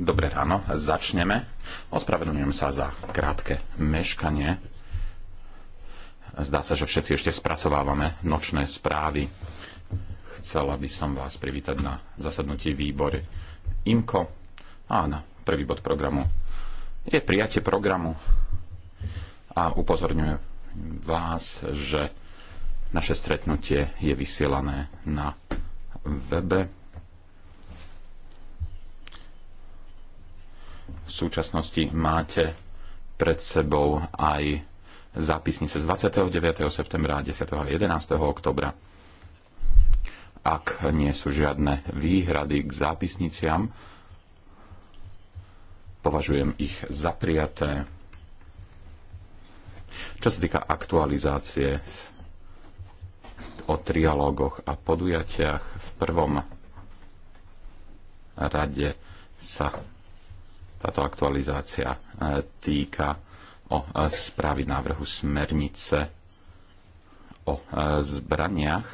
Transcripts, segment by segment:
Dobré ráno, začneme. Ospravedlňujem sa za krátke meškanie. Zdá sa, že všetci ešte spracovávame nočné správy. Chcela by som vás privítať na zasadnutí výbory IMKO. Áno, prvý bod programu je prijatie programu a upozorňujem vás, že naše stretnutie je vysielané na webe. V súčasnosti máte pred sebou aj zápisnice z 29. septembra, a 10. a 11. oktobra. Ak nie sú žiadne výhrady k zápisniciam, považujem ich za prijaté. Čo sa týka aktualizácie o trialógoch a podujatiach. V prvom rade sa táto aktualizácia e, týka o e, správy návrhu smernice o e, zbraniach,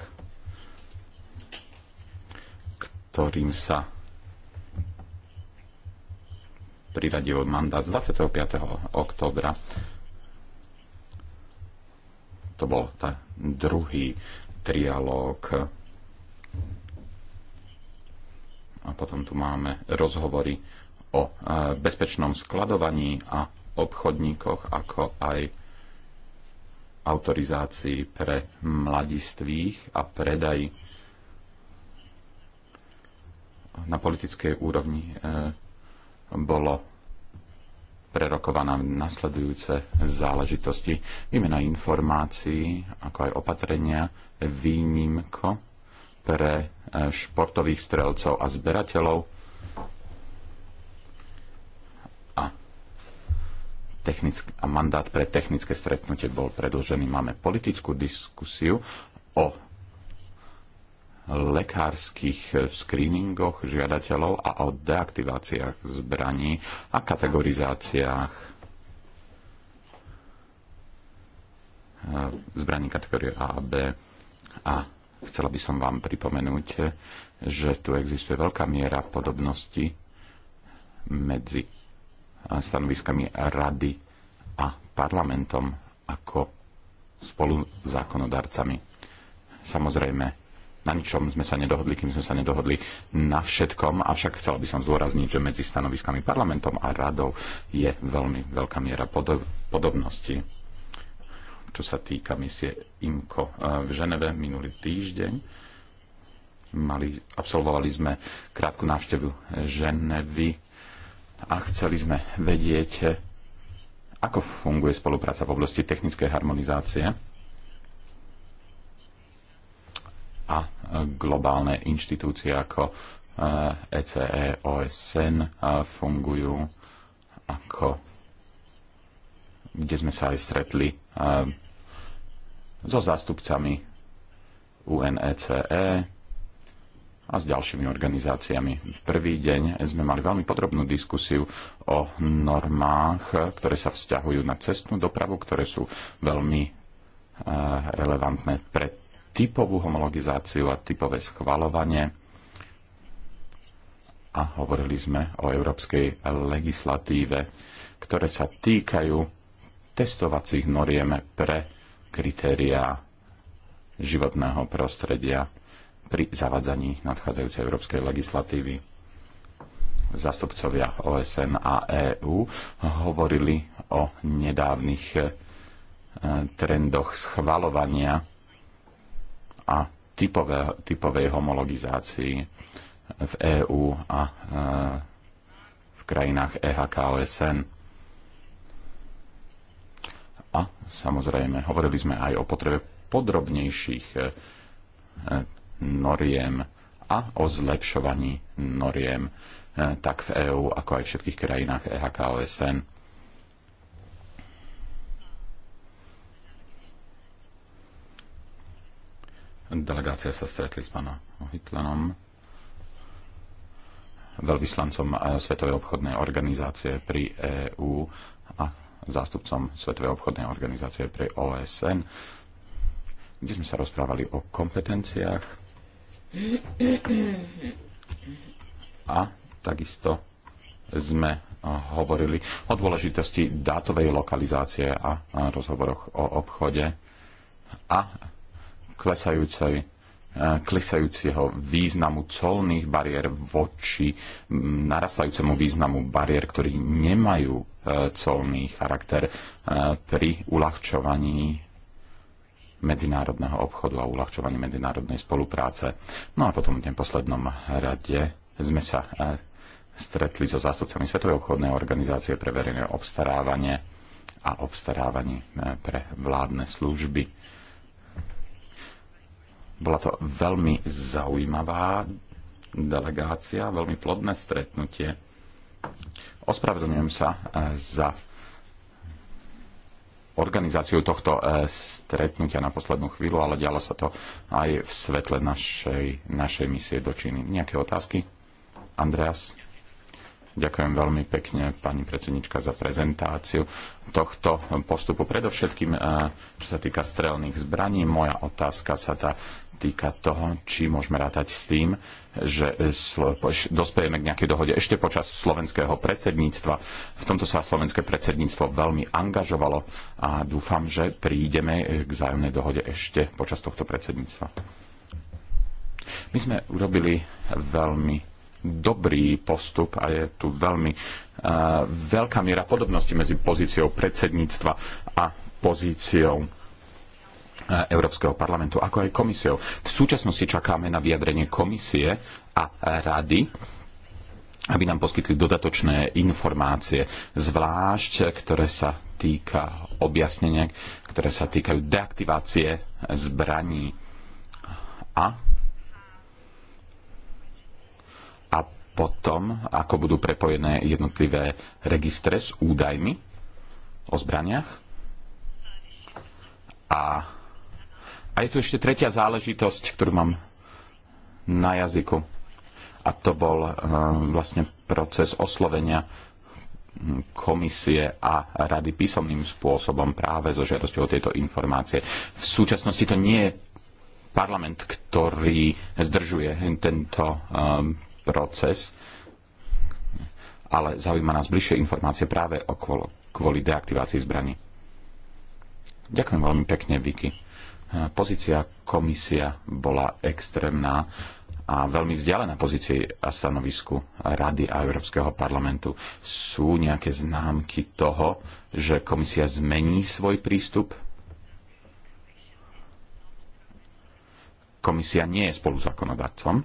ktorým sa priradil mandát z 25. oktobra. To bol tá druhý trialóg. A potom tu máme rozhovory o e, bezpečnom skladovaní a obchodníkoch, ako aj autorizácii pre mladistvých a predaj na politickej úrovni e, bolo prerokovaná nasledujúce záležitosti. Výmena informácií, ako aj opatrenia, výnimko pre e, športových strelcov a zberateľov a, technick- a mandát pre technické stretnutie bol predlžený. Máme politickú diskusiu o lekárskych screeningoch žiadateľov a o deaktiváciách zbraní a kategorizáciách eh, zbraní kategórie A a B. A chcela by som vám pripomenúť, že tu existuje veľká miera podobnosti medzi stanoviskami rady a parlamentom ako spolu zákonodarcami. Samozrejme, na ničom sme sa nedohodli, kým sme sa nedohodli na všetkom, avšak chcel by som zdôrazniť, že medzi stanoviskami parlamentom a radou je veľmi veľká miera podob- podobnosti. Čo sa týka misie IMCO eh, v Ženeve minulý týždeň, Mali, absolvovali sme krátku návštevu Ženevy a chceli sme vedieť, eh, ako funguje spolupráca v oblasti technickej harmonizácie a globálne inštitúcie ako ECE, eh, e OSN eh, fungujú ako kde sme sa aj stretli eh, so zástupcami UNECE e a s ďalšími organizáciami. Prvý deň sme mali veľmi podrobnú diskusiu o normách, ktoré sa vzťahujú na cestnú dopravu, ktoré sú veľmi relevantné pre typovú homologizáciu a typové schvalovanie a hovorili sme o európskej legislatíve, ktoré sa týkajú testovacích noriem pre kritériá životného prostredia pri zavadzaní nadchádzajúcej európskej legislatívy. Zastupcovia OSN a EÚ hovorili o nedávnych eh, trendoch schvalovania a typové, typovej homologizácii v EÚ a e, v krajinách EHK OSN. A samozrejme, hovorili sme aj o potrebe podrobnejších e, noriem a o zlepšovaní noriem e, tak v EÚ, ako aj v všetkých krajinách EHK OSN. Delegácia sa stretli s pánom Hitlenom, veľvyslancom eh, Svetovej obchodnej organizácie pri EÚ a zástupcom Svetovej obchodnej organizácie pri OSN, kde sme sa rozprávali o kompetenciách a takisto sme eh, hovorili o dôležitosti dátovej lokalizácie a eh, rozhovoroch o obchode a klesajúcej klesajúceho významu colných bariér voči narastajúcemu významu bariér, ktorí nemajú e, colný charakter e, pri uľahčovaní medzinárodného obchodu a uľahčovaní medzinárodnej spolupráce. No a potom v poslednom rade sme sa e, stretli so zástupcami Svetovej obchodnej organizácie pre verejné obstarávanie a obstarávanie pre vládne služby bola to veľmi zaujímavá delegácia, veľmi plodné stretnutie. Ospravedlňujem sa e, za organizáciu tohto e, stretnutia na poslednú chvíľu, ale dialo sa to aj v svetle našej, našej misie do Číny. Nejaké otázky? Andreas? Ďakujem veľmi pekne, pani predsednička, za prezentáciu tohto postupu. Predovšetkým, e, čo sa týka strelných zbraní, moja otázka sa tá týka toho, či môžeme rátať s tým, že dospejeme k nejakej dohode ešte počas slovenského predsedníctva. V tomto sa slovenské predsedníctvo veľmi angažovalo a dúfam, že prídeme k zájomnej dohode ešte počas tohto predsedníctva. My sme urobili veľmi dobrý postup a je tu veľmi uh, veľká miera podobnosti medzi pozíciou predsedníctva a pozíciou E, Európskeho parlamentu, ako aj komisiou. V súčasnosti čakáme na vyjadrenie komisie a rady aby nám poskytli dodatočné informácie, zvlášť ktoré sa týka objasnenia, ktoré sa týkajú deaktivácie zbraní a a potom, ako budú prepojené jednotlivé registre s údajmi o zbraniach a a je tu ešte tretia záležitosť, ktorú mám na jazyku. A to bol eh, vlastne proces oslovenia komisie a rady písomným spôsobom práve so žiadosťou o tieto informácie. V súčasnosti to nie je parlament, ktorý zdržuje tento um, proces, ale zaujíma nás bližšie informácie práve okolo, kvôli deaktivácii zbraní. Ďakujem veľmi pekne, Vicky pozícia komisia bola extrémna a veľmi vzdialená pozícii a stanovisku Rady a Európskeho parlamentu. Sú nejaké známky toho, že komisia zmení svoj prístup? Komisia nie je spoluzákonodatcom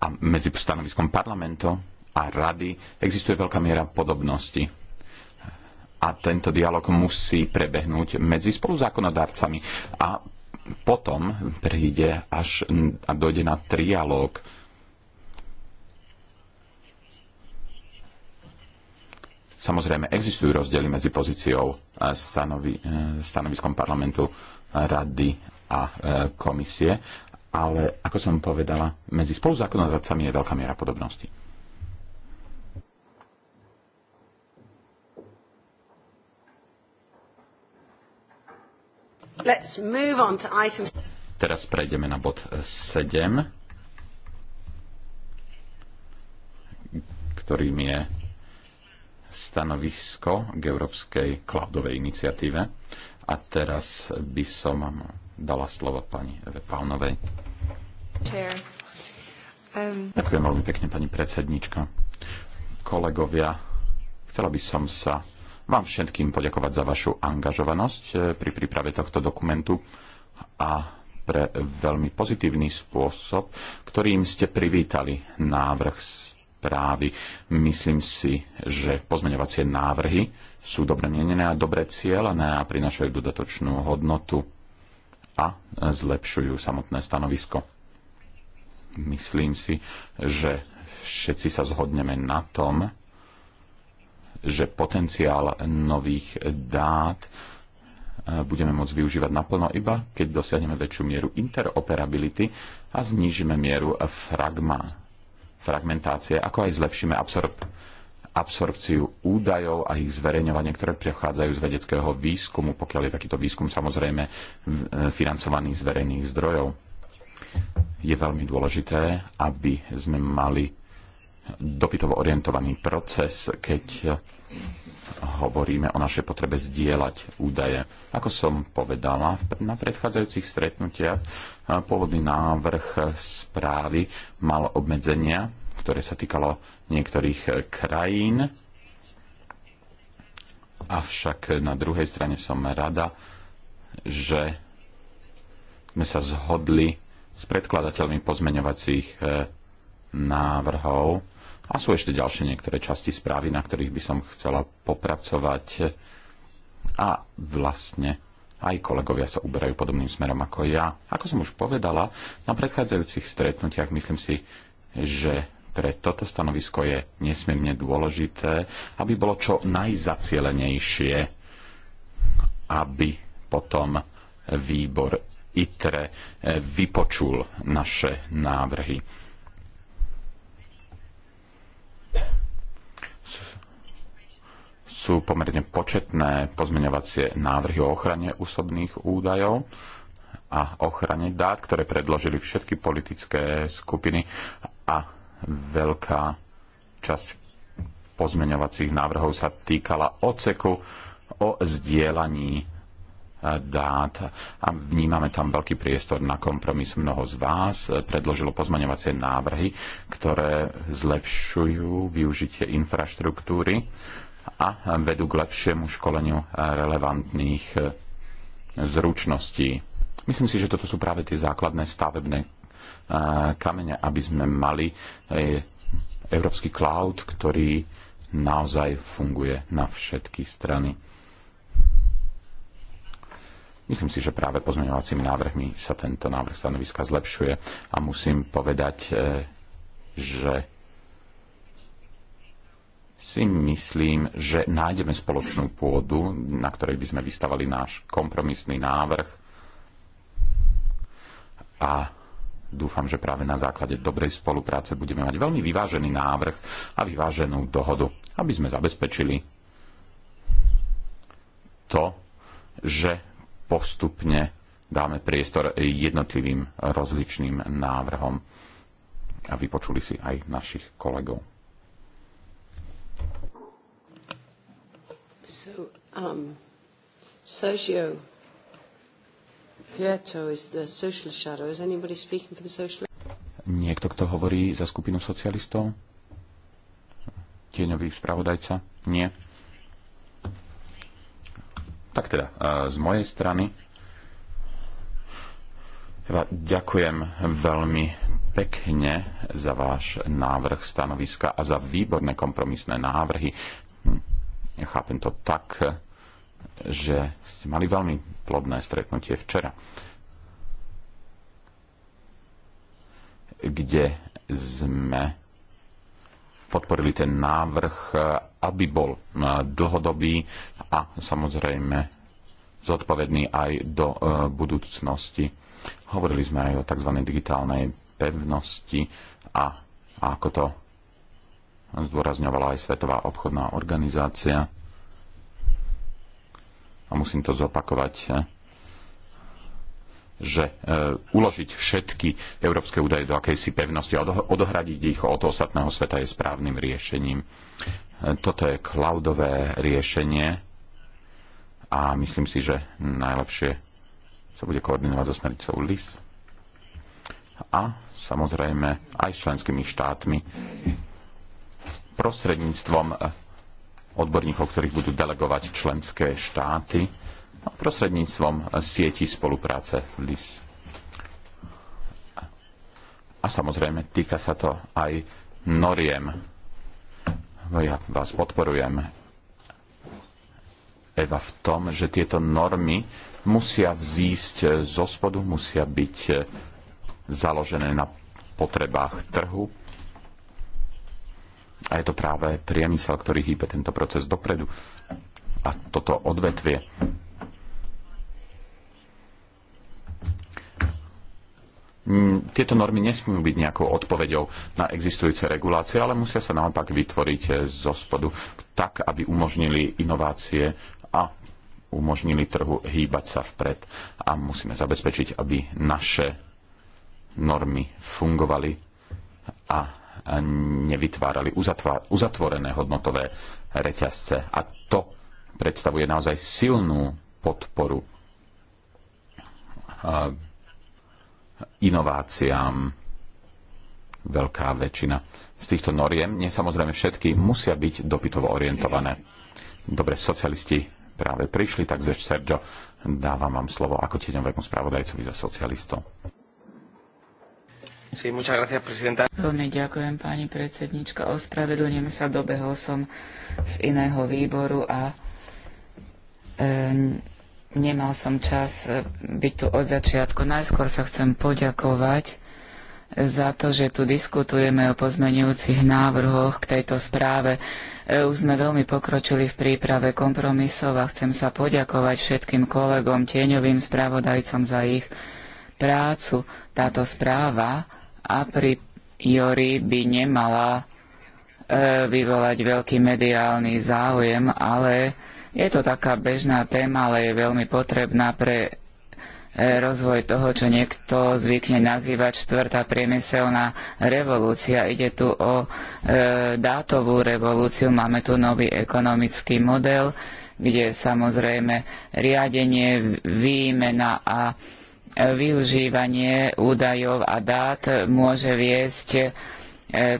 a medzi stanoviskom parlamentu a rady existuje veľká miera podobnosti a tento dialog musí prebehnúť medzi spoluzákonodarcami a potom príde až a dojde na trialóg. Samozrejme, existujú rozdiely medzi pozíciou e, stanovi, e, stanoviskom parlamentu, rady a e, komisie, ale ako som povedala, medzi spoluzákonodarcami je veľká miera podobnosti. Teraz prejdeme na bod 7, e, ktorým je stanovisko k Európskej cloudovej iniciatíve. A teraz by som dala slovo pani Eve Pálnovej. Um... Ďakujem veľmi pekne, pani predsednička. Kolegovia, chcela by som sa vám všetkým poďakovať za vašu angažovanosť eh, pri príprave tohto dokumentu a pre veľmi pozitívny spôsob, ktorým ste privítali návrh správy. Myslím si, že pozmeňovacie návrhy sú dobre mienené a dobre cieľané a prinašajú dodatočnú hodnotu a zlepšujú samotné stanovisko. Myslím si, že všetci sa zhodneme na tom, že potenciál nových dát eh, budeme môcť využívať naplno iba, keď dosiahneme väčšiu mieru interoperability a znížime mieru fragma, fragmentácie, ako aj zlepšíme absorb, absorpciu údajov a ich zverejňovanie, ktoré prechádzajú z vedeckého výskumu, pokiaľ je takýto výskum samozrejme eh, financovaný z verejných zdrojov. Je veľmi dôležité, aby sme mali dopytovo orientovaný proces, keď hovoríme o našej potrebe zdieľať údaje. Ako som povedala, na predchádzajúcich stretnutiach pôvodný návrh správy mal obmedzenia, ktoré sa týkalo niektorých krajín. Avšak na druhej strane som rada, že sme sa zhodli s predkladateľmi pozmeňovacích e, návrhov a sú ešte ďalšie niektoré časti správy, na ktorých by som chcela popracovať. A vlastne aj kolegovia sa uberajú podobným smerom ako ja. Ako som už povedala, na predchádzajúcich stretnutiach myslím si, že pre toto stanovisko je nesmierne dôležité, aby bolo čo najzacielenejšie, aby potom výbor ITRE eh, vypočul naše návrhy sú pomerne početné pozmeňovacie návrhy o ochrane osobných údajov a ochrane dát, ktoré predložili všetky politické skupiny a veľká časť pozmeňovacích návrhov sa týkala oceku o zdieľaní e, dát a vnímame tam veľký priestor na kompromis. Mnoho z vás e, predložilo pozmaňovacie návrhy, ktoré zlepšujú využitie infraštruktúry a vedú k lepšiemu školeniu eh, relevantných eh, zručností. Myslím si, že toto sú práve tie základné stavebné eh, kamene, aby sme mali európsky cloud, ktorý naozaj funguje na všetky strany. Myslím si, že práve pozmeňovacími návrhmi sa tento návrh stanoviska zlepšuje a musím povedať, že si myslím, že nájdeme spoločnú pôdu, na ktorej by sme vystavali náš kompromisný návrh a dúfam, že práve na základe dobrej spolupráce budeme mať veľmi vyvážený návrh a vyváženú dohodu, aby sme zabezpečili to, že postupne dáme priestor jednotlivým rozličným návrhom a vypočuli si aj našich kolegov. So, um, Sergio Prieto is the social shadow. Is anybody speaking for the social? Niekto, kto hovorí za skupinu socialistov? Tieňový spravodajca? Nie. Tak teda, eh, z mojej strany ďakujem veľmi pekne za váš návrh stanoviska a za výborné kompromisné návrhy. Hm. Chápem to tak, že ste mali veľmi plodné stretnutie včera, kde sme podporili ten návrh, aby bol dlhodobý a samozrejme zodpovedný aj do e, budúcnosti. Hovorili sme aj o tzv. digitálnej pevnosti a ako to zdôrazňovala aj Svetová obchodná organizácia. A musím to zopakovať, eh, že eh, uložiť všetky európske údaje do akejsi pevnosti a odohradiť ich od ostatného sveta je správnym riešením. Eh, toto je cloudové riešenie a myslím si, že najlepšie sa bude koordinovať so smernicou LIS a samozrejme aj s členskými štátmi prostredníctvom odborníkov, ktorých budú delegovať členské štáty a prostredníctvom sieti spolupráce LIS. A samozrejme, týka sa to aj noriem. Ja vás podporujem, Eva, v tom, že tieto normy musia vzísť zo spodu, musia byť založené na potrebách trhu, a je to práve priemysel, ktorý hýbe tento proces dopredu. A toto odvetvie mm, tieto normy nesmú byť nejakou odpoveďou na existujúce regulácie, ale musia sa naopak vytvoriť eh, zo spodu tak, aby umožnili inovácie a umožnili trhu hýbať sa vpred. A musíme zabezpečiť, aby naše normy fungovali a nevytvárali uzatvorené hodnotové reťazce. A to predstavuje naozaj silnú podporu inováciám veľká väčšina z týchto noriem. Nie samozrejme všetky musia byť dopytovo orientované. Dobre, socialisti práve prišli, takže Sergio, dávam vám slovo ako tieňovému spravodajcovi za socialistov. Sí, muchas gracias, presidenta. Veľmi ďakujem, pani predsednička. Ospravedlňujem sa, dobehol som z iného výboru a e, nemal som čas e, byť tu od začiatku. Najskôr sa chcem poďakovať za to, že tu diskutujeme o pozmenujúcich návrhoch k tejto správe. E, už sme veľmi pokročili v príprave kompromisov a chcem sa poďakovať všetkým kolegom, tieňovým spravodajcom za ich prácu. Táto správa a Jori by nemala e, vyvolať veľký mediálny záujem, ale je to taká bežná téma, ale je veľmi potrebná pre e, rozvoj toho, čo niekto zvykne nazývať štvrtá priemyselná revolúcia. Ide tu o e, dátovú revolúciu, máme tu nový ekonomický model, kde samozrejme riadenie, výmena a využívanie údajov a dát môže viesť e,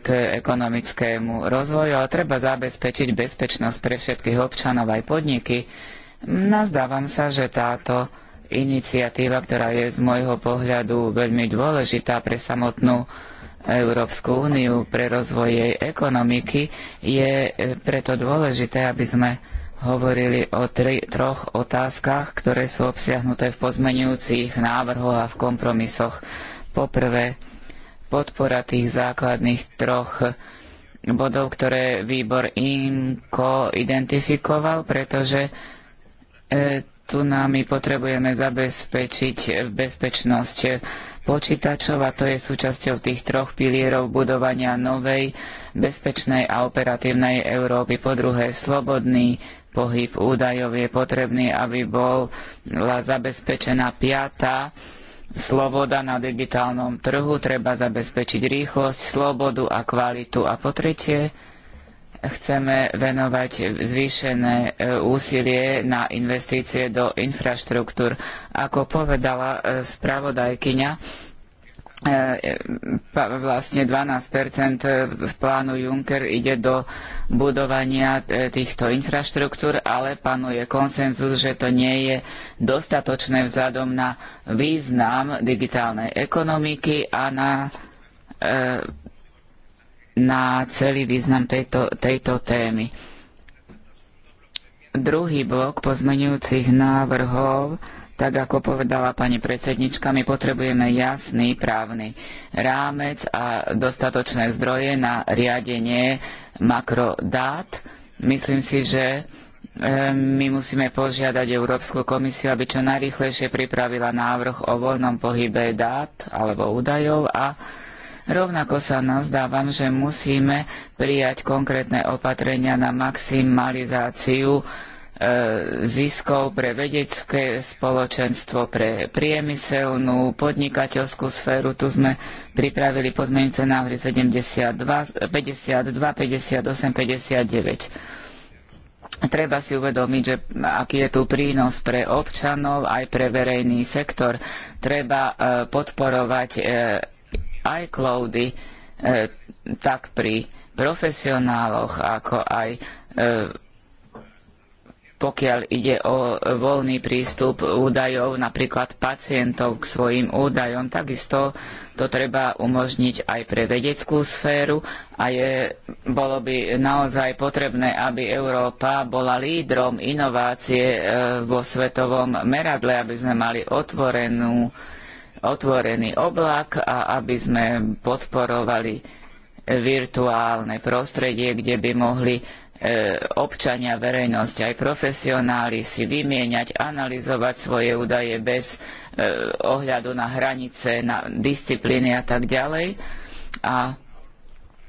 k ekonomickému rozvoju, a treba zabezpečiť bezpečnosť pre všetkých občanov aj podniky. Nazdávam sa, že táto iniciatíva, ktorá je z môjho pohľadu veľmi dôležitá pre samotnú Európsku úniu, pre rozvoj jej ekonomiky, je e, preto dôležité, aby sme hovorili o tri, troch otázkach, ktoré sú obsiahnuté v pozmenujúcich návrhoch a v kompromisoch. Poprvé, podpora tých základných troch bodov, ktoré výbor INKO identifikoval, pretože e, tu nám my potrebujeme zabezpečiť bezpečnosť počítačov a to je súčasťou tých troch pilierov budovania novej, bezpečnej a operatívnej Európy. Po druhé, slobodný pohyb údajov je potrebný, aby bola zabezpečená piata sloboda na digitálnom trhu, treba zabezpečiť rýchlosť, slobodu a kvalitu. A po tretie, chceme venovať zvýšené e, úsilie na investície do infraštruktúr. Ako povedala e, spravodajkyňa, E, vlastne 12 e, v plánu Juncker ide do budovania e, týchto infraštruktúr, ale panuje konsenzus, že to nie je dostatočné vzhľadom na význam digitálnej ekonomiky a na, na celý význam tejto, tejto témy. Druhý blok pozmenujúcich návrhov tak ako povedala pani predsednička, my potrebujeme jasný právny rámec a dostatočné zdroje na riadenie makrodát. Myslím si, že e, my musíme požiadať Európsku komisiu, aby čo najrýchlejšie pripravila návrh o voľnom pohybe dát alebo údajov a Rovnako sa nazdávam, že musíme prijať konkrétne opatrenia na maximalizáciu ziskov pre vedecké spoločenstvo, pre priemyselnú, podnikateľskú sféru. Tu sme pripravili pozmeňujúce návrhy 72, 52, 58, 59. Treba si uvedomiť, že aký je tu prínos pre občanov, aj pre verejný sektor. Treba e, podporovať e, aj cloudy, e, tak pri profesionáloch, ako aj pokiaľ ide o voľný prístup údajov, napríklad pacientov k svojim údajom. Takisto to treba umožniť aj pre vedeckú sféru a je, bolo by naozaj potrebné, aby Európa bola lídrom inovácie e, vo svetovom meradle, aby sme mali otvorenú, otvorený oblak a aby sme podporovali virtuálne prostredie, kde by mohli E, občania, verejnosť, aj profesionáli si vymieňať, analyzovať svoje údaje bez e, ohľadu na hranice, na disciplíny a tak ďalej. A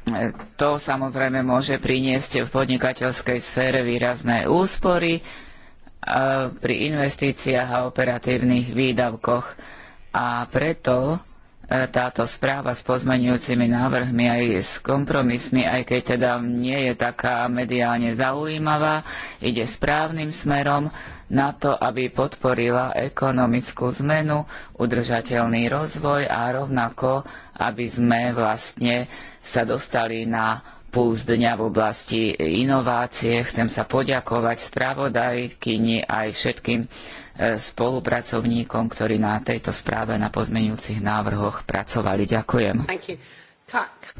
e, to samozrejme môže priniesť v podnikateľskej sfére výrazné úspory pri investíciách a operatívnych výdavkoch. A preto táto správa s pozmeňujúcimi návrhmi aj s kompromismi, aj keď teda nie je taká mediálne zaujímavá, ide správnym smerom na to, aby podporila ekonomickú zmenu, udržateľný rozvoj a rovnako, aby sme vlastne sa dostali na puls dňa v oblasti inovácie. Chcem sa poďakovať spravodajkyni aj všetkým spolupracovníkom, ktorí na tejto správe na pozmeňujúcich návrhoch pracovali. Ďakujem.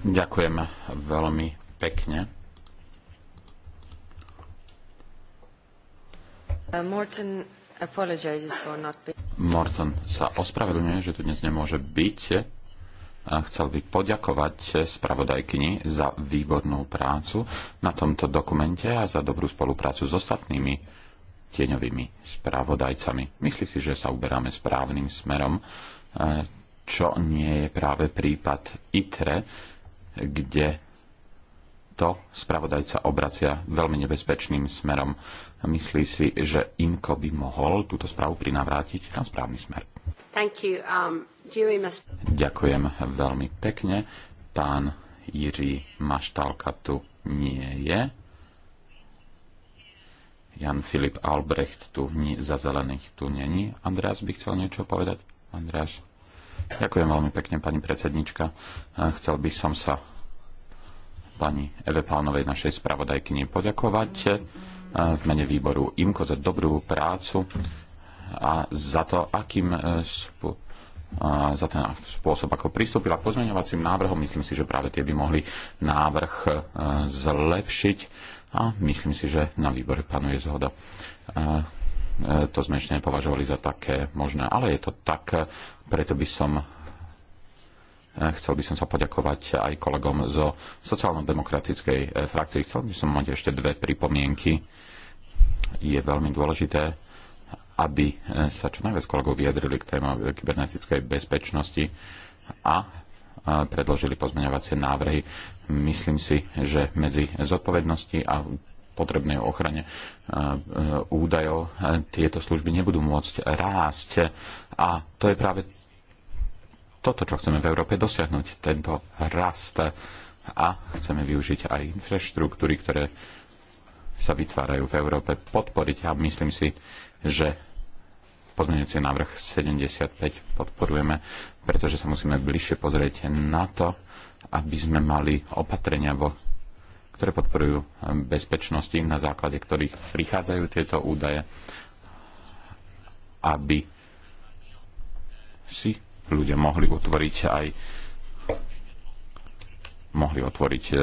Ďakujem veľmi pekne. Uh, Morton, sa ospravedlňuje, že tu dnes nemôže byť. A chcel by poďakovať spravodajkyni za výbornú prácu na tomto dokumente a za dobrú spoluprácu s ostatnými tieňovými spravodajcami. Myslí si, že sa uberáme správnym smerom, e, čo nie je práve prípad ITRE, kde to spravodajca obracia veľmi nebezpečným smerom. Myslí si, že INKO by mohol túto správu prinavrátiť na správny smer. Um, must... Ďakujem veľmi pekne. Pán Jiří Maštalka tu nie je. Jan Filip Albrecht tu za zelených tu není. Andreas by chcel niečo povedať? Andreas. Ďakujem veľmi pekne, pani predsednička. Eh, chcel by som sa pani Eve Pánovej, našej spravodajkyni, poďakovať eh, v mene výboru IMKO za dobrú prácu a za to, akým eh, spôsobom za ten spôsob, ako pristúpila k pozmeňovacím návrhom. Myslím si, že práve tie by mohli návrh zlepšiť a myslím si, že na výbore panuje zhoda. E, to sme ešte nepovažovali za také možné, ale je to tak, e, preto by som e, Chcel by som sa poďakovať aj kolegom zo sociálno-demokratickej frakcie. Chcel by som mať ešte dve pripomienky. Je veľmi dôležité, aby sa čo najviac kolegov vyjadrili k téma kybernetickej bezpečnosti a predložili pozmeňovacie návrhy, myslím si, že medzi zodpovednosti a potrebnej ochrane eh, údajov eh, tieto služby nebudú môcť rásť. A to je práve toto, čo chceme v Európe dosiahnuť, tento rast. A chceme využiť aj infraštruktúry, ktoré sa vytvárajú v Európe, podporiť. A myslím si, že pozmeňujúci návrh 75 podporujeme, pretože sa musíme bližšie pozrieť na to, aby sme mali opatrenia, vo, ktoré podporujú eh, bezpečnosti, na základe ktorých prichádzajú tieto údaje, aby si ľudia mohli otvoriť aj mohli otvoriť eh,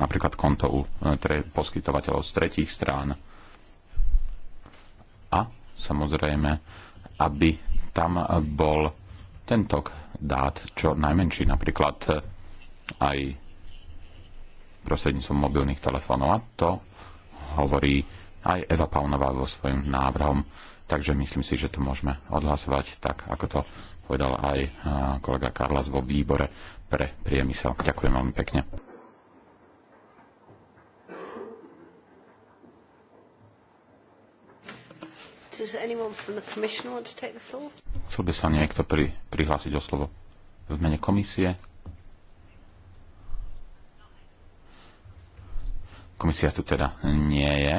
napríklad konto u eh, tre, poskytovateľov z tretích strán. A samozrejme, aby tam bol ten tok dát čo najmenší, napríklad eh, aj prostredníctvom mobilných telefónov. A to hovorí aj Eva Paunová vo svojom návrhom. Takže myslím si, že to môžeme odhlasovať tak, ako to povedal aj eh, kolega Karlas vo výbore pre priemysel. Ďakujem veľmi pekne. Chcel by sa niekto pri, prihlásiť o slovo v mene komisie? Komisia tu teda nie je.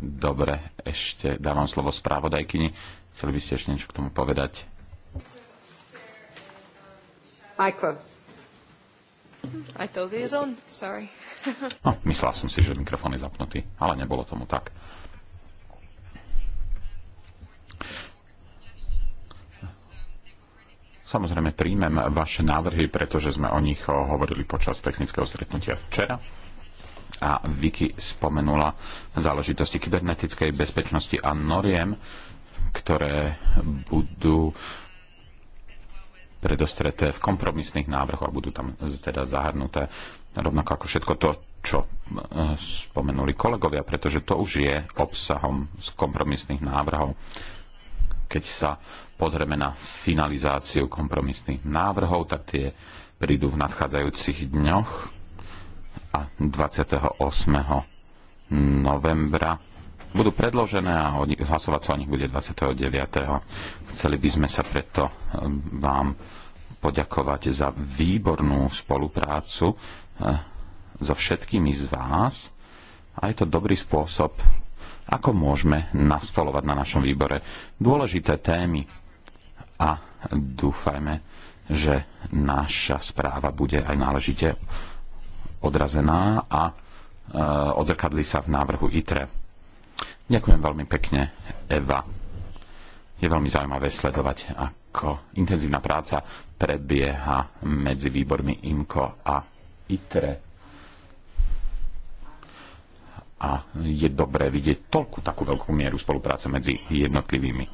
Dobre, ešte dávam slovo správodajkyni. Chceli by ste ešte niečo k tomu povedať? Micro. I thought it was on, sorry. no, myslela som si, že mikrofón je zapnutý, ale nebolo tomu tak. Samozrejme príjmem vaše návrhy, pretože sme o nich hovorili počas technického stretnutia včera a Vicky spomenula záležitosti kybernetickej bezpečnosti a noriem, ktoré budú predostreté v kompromisných návrhoch a budú tam teda zahrnuté rovnako ako všetko to, čo e, spomenuli kolegovia, pretože to už je obsahom z kompromisných návrhov keď sa pozrieme na finalizáciu kompromisných návrhov, tak tie prídu v nadchádzajúcich dňoch a 28. novembra budú predložené a hlasovať sa o nich bude 29. Chceli by sme sa preto um, vám poďakovať za výbornú spoluprácu eh, so všetkými z vás a je to dobrý spôsob, ako môžeme nastolovať na našom výbore dôležité témy. A dúfajme, že naša správa bude aj náležite odrazená a e, odrkadli sa v návrhu ITRE. Ďakujem veľmi pekne, Eva. Je veľmi zaujímavé sledovať, ako intenzívna práca predbieha medzi výbormi IMCO a ITRE a je dobré vidieť toľku takú veľkú mieru spolupráce medzi jednotlivými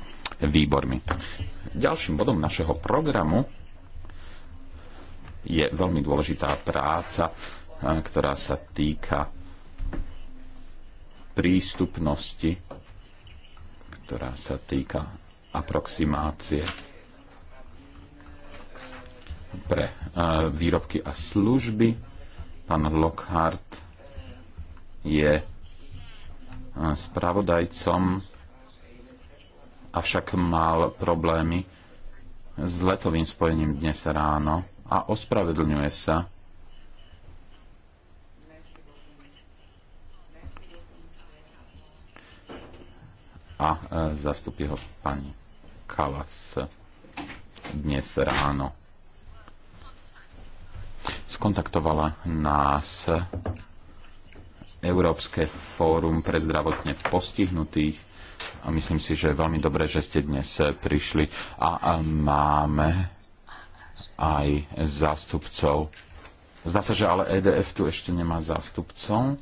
výbormi. Ďalším bodom našeho programu je veľmi dôležitá práca, ktorá sa týka prístupnosti, ktorá sa týka aproximácie pre výrobky a služby. Pán Lockhart je spravodajcom, avšak mal problémy s letovým spojením dnes ráno a ospravedlňuje sa. A e, zastupí ho pani Kalas dnes ráno. Skontaktovala nás Európske fórum pre zdravotne postihnutých a myslím si, že je veľmi dobré, že ste dnes eh, prišli a, eh, máme aj zástupcov. Zdá sa, že ale EDF tu ešte nemá zástupcov.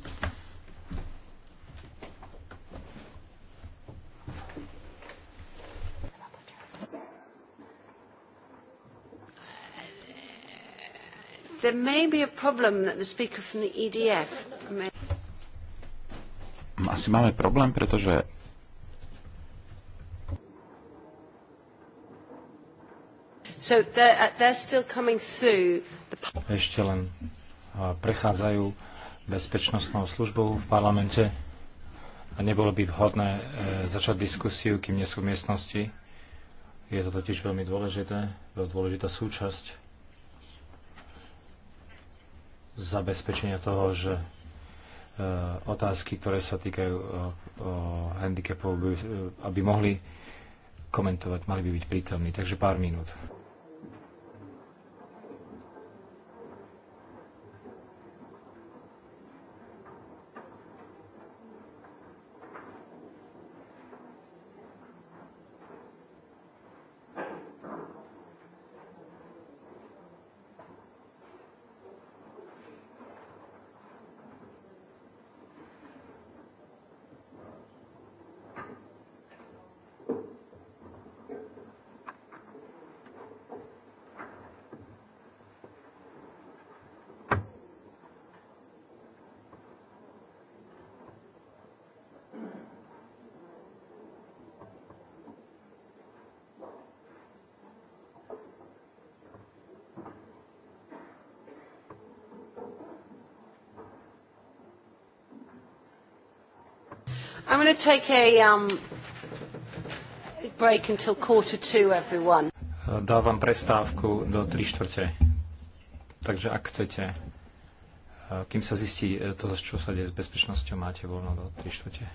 There may be a problem that the speaker from the EDF may asi máme problém, pretože So they're, uh, they're still coming through the... Ešte len prechádzajú bezpečnostnou službou v parlamente a nebolo by vhodné e, začať diskusiu, kým nie sú v miestnosti. Je to totiž veľmi dôležité, veľmi dôležitá súčasť zabezpečenia toho, že Eh, otázky, ktoré sa týkajú eh, handicapov, eh, aby mohli komentovať, mali by byť prítomní. Takže pár minút. going to take a um, break until quarter two, everyone. Dávam prestávku do 3 čtvrte. Takže ak chcete, e, kým sa zistí e, to, čo sa deje s bezpečnosťou, máte voľno do 3 čtvrte.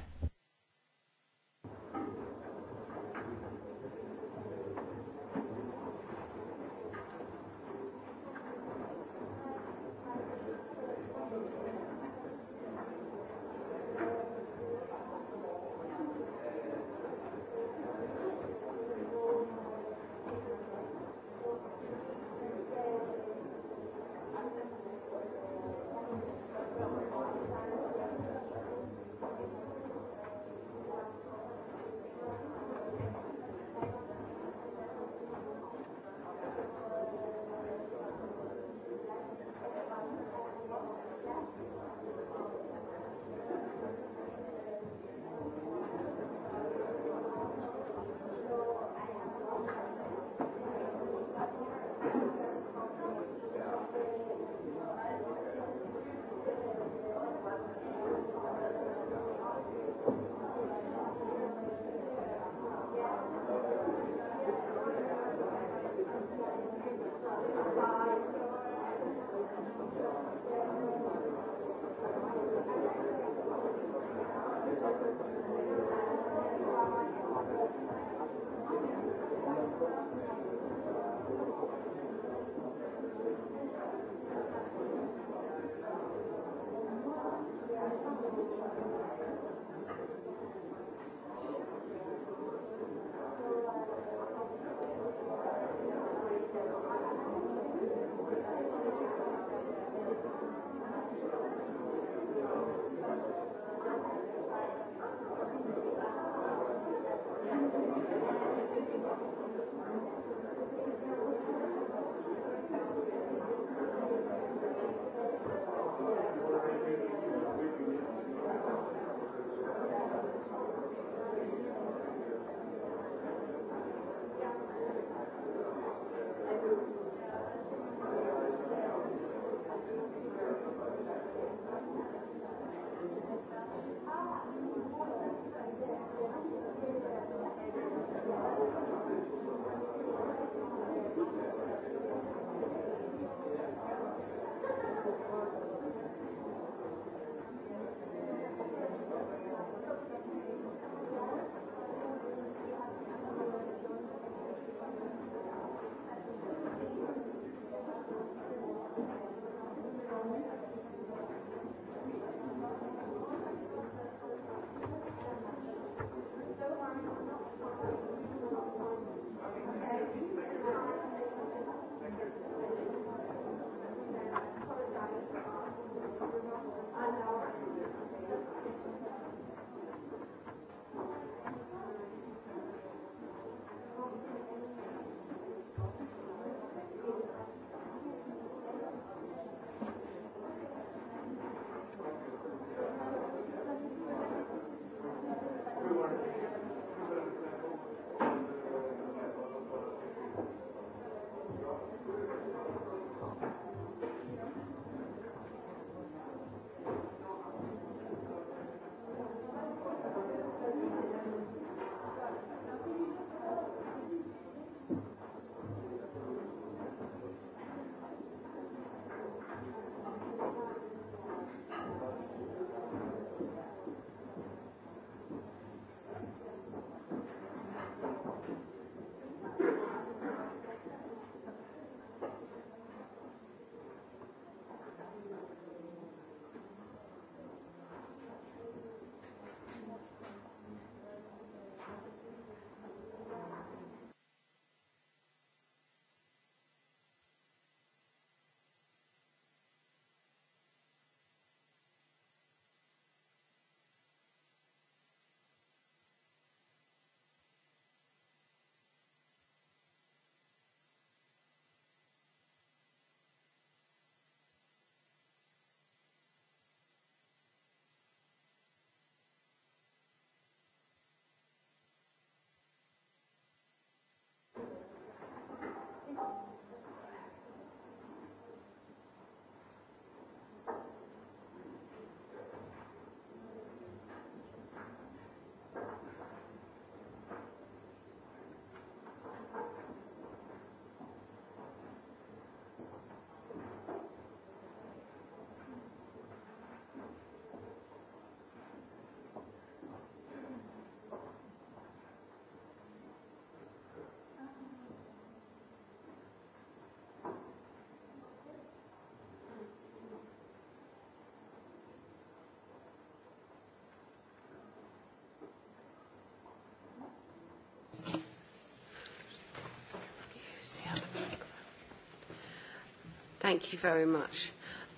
Thank you very much.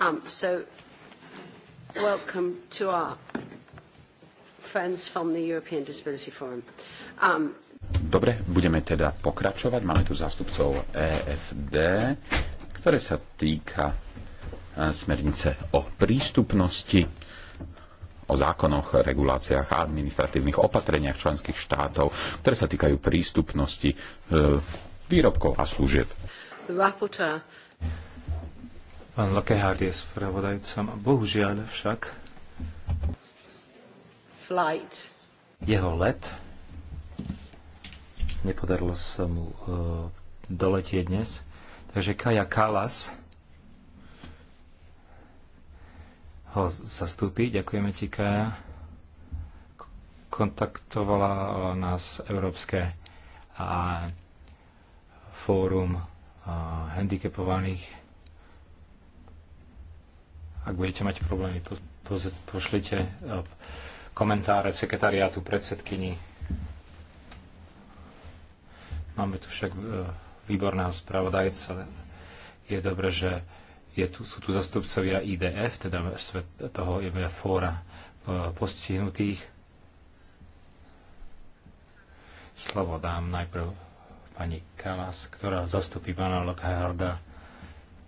Um, so, welcome to our friends from the European Disability Forum. Um, Dobre, budeme teda pokračovať. Máme tu zástupcov EFD, ktoré sa týka e, smernice o prístupnosti, o zákonoch, reguláciách a administratívnych opatreniach členských štátov, ktoré sa týkajú prístupnosti e, výrobkov a služieb. The rapporteur Pán Lokehard je spravodajcom. Bohužiaľ však Flight. jeho let nepodarilo sa mu uh, doletieť dnes. Takže Kaja Kalas ho zastúpi. Ďakujeme ti, Kaja. Kontaktovala nás Európske a fórum e, handicapovaných ak budete mať problémy, po, po, pošlite eh, komentáre sekretariátu predsedkyni. Máme tu však eh, výborného spravodajca. Je dobré, že je tu, sú tu zastupcovia IDF, teda svet, toho je fóra eh, postihnutých. Slovo dám najprv pani Kalas, ktorá zastupí pána Lockharda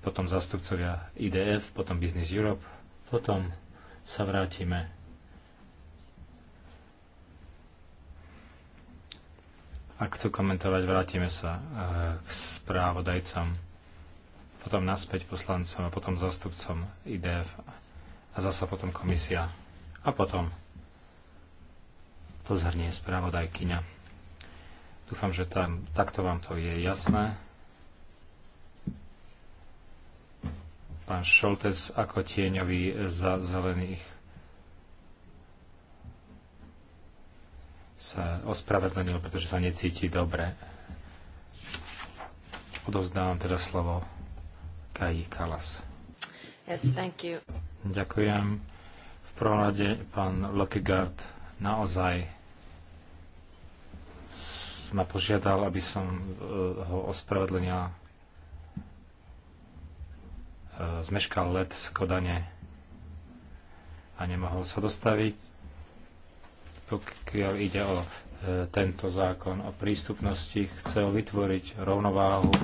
potom zástupcovia IDF, potom Business Europe, potom sa vrátime ak chcú komentovať, vrátime sa eh, k správodajcom, potom naspäť poslancom a potom zastupcom IDF a zasa potom komisia a potom to zhrnie správodajkyňa. Dúfam, že tam, takto vám to je jasné. pán Šoltes ako tieňový za zelených sa ospravedlnil, pretože sa necíti dobre. Odovzdávam teda slovo Kaji Kalas. Yes, thank you. Ďakujem. V prvom rade pán Lokigard naozaj ma požiadal, aby som e, ho ospravedlnila zmeškal let z Kodane a nemohol sa dostaviť. Pokiaľ ide o e, tento zákon o prístupnosti, chcel vytvoriť rovnováhu e,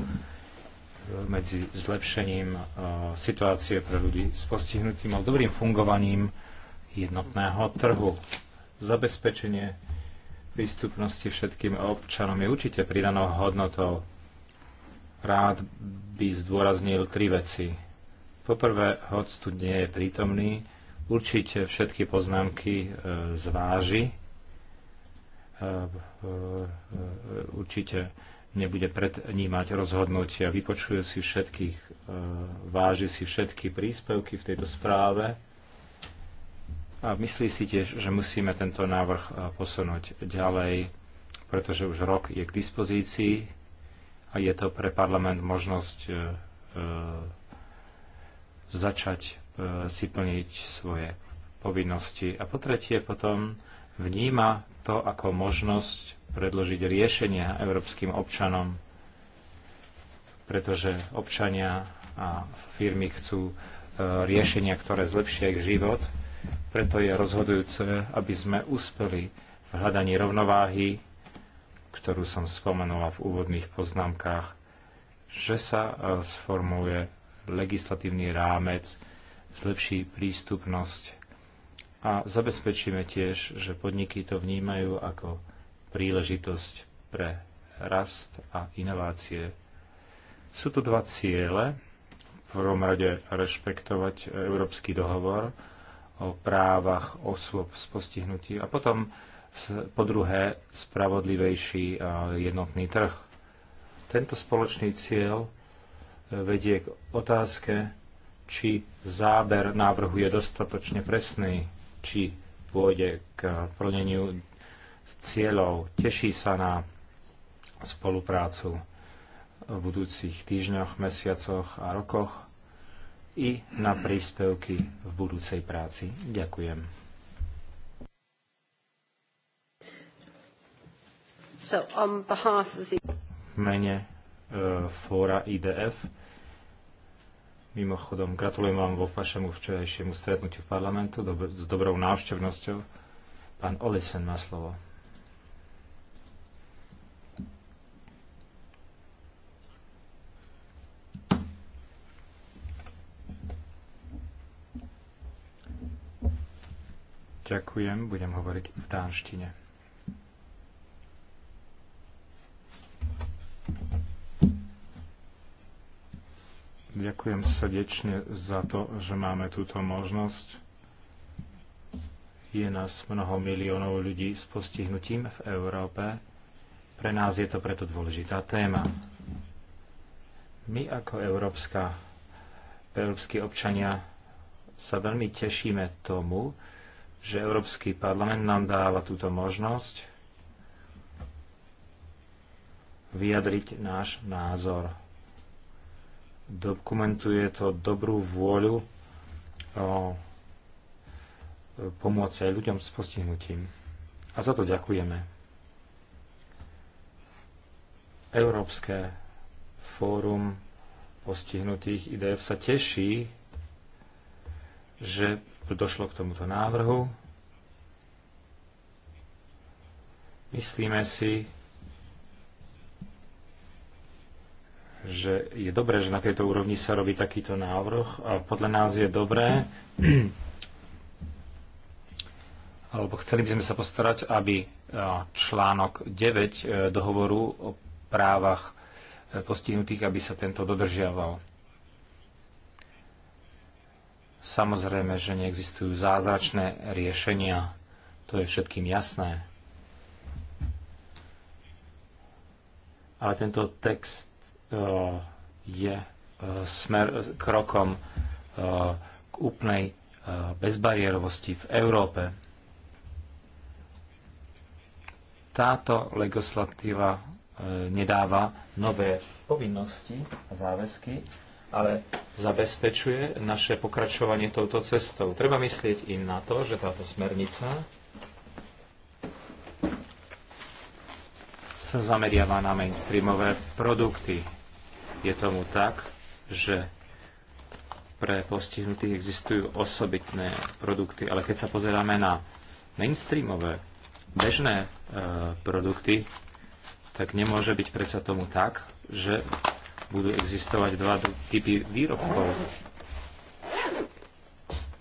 medzi zlepšením e, situácie pre ľudí s postihnutím a dobrým fungovaním jednotného trhu. Zabezpečenie prístupnosti všetkým občanom je určite pridanou hodnotou. Rád by zdôraznil tri veci Poprvé, hoc tu nie je prítomný, určite všetky poznámky e, zváži. E, e, určite nebude prednímať rozhodnutia, vypočuje si všetkých, váži si všetky príspevky v tejto správe a myslí si tiež, že musíme tento návrh posunúť ďalej, pretože už rok je k dispozícii a je to pre parlament možnosť začať e, si plniť svoje povinnosti. A po tretie potom vníma to ako možnosť predložiť riešenia európskym občanom, pretože občania a firmy chcú e, riešenia, ktoré zlepšia ich život. Preto je rozhodujúce, aby sme uspeli v hľadaní rovnováhy, ktorú som spomenula v úvodných poznámkach, že sa e, sformuje legislatívny rámec, zlepší prístupnosť a zabezpečíme tiež, že podniky to vnímajú ako príležitosť pre rast a inovácie. Sú tu dva ciele. V prvom rade rešpektovať Európsky dohovor o právach osôb s postihnutím a potom po druhé spravodlivejší jednotný trh. Tento spoločný cieľ vedie k otázke, či záber návrhu je dostatočne presný, či pôjde k plneniu cieľov. Teší sa na spoluprácu v budúcich týždňoch, mesiacoch a rokoch i na príspevky v budúcej práci. Ďakujem. So on behalf of the... mene e, fóra IDF Mimochodom, gratulujem vám vo vašemu včerajšiemu stretnutiu v parlamentu dob- s dobrou návštevnosťou. Pán Olesen má slovo. Ďakujem, budem hovoriť v dánštine. Ďakujem srdečne za to, že máme túto možnosť. Je nás mnoho miliónov ľudí s postihnutím v Európe. Pre nás je to preto dôležitá téma. My ako európska, európsky občania sa veľmi tešíme tomu, že Európsky parlament nám dáva túto možnosť vyjadriť náš názor Dokumentuje to dobrú vôľu o pomôcť aj ľuďom s postihnutím. A za to ďakujeme. Európske fórum postihnutých IDF sa teší, že došlo k tomuto návrhu. Myslíme si, že je dobré, že na tejto úrovni sa robí takýto návrh a podľa nás je dobré, alebo chceli by sme sa postarať, aby e, článok 9 e, dohovoru o právach e, postihnutých, aby sa tento dodržiaval. Samozrejme, že neexistujú zázračné riešenia, to je všetkým jasné. Ale tento text Eh, je eh, smer krokom eh, k úplnej bezbariérovosti v Európe. Táto legislatíva nedáva nové povinnosti a záväzky, ale zabezpečuje naše pokračovanie touto cestou. Treba myslieť i na to, že táto smernica sa zameriava na mainstreamové produkty, je tomu tak, že pre postihnutých existujú osobitné produkty, ale keď sa pozeráme na mainstreamové, bežné e, produkty, tak nemôže byť predsa tomu tak, že budú existovať dva typy výrobkov.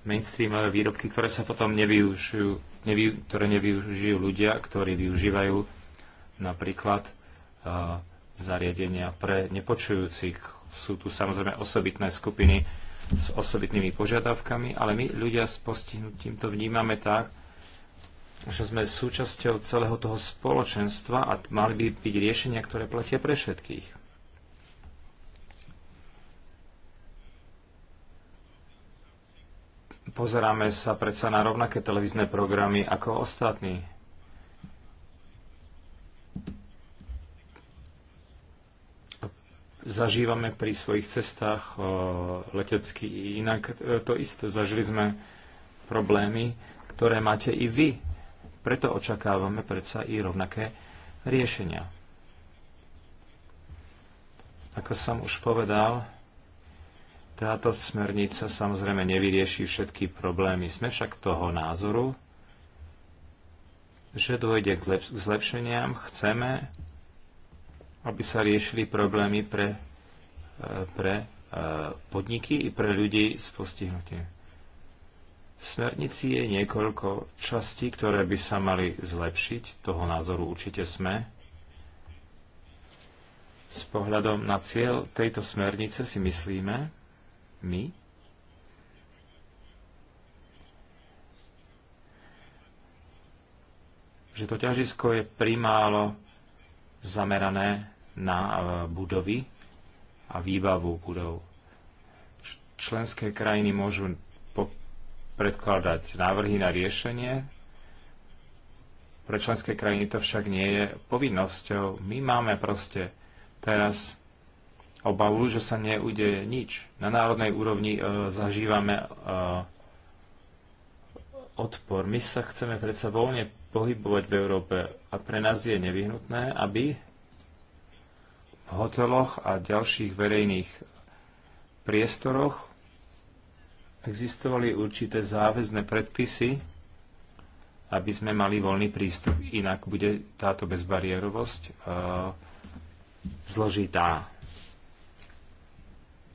Mainstreamové výrobky, ktoré sa potom nevyužijú, nevy, ktoré nevyužijú ľudia, ktorí využívajú napríklad e, zariadenia pre nepočujúcich. Sú tu samozrejme osobitné skupiny s osobitnými požiadavkami, ale my ľudia s postihnutím to vnímame tak, že sme súčasťou celého toho spoločenstva a mali by byť riešenia, ktoré platia pre všetkých. Pozeráme sa predsa na rovnaké televízne programy ako ostatní. zažívame pri svojich cestách letecky inak e, to isté. Zažili sme problémy, ktoré máte i vy. Preto očakávame predsa i rovnaké riešenia. Ako som už povedal, táto smernica samozrejme nevyrieši všetky problémy. Sme však toho názoru, že dôjde k zlepšeniam, chceme aby sa riešili problémy pre, e, pre e, podniky i pre ľudí s postihnutím. V smernici je niekoľko častí, ktoré by sa mali zlepšiť, toho názoru určite sme. S pohľadom na cieľ tejto smernice si myslíme, my, že to ťažisko je primálo zamerané na e, budovy a výbavu budov. Členské krajiny môžu predkladať návrhy na riešenie. Pre členské krajiny to však nie je povinnosťou. My máme proste teraz obavu, že sa neudeje nič. Na národnej úrovni e, zažívame e, odpor. My sa chceme predsa voľne pohybovať v Európe a pre nás je nevyhnutné, aby v hoteloch a ďalších verejných priestoroch existovali určité záväzné predpisy, aby sme mali voľný prístup. Inak bude táto bezbariérovosť e, zložitá.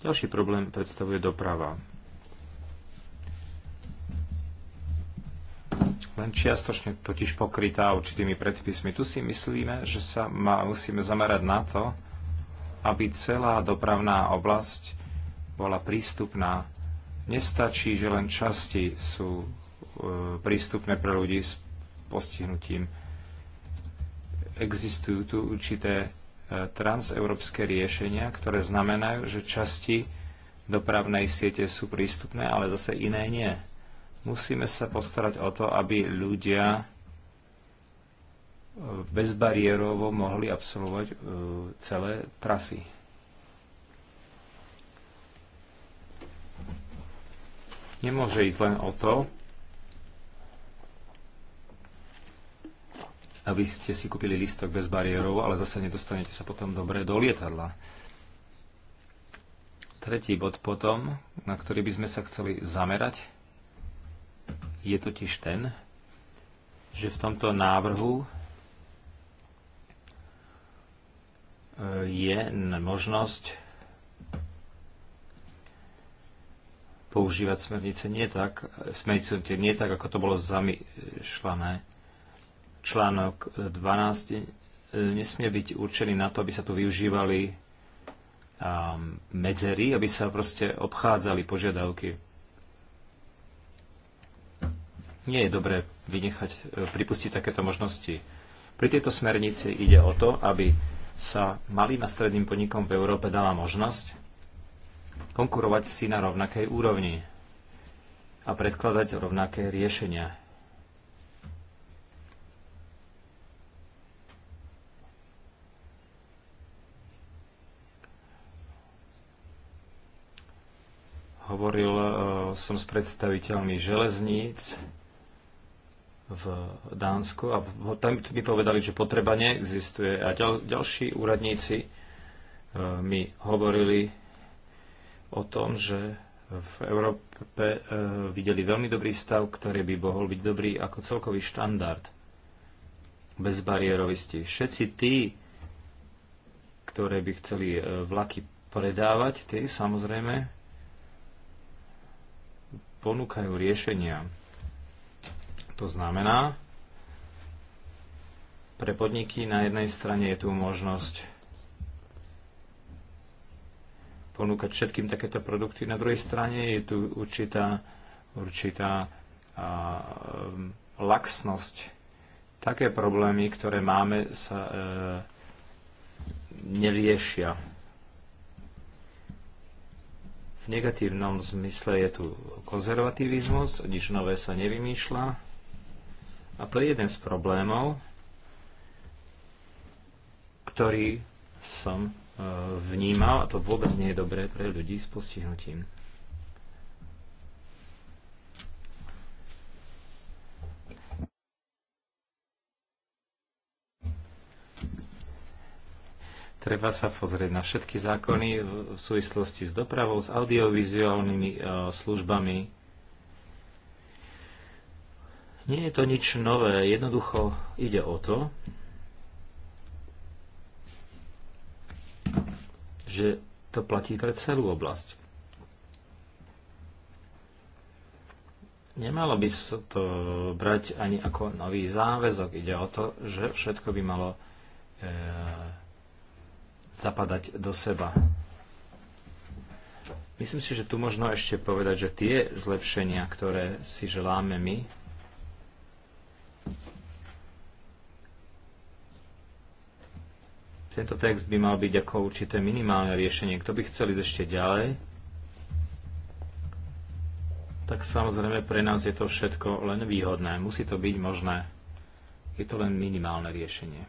Ďalší problém predstavuje doprava. len čiastočne totiž pokrytá určitými predpismi. Tu si myslíme, že sa ma, musíme zamerať na to, aby celá dopravná oblasť bola prístupná. Nestačí, že len časti sú e, prístupné pre ľudí s postihnutím. Existujú tu určité e, transeurópske riešenia, ktoré znamenajú, že časti dopravnej siete sú prístupné, ale zase iné nie. Musíme sa postarať o to, aby ľudia bezbariérovo mohli absolvovať e, celé trasy. Nemôže ísť len o to, aby ste si kúpili listok bez bariérov, ale zase nedostanete sa potom dobre do lietadla. Tretí bod potom, na ktorý by sme sa chceli zamerať, je totiž ten, že v tomto návrhu eh, je možnosť používať smernice nie tak, eh, smernicu nie tak, ako to bolo zamýšľané. Článok 12 eh, nesmie byť určený na to, aby sa tu využívali medzery, aby sa proste obchádzali požiadavky nie je dobré vynechať, e, pripustiť takéto možnosti. Pri tejto smernici ide o to, aby sa malým a stredným podnikom v Európe dala možnosť konkurovať si na rovnakej úrovni a predkladať rovnaké riešenia. Hovoril e, som s predstaviteľmi železníc, v Dánsku a tam by povedali, že potreba neexistuje. A ďal, ďalší úradníci e, mi hovorili o tom, že v Európe e, videli veľmi dobrý stav, ktorý by mohol byť dobrý ako celkový štandard bariérovisti. Všetci tí, ktoré by chceli e, vlaky predávať, tí samozrejme ponúkajú riešenia to znamená, pre podniky na jednej strane je tu možnosť ponúkať všetkým takéto produkty, na druhej strane je tu určitá, určitá a, um, laxnosť. Také problémy, ktoré máme, sa e, neriešia. V negatívnom zmysle je tu konzervativizmus, nič nové sa nevymýšľa. A to je jeden z problémov, ktorý som e, vnímal, a to vôbec nie je dobré pre ľudí s postihnutím. Treba sa pozrieť na všetky zákony v súvislosti s dopravou, s audiovizuálnymi e, službami, nie je to nič nové, jednoducho ide o to, že to platí pre celú oblasť. Nemalo by sa to brať ani ako nový záväzok. Ide o to, že všetko by malo e, zapadať do seba. Myslím si, že tu možno ešte povedať, že tie zlepšenia, ktoré si želáme my, Tento text by mal byť ako určité minimálne riešenie. Kto by chcel ísť ešte ďalej, tak samozrejme pre nás je to všetko len výhodné. Musí to byť možné. Je to len minimálne riešenie.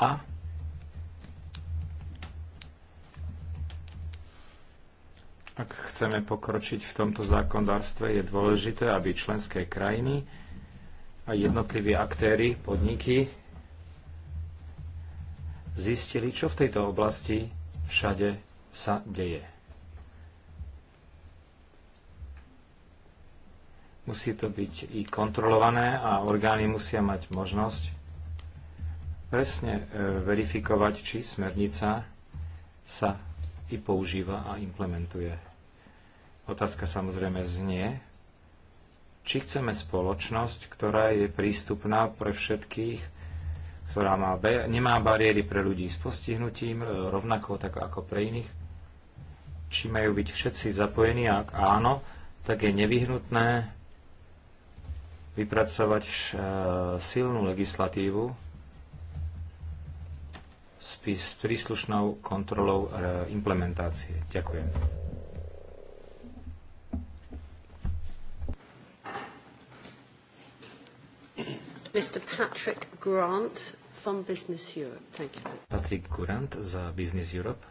A Ak chceme pokročiť v tomto zákonodárstve, je dôležité, aby členské krajiny a jednotliví aktéry, podniky zistili, čo v tejto oblasti všade sa deje. Musí to byť i kontrolované a orgány musia mať možnosť presne e, verifikovať, či smernica sa i používa a implementuje. Otázka samozrejme znie, či chceme spoločnosť, ktorá je prístupná pre všetkých, ktorá má, nemá bariéry pre ľudí s postihnutím, e, rovnako tak ako pre iných, či majú byť všetci zapojení, ak áno, tak je nevyhnutné vypracovať e, silnú legislatívu, s príslušnou kontrolou e, implementácie. Ďakujem. Mr. Patrick Grant from Business Europe. Thank you. Patrick Grant za Business Europe.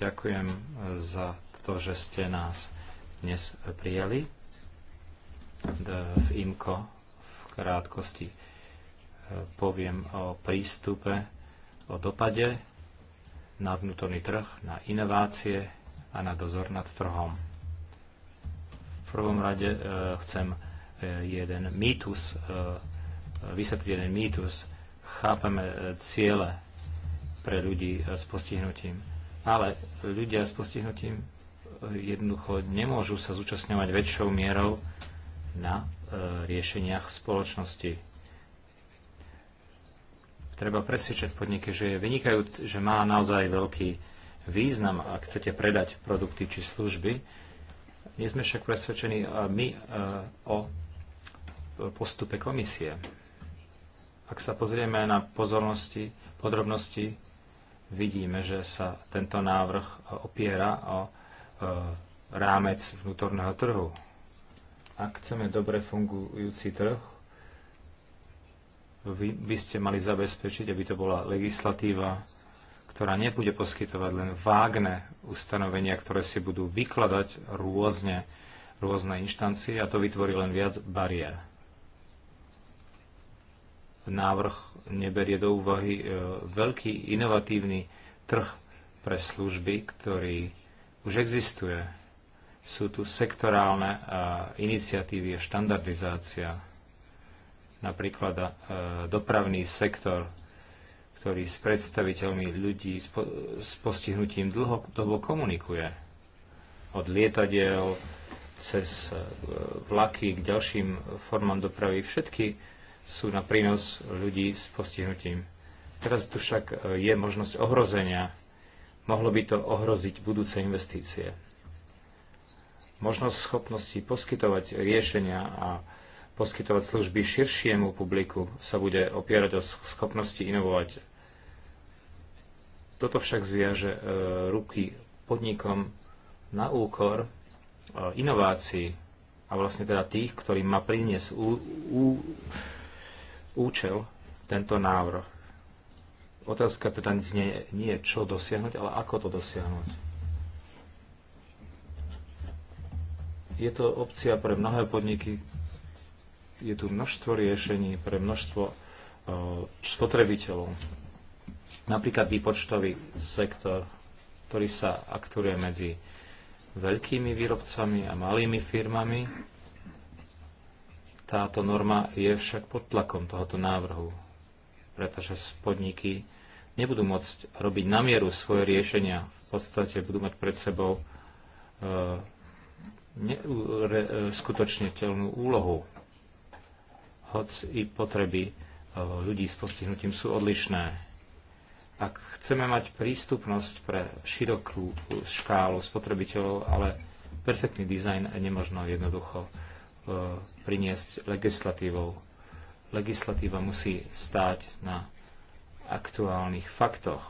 Ďakujem e, za to, že ste nás dnes prijali e, v IMCO v krátkosti poviem o prístupe, o dopade na vnútorný trh, na inovácie a na dozor nad trhom. V prvom rade e, chcem e, jeden mýtus, e, vysvetliť jeden mýtus. Chápeme ciele pre ľudí s postihnutím, ale ľudia s postihnutím jednoducho nemôžu sa zúčastňovať väčšou mierou na riešeniach spoločnosti Treba presvedčať podniky, že je vynikajúc, že má naozaj veľký význam, ak chcete predať produkty či služby. Nie sme však presvedčení my e, o postupe komisie. Ak sa pozrieme na pozornosti, podrobnosti, vidíme, že sa tento návrh opiera o e, rámec vnútorného trhu. Ak chceme dobre fungujúci trh, vy by ste mali zabezpečiť, aby to bola legislatíva, ktorá nebude poskytovať len vágne ustanovenia, ktoré si budú vykladať rôzne, rôzne inštancie a to vytvorí len viac bariér. Návrh neberie do úvahy e, veľký inovatívny trh pre služby, ktorý už existuje. Sú tu sektorálne e, iniciatívy a štandardizácia napríklad e, dopravný sektor, ktorý s predstaviteľmi ľudí s postihnutím dlhodobo komunikuje. Od lietadiel cez e, vlaky k ďalším formám dopravy všetky sú na prínos ľudí s postihnutím. Teraz tu však e, je možnosť ohrozenia. Mohlo by to ohroziť budúce investície. Možnosť schopnosti poskytovať riešenia a poskytovať služby širšiemu publiku, sa bude opierať o schopnosti inovovať. Toto však zviaže e, ruky podnikom na úkor e, inovácií a vlastne teda tých, ktorým má priniesť účel tento návrh. Otázka teda nie, nie je, čo dosiahnuť, ale ako to dosiahnuť. Je to opcia pre mnohé podniky, je tu množstvo riešení pre množstvo e, spotrebiteľov. Napríklad výpočtový sektor, ktorý sa aktuje medzi veľkými výrobcami a malými firmami. Táto norma je však pod tlakom tohoto návrhu, pretože spodníky nebudú môcť robiť na mieru svoje riešenia. V podstate budú mať pred sebou uh, skutočniteľnú úlohu hoc i potreby e, ľudí s postihnutím sú odlišné. Ak chceme mať prístupnosť pre širokú škálu spotrebiteľov, ale perfektný dizajn nemožno jednoducho e, priniesť legislatívou. Legislatíva musí stáť na aktuálnych faktoch.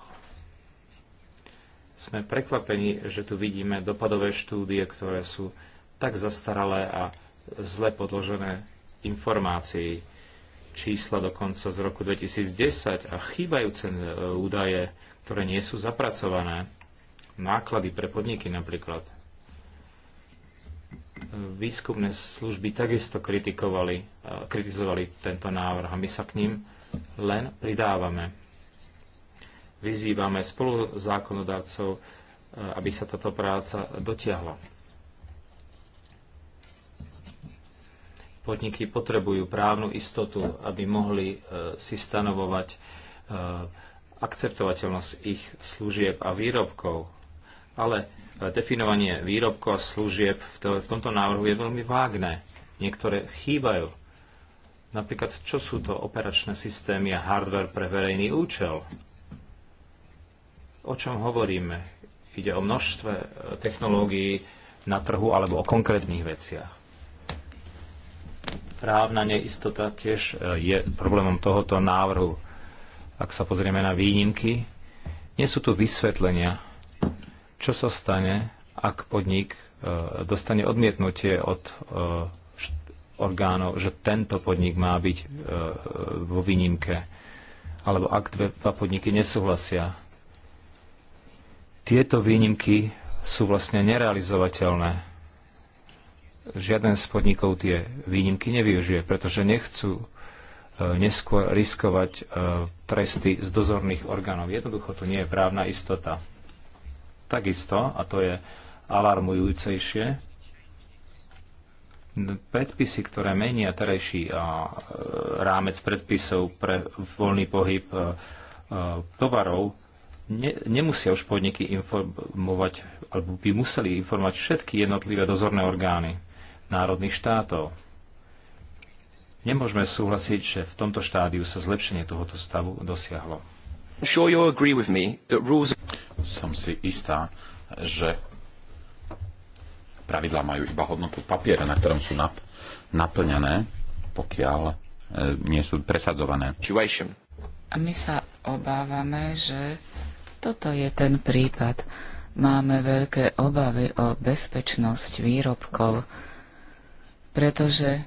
Sme prekvapení, že tu vidíme dopadové štúdie, ktoré sú tak zastaralé a zle podložené, informácií, čísla dokonca z roku 2010 a chýbajúce e, údaje, ktoré nie sú zapracované, náklady pre podniky napríklad. E, výskumné služby takisto kritikovali, e, kritizovali tento návrh a my sa k ním len pridávame. Vyzývame spolu zákonodárcov, aby sa táto práca dotiahla. Podniky potrebujú právnu istotu, aby mohli e, si stanovovať e, akceptovateľnosť ich služieb a výrobkov. Ale e, definovanie výrobkov a služieb v tomto návrhu je veľmi vágne. Niektoré chýbajú. Napríklad, čo sú to operačné systémy a hardware pre verejný účel? O čom hovoríme? Ide o množstve technológií na trhu alebo o konkrétnych veciach. Právna neistota tiež e, je problémom tohoto návrhu. Ak sa pozrieme na výnimky, nie sú tu vysvetlenia, čo sa stane, ak podnik e, dostane odmietnutie od e, orgánov, že tento podnik má byť vo výnimke, alebo ak dva podniky nesúhlasia. Tieto výnimky sú vlastne nerealizovateľné žiaden z podnikov tie výnimky nevyužije, pretože nechcú e, neskôr riskovať e, tresty z dozorných orgánov. Jednoducho tu nie je právna istota. Takisto, a to je alarmujúcejšie, predpisy, ktoré menia terajší e, rámec predpisov pre voľný pohyb tovarov, ne, nemusia už podniky informovať, alebo by museli informovať všetky jednotlivé dozorné orgány národných štátov. Nemôžeme súhlasiť, že v tomto štádiu sa zlepšenie tohoto stavu dosiahlo. Som si istá, že pravidlá majú iba hodnotu papiera, na ktorom sú nap- naplňané, pokiaľ e, nie sú presadzované. A my sa obávame, že toto je ten prípad. Máme veľké obavy o bezpečnosť výrobkov pretože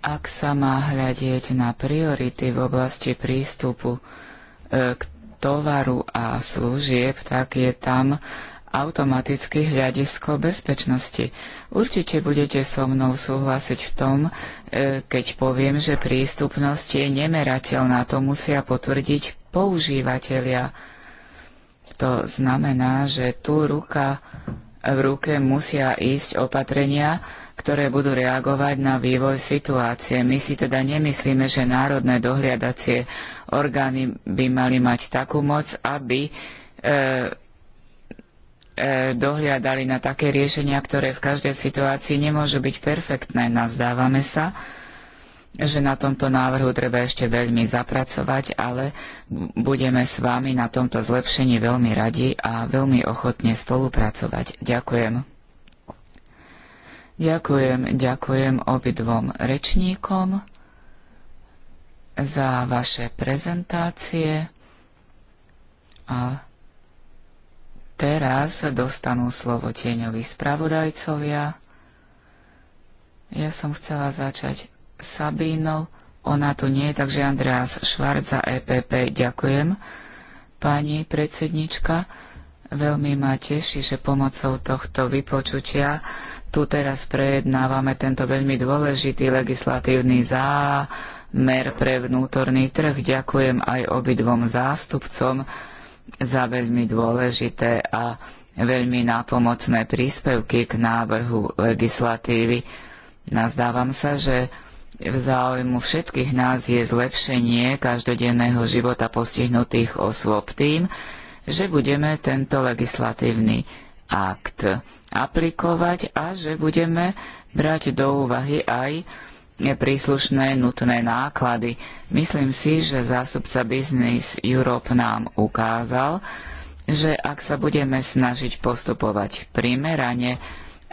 ak sa má hľadieť na priority v oblasti prístupu e, k tovaru a služieb, tak je tam automaticky hľadisko bezpečnosti. Určite budete so mnou súhlasiť v tom, e, keď poviem, že prístupnosť je nemerateľná. To musia potvrdiť používateľia. To znamená, že tu ruka v ruke musia ísť opatrenia, ktoré budú reagovať na vývoj situácie. My si teda nemyslíme, že národné dohliadacie orgány by mali mať takú moc, aby e, e, dohliadali na také riešenia, ktoré v každej situácii nemôžu byť perfektné. Nazdávame sa, že na tomto návrhu treba ešte veľmi zapracovať, ale budeme s vami na tomto zlepšení veľmi radi a veľmi ochotne spolupracovať. Ďakujem. Ďakujem, ďakujem obidvom rečníkom za vaše prezentácie a teraz dostanú slovo tieňoví spravodajcovia. Ja som chcela začať Sabíno, ona tu nie, takže Andreas Švarca, EPP, ďakujem. Pani predsednička, veľmi ma teší, že pomocou tohto vypočutia tu teraz prejednávame tento veľmi dôležitý legislatívny zámer pre vnútorný trh. Ďakujem aj obidvom zástupcom za veľmi dôležité a veľmi nápomocné príspevky k návrhu legislatívy. Nazdávam sa, že v záujmu všetkých nás je zlepšenie každodenného života postihnutých osôb tým, že budeme tento legislatívny akt aplikovať a že budeme brať do úvahy aj príslušné nutné náklady. Myslím si, že zásobca Business Europe nám ukázal, že ak sa budeme snažiť postupovať primerane,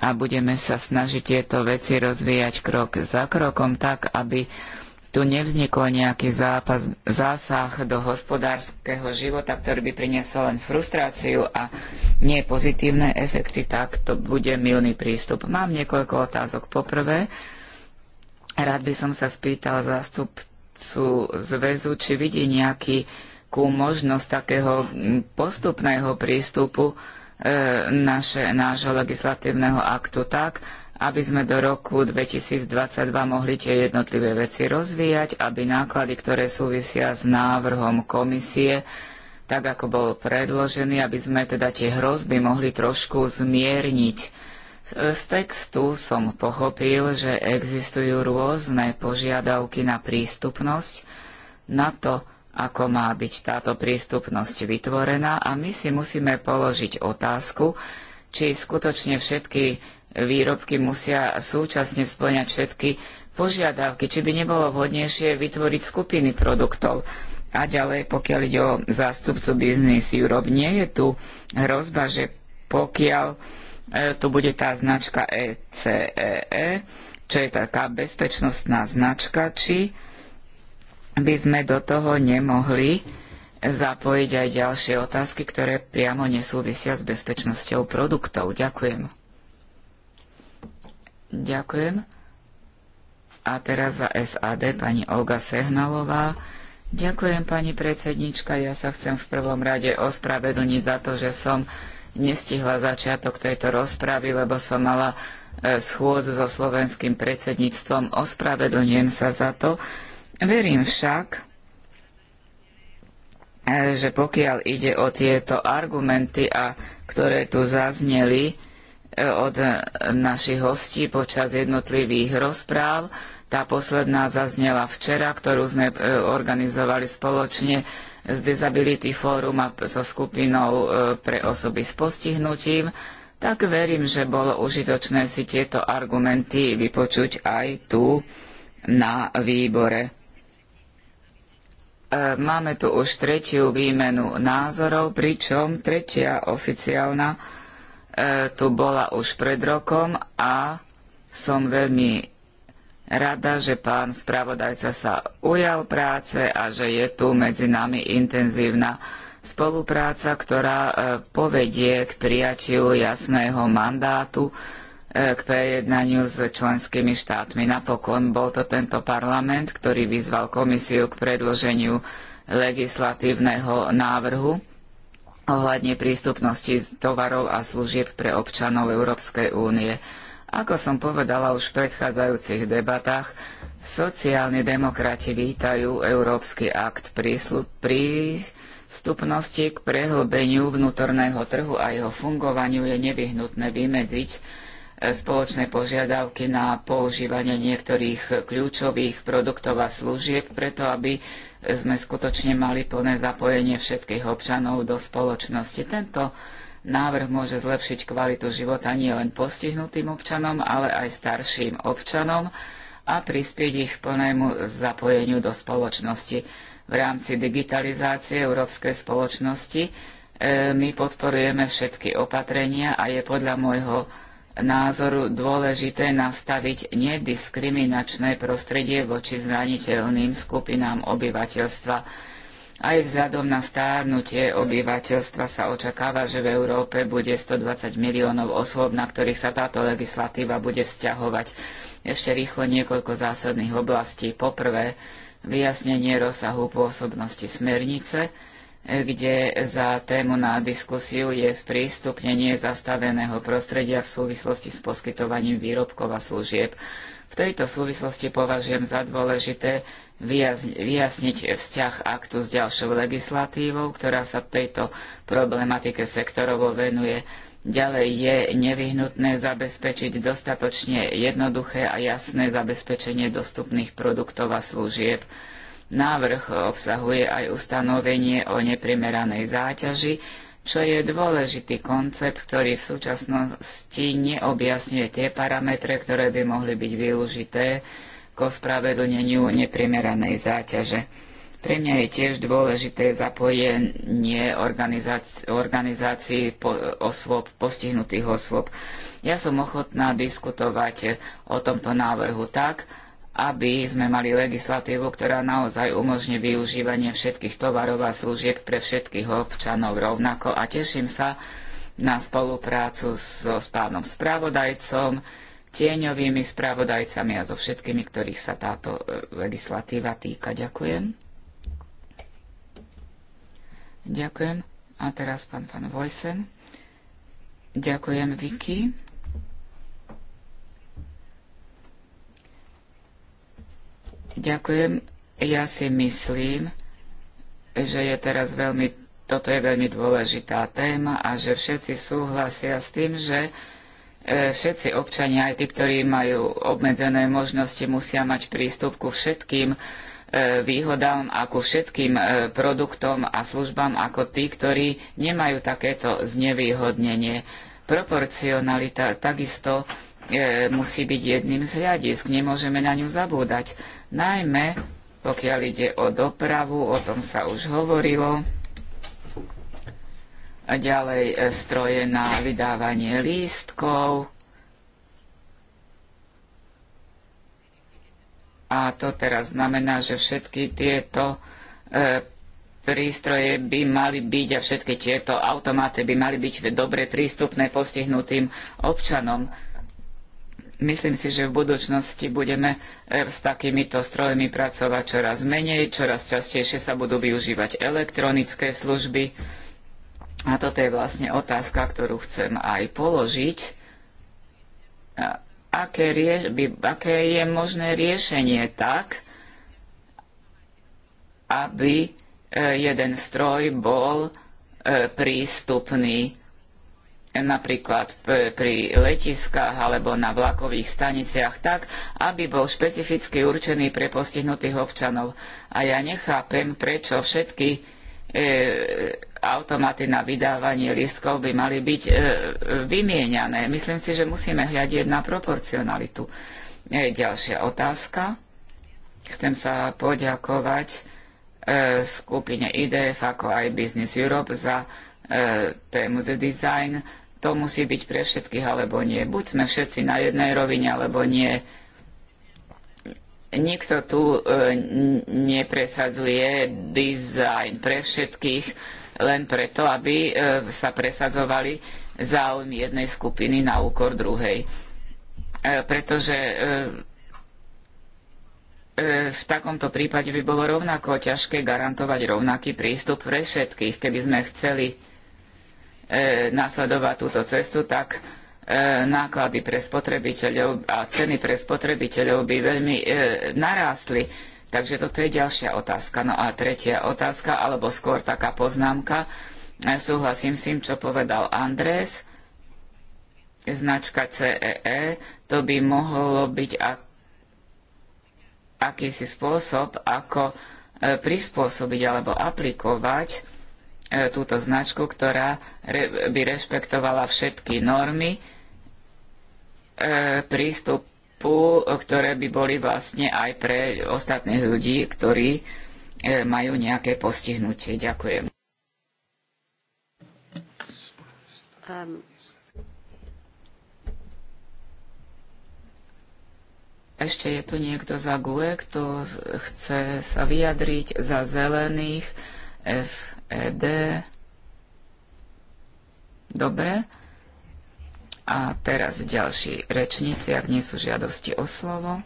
a budeme sa snažiť tieto veci rozvíjať krok za krokom tak, aby tu nevznikol nejaký zápas, zásah do hospodárskeho života, ktorý by priniesol len frustráciu a nie pozitívne efekty, tak to bude milný prístup. Mám niekoľko otázok. Poprvé, rád by som sa spýtal zástupcu zväzu, či vidí nejakú možnosť takého postupného prístupu E, naše, nášho legislatívneho aktu tak, aby sme do roku 2022 mohli tie jednotlivé veci rozvíjať, aby náklady, ktoré súvisia s návrhom komisie, tak ako bol predložený, aby sme teda tie hrozby mohli trošku zmierniť. Z textu som pochopil, že existujú rôzne požiadavky na prístupnosť, na to, ako má byť táto prístupnosť vytvorená a my si musíme položiť otázku, či skutočne všetky výrobky musia súčasne splňať všetky požiadavky, či by nebolo vhodnejšie vytvoriť skupiny produktov. A ďalej, pokiaľ ide o zástupcu Business Europe, nie je tu hrozba, že pokiaľ e, tu bude tá značka ECEE, e e, čo je taká bezpečnostná značka, či by sme do toho nemohli zapojiť aj ďalšie otázky, ktoré priamo nesúvisia s bezpečnosťou produktov. Ďakujem. Ďakujem. A teraz za SAD pani Olga Sehnalová. Ďakujem, pani predsednička. Ja sa chcem v prvom rade ospravedlniť za to, že som nestihla začiatok tejto rozpravy, lebo som mala e, schôdzu so slovenským predsedníctvom. Ospravedlňujem sa za to. Verím však, e, že pokiaľ ide o tieto argumenty, a ktoré tu zazneli e, od našich hostí počas jednotlivých rozpráv, tá posledná zaznela včera, ktorú sme e, organizovali spoločne z Disability Forum a so skupinou pre osoby s postihnutím, tak verím, že bolo užitočné si tieto argumenty vypočuť aj tu na výbore. E, máme tu už tretiu výmenu názorov, pričom tretia oficiálna e, tu bola už pred rokom a som veľmi rada, že pán spravodajca sa ujal práce a že je tu medzi nami intenzívna spolupráca, ktorá e, povedie k prijatiu jasného mandátu k prejednaniu s členskými štátmi. Napokon bol to tento parlament, ktorý vyzval komisiu k predloženiu legislatívneho návrhu ohľadne prístupnosti tovarov a služieb pre občanov Európskej únie. Ako som povedala už v predchádzajúcich debatách, sociálni demokrati vítajú Európsky akt prístupnosti k prehlbeniu vnútorného trhu a jeho fungovaniu je nevyhnutné vymedziť spoločné požiadavky na používanie niektorých kľúčových produktov a služieb, preto aby sme skutočne mali plné zapojenie všetkých občanov do spoločnosti. Tento návrh môže zlepšiť kvalitu života nielen postihnutým občanom, ale aj starším občanom a prispieť ich plnému zapojeniu do spoločnosti. V rámci digitalizácie európskej spoločnosti e, my podporujeme všetky opatrenia a je podľa môjho názoru dôležité nastaviť nediskriminačné prostredie voči zraniteľným skupinám obyvateľstva. Aj vzhľadom na stárnutie obyvateľstva sa očakáva, že v Európe bude 120 miliónov osôb, na ktorých sa táto legislatíva bude vzťahovať. Ešte rýchlo niekoľko zásadných oblastí. Poprvé, vyjasnenie rozsahu pôsobnosti smernice kde za tému na diskusiu je sprístupnenie zastaveného prostredia v súvislosti s poskytovaním výrobkov a služieb. V tejto súvislosti považujem za dôležité vyjasniť vzťah aktu s ďalšou legislatívou, ktorá sa tejto problematike sektorovo venuje. Ďalej je nevyhnutné zabezpečiť dostatočne jednoduché a jasné zabezpečenie dostupných produktov a služieb. Návrh obsahuje aj ustanovenie o neprimeranej záťaži, čo je dôležitý koncept, ktorý v súčasnosti neobjasňuje tie parametre, ktoré by mohli byť využité k ospravedlneniu neprimeranej záťaže. Pre mňa je tiež dôležité zapojenie organizácií, organizácií po- osôb, postihnutých osôb. Ja som ochotná diskutovať o tomto návrhu tak, aby sme mali legislatívu, ktorá naozaj umožní využívanie všetkých tovarov a služieb pre všetkých občanov rovnako. A teším sa na spoluprácu so s pánom spravodajcom, tieňovými spravodajcami a so všetkými, ktorých sa táto e, legislatíva týka. Ďakujem. Ďakujem. A teraz pán pán Vojsen. Ďakujem, Vicky. Ďakujem. Ja si myslím, že je teraz veľmi, toto je veľmi dôležitá téma a že všetci súhlasia s tým, že e, všetci občania, aj tí, ktorí majú obmedzené možnosti, musia mať prístup ku všetkým e, výhodám a ku všetkým e, produktom a službám ako tí, ktorí nemajú takéto znevýhodnenie. Proporcionalita takisto e, musí byť jedným z hľadisk. Nemôžeme na ňu zabúdať. Najmä pokiaľ ide o dopravu, o tom sa už hovorilo. A ďalej e, stroje na vydávanie lístkov. A to teraz znamená, že všetky tieto e, prístroje by mali byť a všetky tieto automáty by mali byť dobre prístupné postihnutým občanom Myslím si, že v budúcnosti budeme e, s takýmito strojmi pracovať čoraz menej, čoraz častejšie sa budú využívať elektronické služby. A toto je vlastne otázka, ktorú chcem aj položiť. Aké, rieš- by, aké je možné riešenie tak, aby e, jeden stroj bol e, prístupný napríklad pri letiskách alebo na vlakových staniciach tak, aby bol špecificky určený pre postihnutých občanov. A ja nechápem, prečo všetky e, automaty na vydávanie listkov by mali byť e, vymieňané. Myslím si, že musíme hľadiť na proporcionalitu. E, ďalšia otázka. Chcem sa poďakovať e, skupine IDF ako aj Business Europe za e, tému The Design to musí byť pre všetkých alebo nie. Buď sme všetci na jednej rovine alebo nie. Nikto tu e, nepresadzuje dizajn pre všetkých len preto, aby e, sa presadzovali záujmy jednej skupiny na úkor druhej. E, pretože e, e v takomto prípade by bolo rovnako ťažké garantovať rovnaký prístup pre všetkých, keby sme chceli E, nasledovať túto cestu, tak e, náklady pre spotrebiteľov a ceny pre spotrebiteľov by veľmi e, narástli. Takže toto je ďalšia otázka. No a tretia otázka, alebo skôr taká poznámka. Súhlasím s tým, čo povedal Andrés. Značka CEE, to by mohlo byť ak akýsi spôsob, ako prispôsobiť alebo aplikovať E, túto značku, ktorá by rešpektovala všetky normy e, prístupu, ktoré by boli vlastne aj pre ostatných ľudí, ktorí e, majú nejaké postihnutie. Ďakujem. Um. Ešte je tu niekto za GUE, kto chce sa vyjadriť za zelených. E, D. Dobre. A teraz ďalší rečníci, ak nie sú žiadosti o slovo.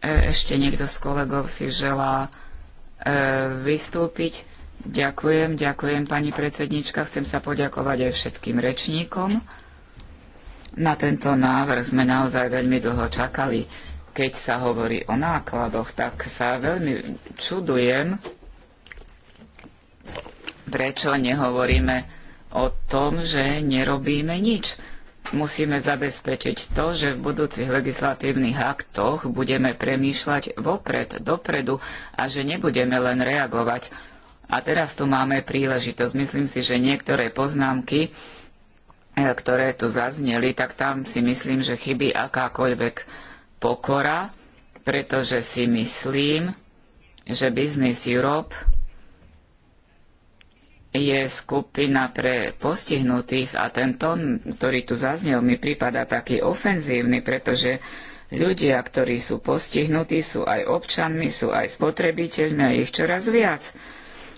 E, ešte niekto z kolegov si želá e, vystúpiť. Ďakujem, ďakujem pani predsednička. Chcem sa poďakovať aj všetkým rečníkom. Na tento návrh sme naozaj veľmi dlho čakali. Keď sa hovorí o nákladoch, tak sa veľmi čudujem, prečo nehovoríme o tom, že nerobíme nič. Musíme zabezpečiť to, že v budúcich legislatívnych aktoch budeme premýšľať vopred, dopredu a že nebudeme len reagovať. A teraz tu máme príležitosť. Myslím si, že niektoré poznámky E, ktoré tu zazneli, tak tam si myslím, že chybí akákoľvek pokora, pretože si myslím, že Business Europe je skupina pre postihnutých a ten tón, ktorý tu zaznel, mi prípada taký ofenzívny, pretože ľudia, ktorí sú postihnutí, sú aj občanmi, sú aj spotrebiteľmi a ich čoraz viac.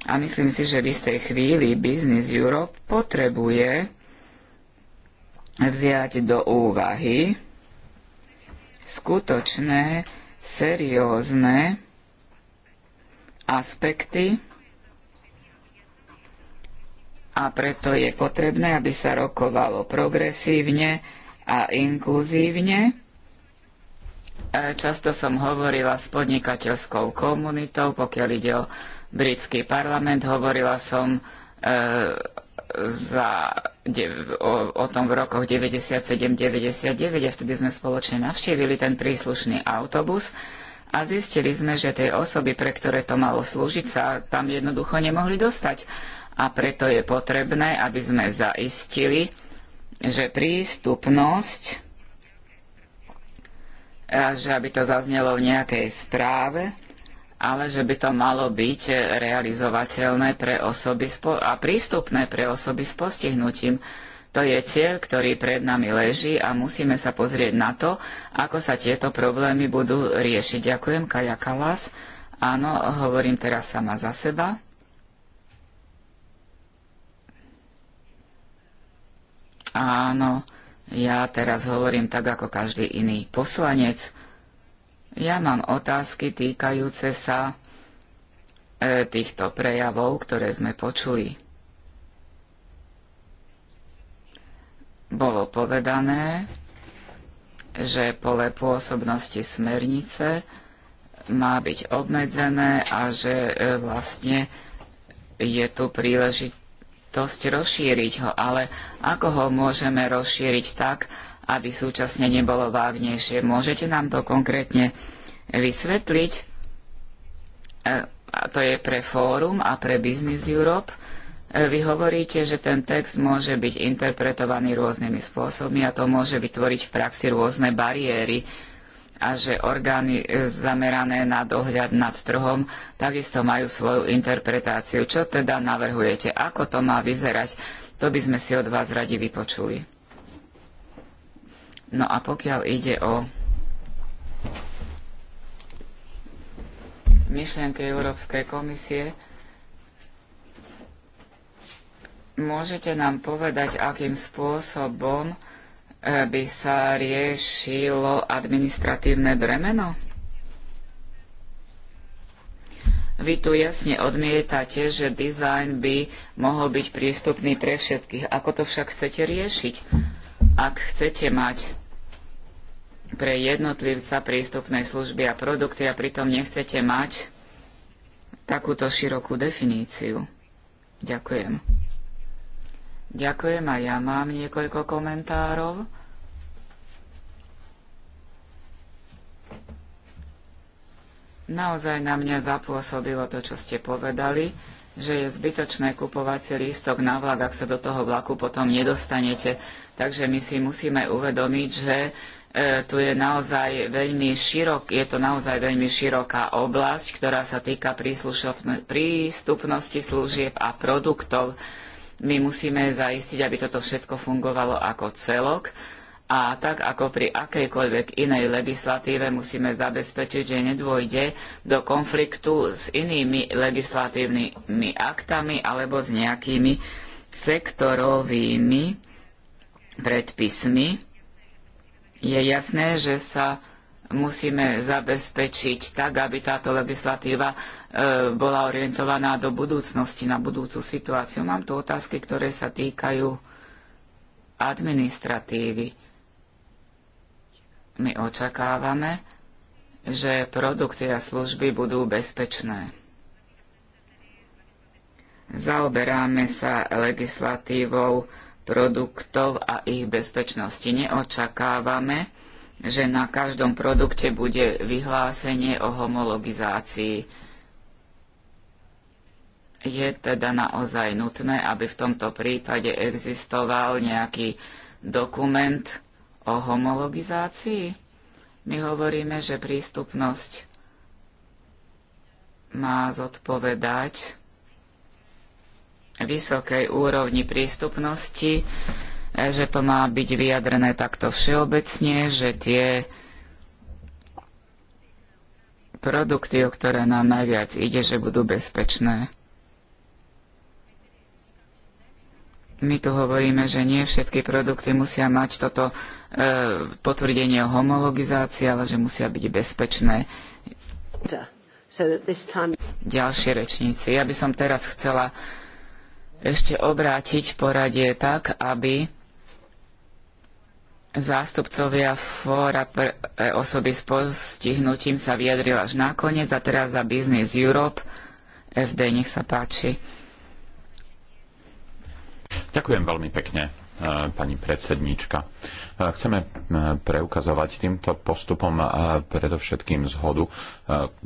A myslím si, že v istej chvíli Business Europe potrebuje vziať do úvahy skutočné, seriózne aspekty a preto je potrebné, aby sa rokovalo progresívne a inkluzívne. E, často som hovorila s podnikateľskou komunitou, pokiaľ ide o britský parlament, hovorila som e, za, o, o tom v rokoch 97-99 a vtedy sme spoločne navštívili ten príslušný autobus a zistili sme, že tie osoby, pre ktoré to malo slúžiť, sa tam jednoducho nemohli dostať. A preto je potrebné, aby sme zaistili, že prístupnosť, že aby to zaznelo v nejakej správe, ale že by to malo byť realizovateľné pre osoby a prístupné pre osoby s postihnutím. To je cieľ, ktorý pred nami leží a musíme sa pozrieť na to, ako sa tieto problémy budú riešiť. Ďakujem, Kaja Kalas. Áno, hovorím teraz sama za seba. Áno, ja teraz hovorím tak ako každý iný poslanec. Ja mám otázky týkajúce sa e, týchto prejavov, ktoré sme počuli. Bolo povedané, že pole pôsobnosti smernice má byť obmedzené a že e, vlastne je tu príležitosť rozšíriť ho, ale ako ho môžeme rozšíriť tak, aby súčasne nebolo vágnejšie. Môžete nám to konkrétne vysvetliť? E, a to je pre Fórum a pre Business Europe. E, vy hovoríte, že ten text môže byť interpretovaný rôznymi spôsobmi a to môže vytvoriť v praxi rôzne bariéry a že orgány e, zamerané na dohľad nad trhom takisto majú svoju interpretáciu. Čo teda navrhujete? Ako to má vyzerať? To by sme si od vás radi vypočuli. No a pokiaľ ide o myšlienky Európskej komisie, môžete nám povedať, akým spôsobom eh, by sa riešilo administratívne bremeno? Vy tu jasne odmietate, že dizajn by mohol byť prístupný pre všetkých. Ako to však chcete riešiť? Ak chcete mať pre jednotlivca prístupné služby a produkty a pritom nechcete mať takúto širokú definíciu. Ďakujem. Ďakujem a ja mám niekoľko komentárov. Naozaj na mňa zapôsobilo to, čo ste povedali že je zbytočné kupovať si lístok na vlak, ak sa do toho vlaku potom nedostanete. Takže my si musíme uvedomiť, že e, tu je naozaj veľmi širok, je to naozaj veľmi široká oblasť, ktorá sa týka prístupnosti služieb a produktov. My musíme zaistiť, aby toto všetko fungovalo ako celok a tak ako pri akejkoľvek inej legislatíve musíme zabezpečiť, že nedôjde do konfliktu s inými legislatívnymi aktami alebo s nejakými sektorovými predpismi. Je jasné, že sa musíme zabezpečiť tak, aby táto legislatíva e, bola orientovaná do budúcnosti, na budúcu situáciu. Mám tu otázky, ktoré sa týkajú administratívy. My očakávame, že produkty a služby budú bezpečné. Zaoberáme sa legislatívou produktov a ich bezpečnosti. Neočakávame, že na každom produkte bude vyhlásenie o homologizácii. Je teda naozaj nutné, aby v tomto prípade existoval nejaký dokument, o homologizácii? My hovoríme, že prístupnosť má zodpovedať vysokej úrovni prístupnosti, že to má byť vyjadrené takto všeobecne, že tie produkty, o ktoré nám najviac ide, že budú bezpečné. My tu hovoríme, že nie všetky produkty musia mať toto E, potvrdenie o homologizácii, ale že musia byť bezpečné. Ďalšie rečníci. Ja by som teraz chcela ešte obrátiť poradie tak, aby zástupcovia fóra pre e, osoby s postihnutím sa vyjadrila až nakoniec a teraz za Business Europe. FD, nech sa páči. Ďakujem veľmi pekne pani predsedníčka. Chceme preukazovať týmto postupom predovšetkým zhodu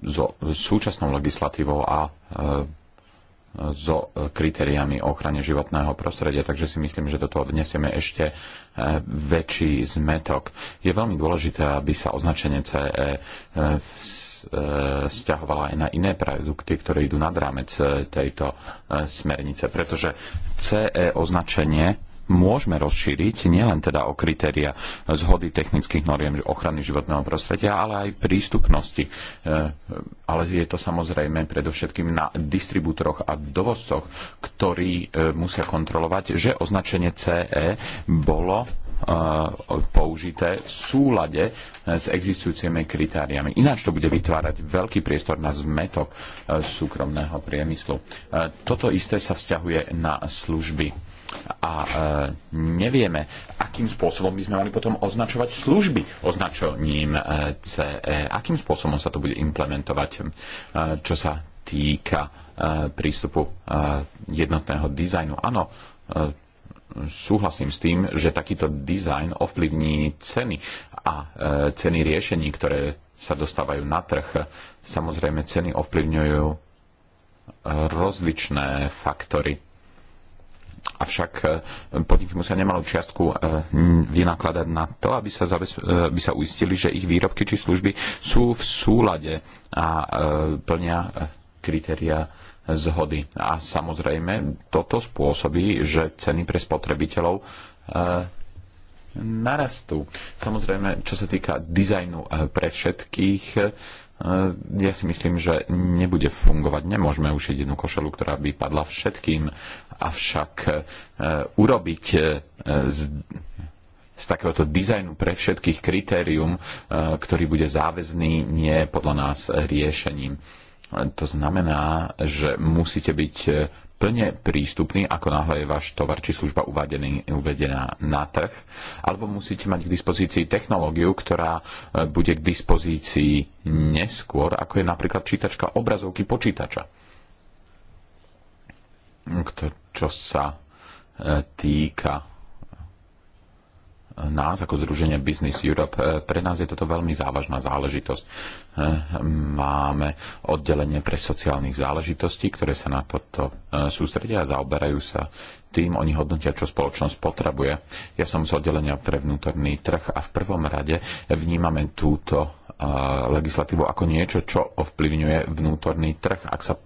so súčasnou legislatívou a so kritériami ochrane životného prostredia, takže si myslím, že do toho vnesieme ešte väčší zmetok. Je veľmi dôležité, aby sa označenie CE e, stiahovala e, aj na iné produkty, ktoré idú nad rámec e, tejto smernice, pretože CE označenie môžeme rozšíriť nielen teda o kritéria zhody technických noriem ochrany životného prostredia, ale aj prístupnosti. E, ale je to samozrejme predovšetkým na distribútoroch a dovozcoch, ktorí e, musia kontrolovať, že označenie CE bolo e, použité v súlade s existujúcimi kritériami. Ináč to bude vytvárať veľký priestor na zmetok súkromného priemyslu. Toto isté sa vzťahuje na služby a e, nevieme, akým spôsobom by sme mali potom označovať služby označením e, CE, akým spôsobom sa to bude implementovať, e, čo sa týka e, prístupu e, jednotného dizajnu. Áno, e, súhlasím s tým, že takýto dizajn ovplyvní ceny a e, ceny riešení, ktoré sa dostávajú na trh. Samozrejme, ceny ovplyvňujú e, rozličné faktory Avšak e, podniky musia nemalú čiastku e, vynakladať na to, aby sa, zabez... E, aby sa uistili, že ich výrobky či služby sú v súlade a plnia kritéria zhody. A samozrejme, toto spôsobí, že ceny pre spotrebiteľov narastú. Samozrejme, čo sa týka dizajnu pre všetkých, ja si myslím, že nebude fungovať. Nemôžeme ušiť jednu košelu, ktorá by padla všetkým. Avšak e, urobiť e, z, z takéhoto dizajnu pre všetkých kritérium, e, ktorý bude záväzný, nie je podľa nás riešením. To znamená, že musíte byť plne prístupný, ako náhle je váš tovar či služba uvedený, uvedená na trh, alebo musíte mať k dispozícii technológiu, ktorá bude k dispozícii neskôr, ako je napríklad čítačka obrazovky počítača čo sa e, týka e, nás ako Združenie Business Europe, e, pre nás je toto veľmi závažná záležitosť. Máme oddelenie pre sociálnych záležitostí, ktoré sa na toto sústredia a zaoberajú sa tým, oni hodnotia, čo spoločnosť potrebuje. Ja som z oddelenia pre vnútorný trh a v prvom rade vnímame túto legislatívu ako niečo, čo ovplyvňuje vnútorný trh. Ak sa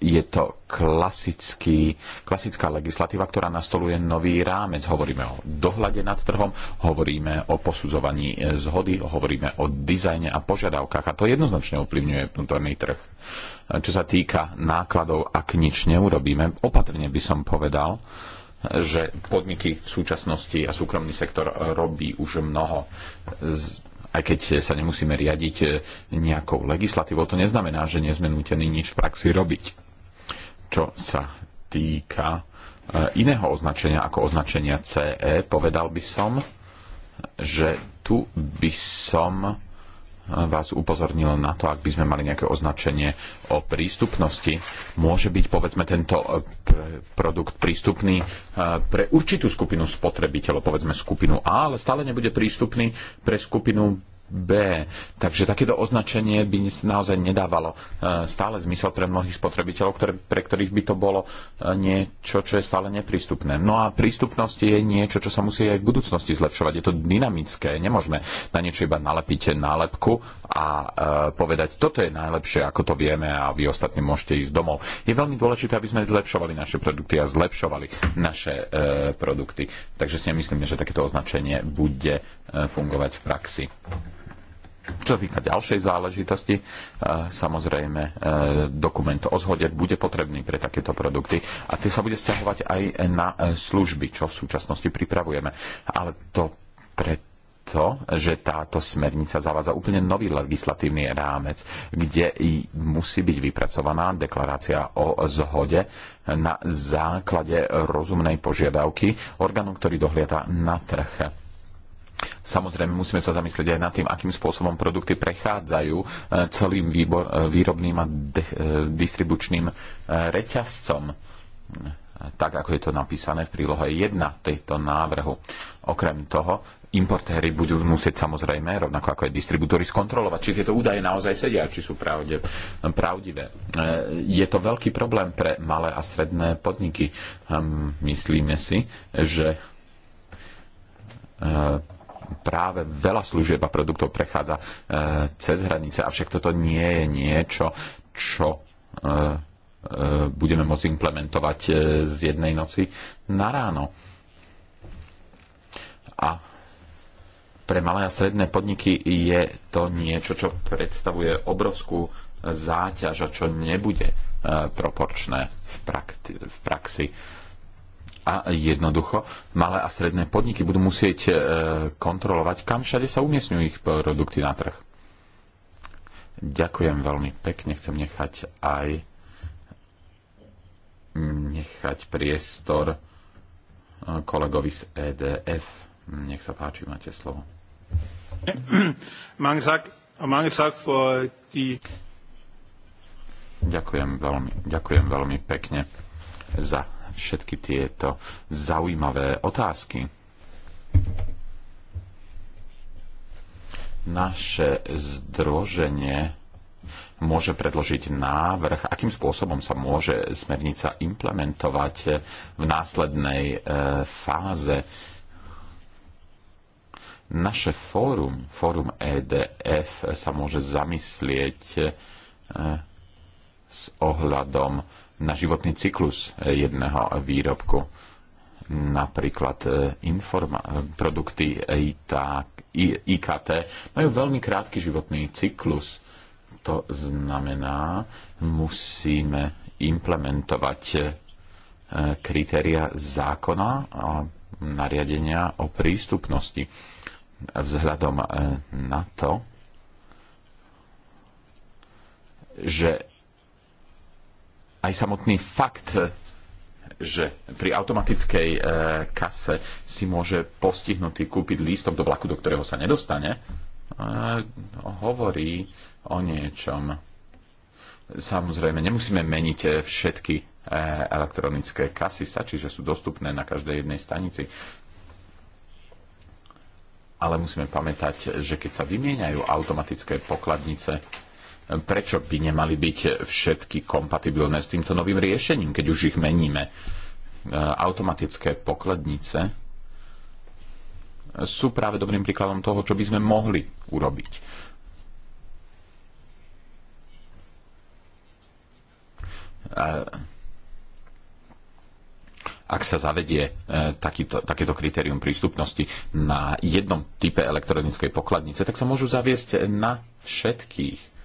je to klasický, klasická legislatíva, ktorá nastoluje nový rámec. Hovoríme o dohľade nad trhom, hovoríme o posudzovaní zhody, hovoríme o dizajne a požiadavkách a to jednoznačne ovplyvňuje vnútorný trh. Čo sa týka nákladov, ak nič neurobíme, opatrne by som povedal, že podniky v súčasnosti a súkromný sektor robí už mnoho. z Aj keď sa nemusíme riadiť nejakou legislatívou, to neznamená, že nie sme nič v praxi robiť čo sa týka eh, iného označenia ako označenia CE, povedal by som, že tu by som eh, vás upozornil na to, ak by sme mali nejaké označenie o prístupnosti, môže byť povedzme tento eh, produkt prístupný pre určitú skupinu spotrebiteľov, povedzme skupinu A, ale stále nebude prístupný pre skupinu B. Takže takéto označenie by naozaj nedávalo e, stále zmysel pre mnohých spotrebiteľov, ktoré, pre ktorých by to bolo e, niečo, čo je stále neprístupné. No a prístupnosť je niečo, čo sa musí aj v budúcnosti zlepšovať. Je to dynamické, nemožné na niečo iba nalepiť nálepku a e, povedať, toto je najlepšie, ako to vieme a vy ostatní môžete ísť domov. Je veľmi dôležité, aby sme zlepšovali naše produkty a zlepšovali naše e, produkty. Takže si myslíme, že takéto označenie bude e, fungovať v praxi. Čo týka ďalšej záležitosti, e, samozrejme e, dokument o zhode bude potrebný pre takéto produkty a tie sa bude stiahovať aj na e, služby, čo v súčasnosti pripravujeme. Ale to preto, že táto smernica zavádza úplne nový legislatívny rámec, kde musí byť vypracovaná deklarácia o zhode na základe rozumnej požiadavky orgánu, ktorý dohliada na trh Samozrejme, musíme sa zamyslieť aj nad tým, akým spôsobom produkty prechádzajú e, celým výbor, e, výrobným a de, e, distribučným reťazcom tak ako je to napísané v prílohe 1 tejto návrhu. Okrem toho, importéry budú musieť samozrejme, rovnako ako aj distribútory, skontrolovať, či tieto údaje naozaj sedia, či sú pravde, pravdivé. Je to veľký problém pre malé a stredné podniky. Hm, myslíme si, že práve veľa služieb a produktov prechádza e, cez hranice, avšak toto nie je niečo, čo e, e, budeme môcť implementovať z jednej noci na ráno. A pre malé a stredné podniky je to niečo, čo predstavuje obrovskú záťaž a čo nebude proporčné v, prakti- v praxi a jednoducho malé a stredné podniky budú musieť e, kontrolovať, kam všade sa umiestňujú ich produkty na trh. Ďakujem veľmi pekne. Chcem nechať aj nechať priestor e, kolegovi z EDF. Nech sa páči, máte slovo. Ďakujem veľmi, ďakujem veľmi pekne za všetky tieto zaujímavé otázky. Naše združenie môže predložiť návrh, akým spôsobom sa môže smernica implementovať v následnej e, fáze. Naše fórum, fórum EDF, sa môže zamyslieť e, s ohľadom na životný cyklus eh, jedného výrobku. Napríklad eh, informa- eh, produkty IKT majú veľmi krátky životný cyklus. To znamená, musíme implementovať kritéria zákona a nariadenia o prístupnosti. Vzhľadom na to, že aj samotný fakt, e, že pri automatickej e, kase si môže postihnutý kúpiť lístok do vlaku, do ktorého sa nedostane, e, hovorí o niečom. Samozrejme, nemusíme meniť e, všetky e, elektronické kasy, stačí, že sú dostupné na každej jednej stanici. Ale musíme pamätať, že keď sa vymieňajú automatické pokladnice, prečo by nemali byť všetky kompatibilné s týmto novým riešením, keď už ich meníme. E, automatické pokladnice sú práve dobrým príkladom toho, čo by sme mohli urobiť. E, ak sa zavedie e, takýto, takéto kritérium prístupnosti na jednom type elektronickej pokladnice, tak sa môžu zaviesť na všetkých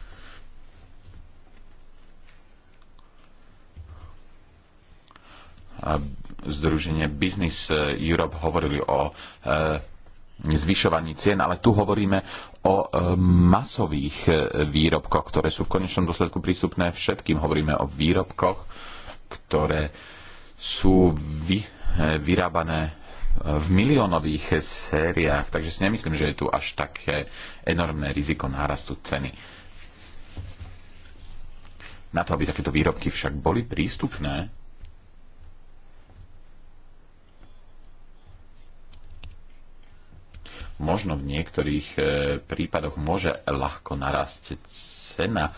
Združenie Business Europe hovorili o e, zvyšovaní cien, ale tu hovoríme o e, masových e, výrobkoch, ktoré sú v konečnom dôsledku prístupné všetkým. Hovoríme o výrobkoch, ktoré sú vy, vyrábané v miliónových sériách, takže si nemyslím, že je tu až také enormné riziko nárastu ceny. Na to, aby takéto výrobky však boli prístupné, možno v niektorých e, prípadoch môže ľahko narásť cena,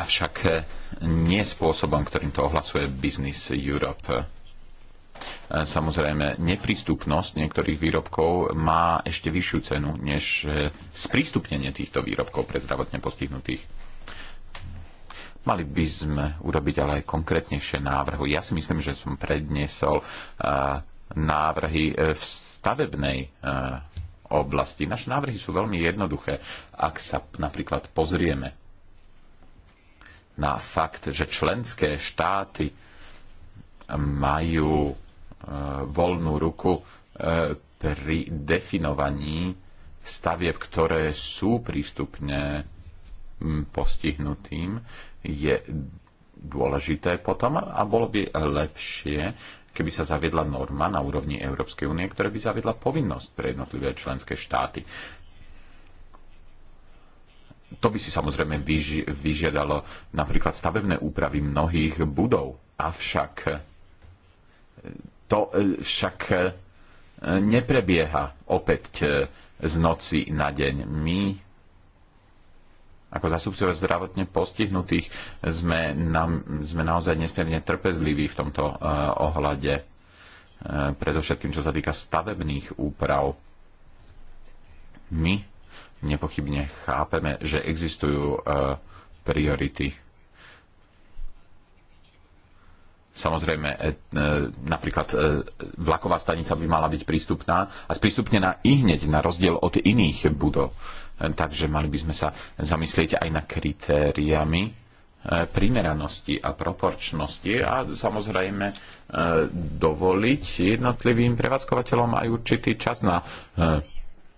avšak e, nie spôsobom, ktorým to ohlasuje Business Europe. E, samozrejme, neprístupnosť niektorých výrobkov má ešte vyššiu cenu než sprístupnenie týchto výrobkov pre zdravotne postihnutých. Mali by sme urobiť ale aj konkrétnejšie návrhy. Ja si myslím, že som predniesol návrhy v stavebnej e, oblasti. Naše návrhy sú veľmi jednoduché. Ak sa napríklad pozrieme na fakt, že členské štáty majú e, voľnú ruku e, pri definovaní stavieb, ktoré sú prístupne postihnutým, je dôležité potom a bolo by lepšie, keby sa zaviedla norma na úrovni Európskej únie, ktorá by zaviedla povinnosť pre jednotlivé členské štáty. To by si samozrejme vyžiadalo napríklad stavebné úpravy mnohých budov, avšak to však eh, neprebieha opäť eh, z noci na deň. My ako zastupcovia zdravotne postihnutých sme, na, sme naozaj nesmierne trpezliví v tomto uh, ohľade, uh, predovšetkým čo sa týka stavebných úprav. My nepochybne chápeme, že existujú uh, priority. Samozrejme, napríklad vlaková stanica by mala byť prístupná a sprístupnená i hneď na rozdiel od iných budov. Takže mali by sme sa zamyslieť aj na kritériami e, primeranosti a proporčnosti a samozrejme e, dovoliť jednotlivým prevádzkovateľom aj určitý čas na e,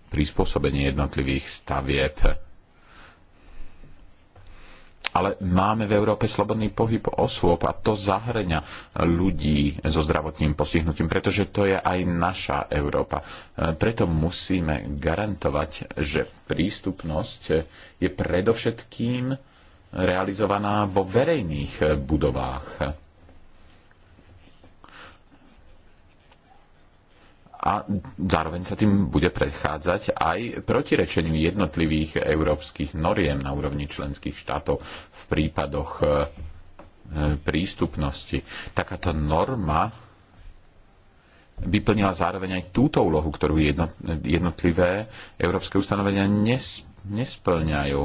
prispôsobenie jednotlivých stavieb ale máme v Európe slobodný pohyb osôb a to zahrňa ľudí so zdravotným postihnutím, pretože to je aj naša Európa. E, preto musíme garantovať, že prístupnosť je predovšetkým realizovaná vo verejných budovách a zároveň sa tým bude predchádzať aj protirečeniu jednotlivých európskych noriem na úrovni členských štátov v prípadoch e, prístupnosti. Takáto norma by plnila zároveň aj túto úlohu, ktorú jednotlivé európske ustanovenia nesplňajú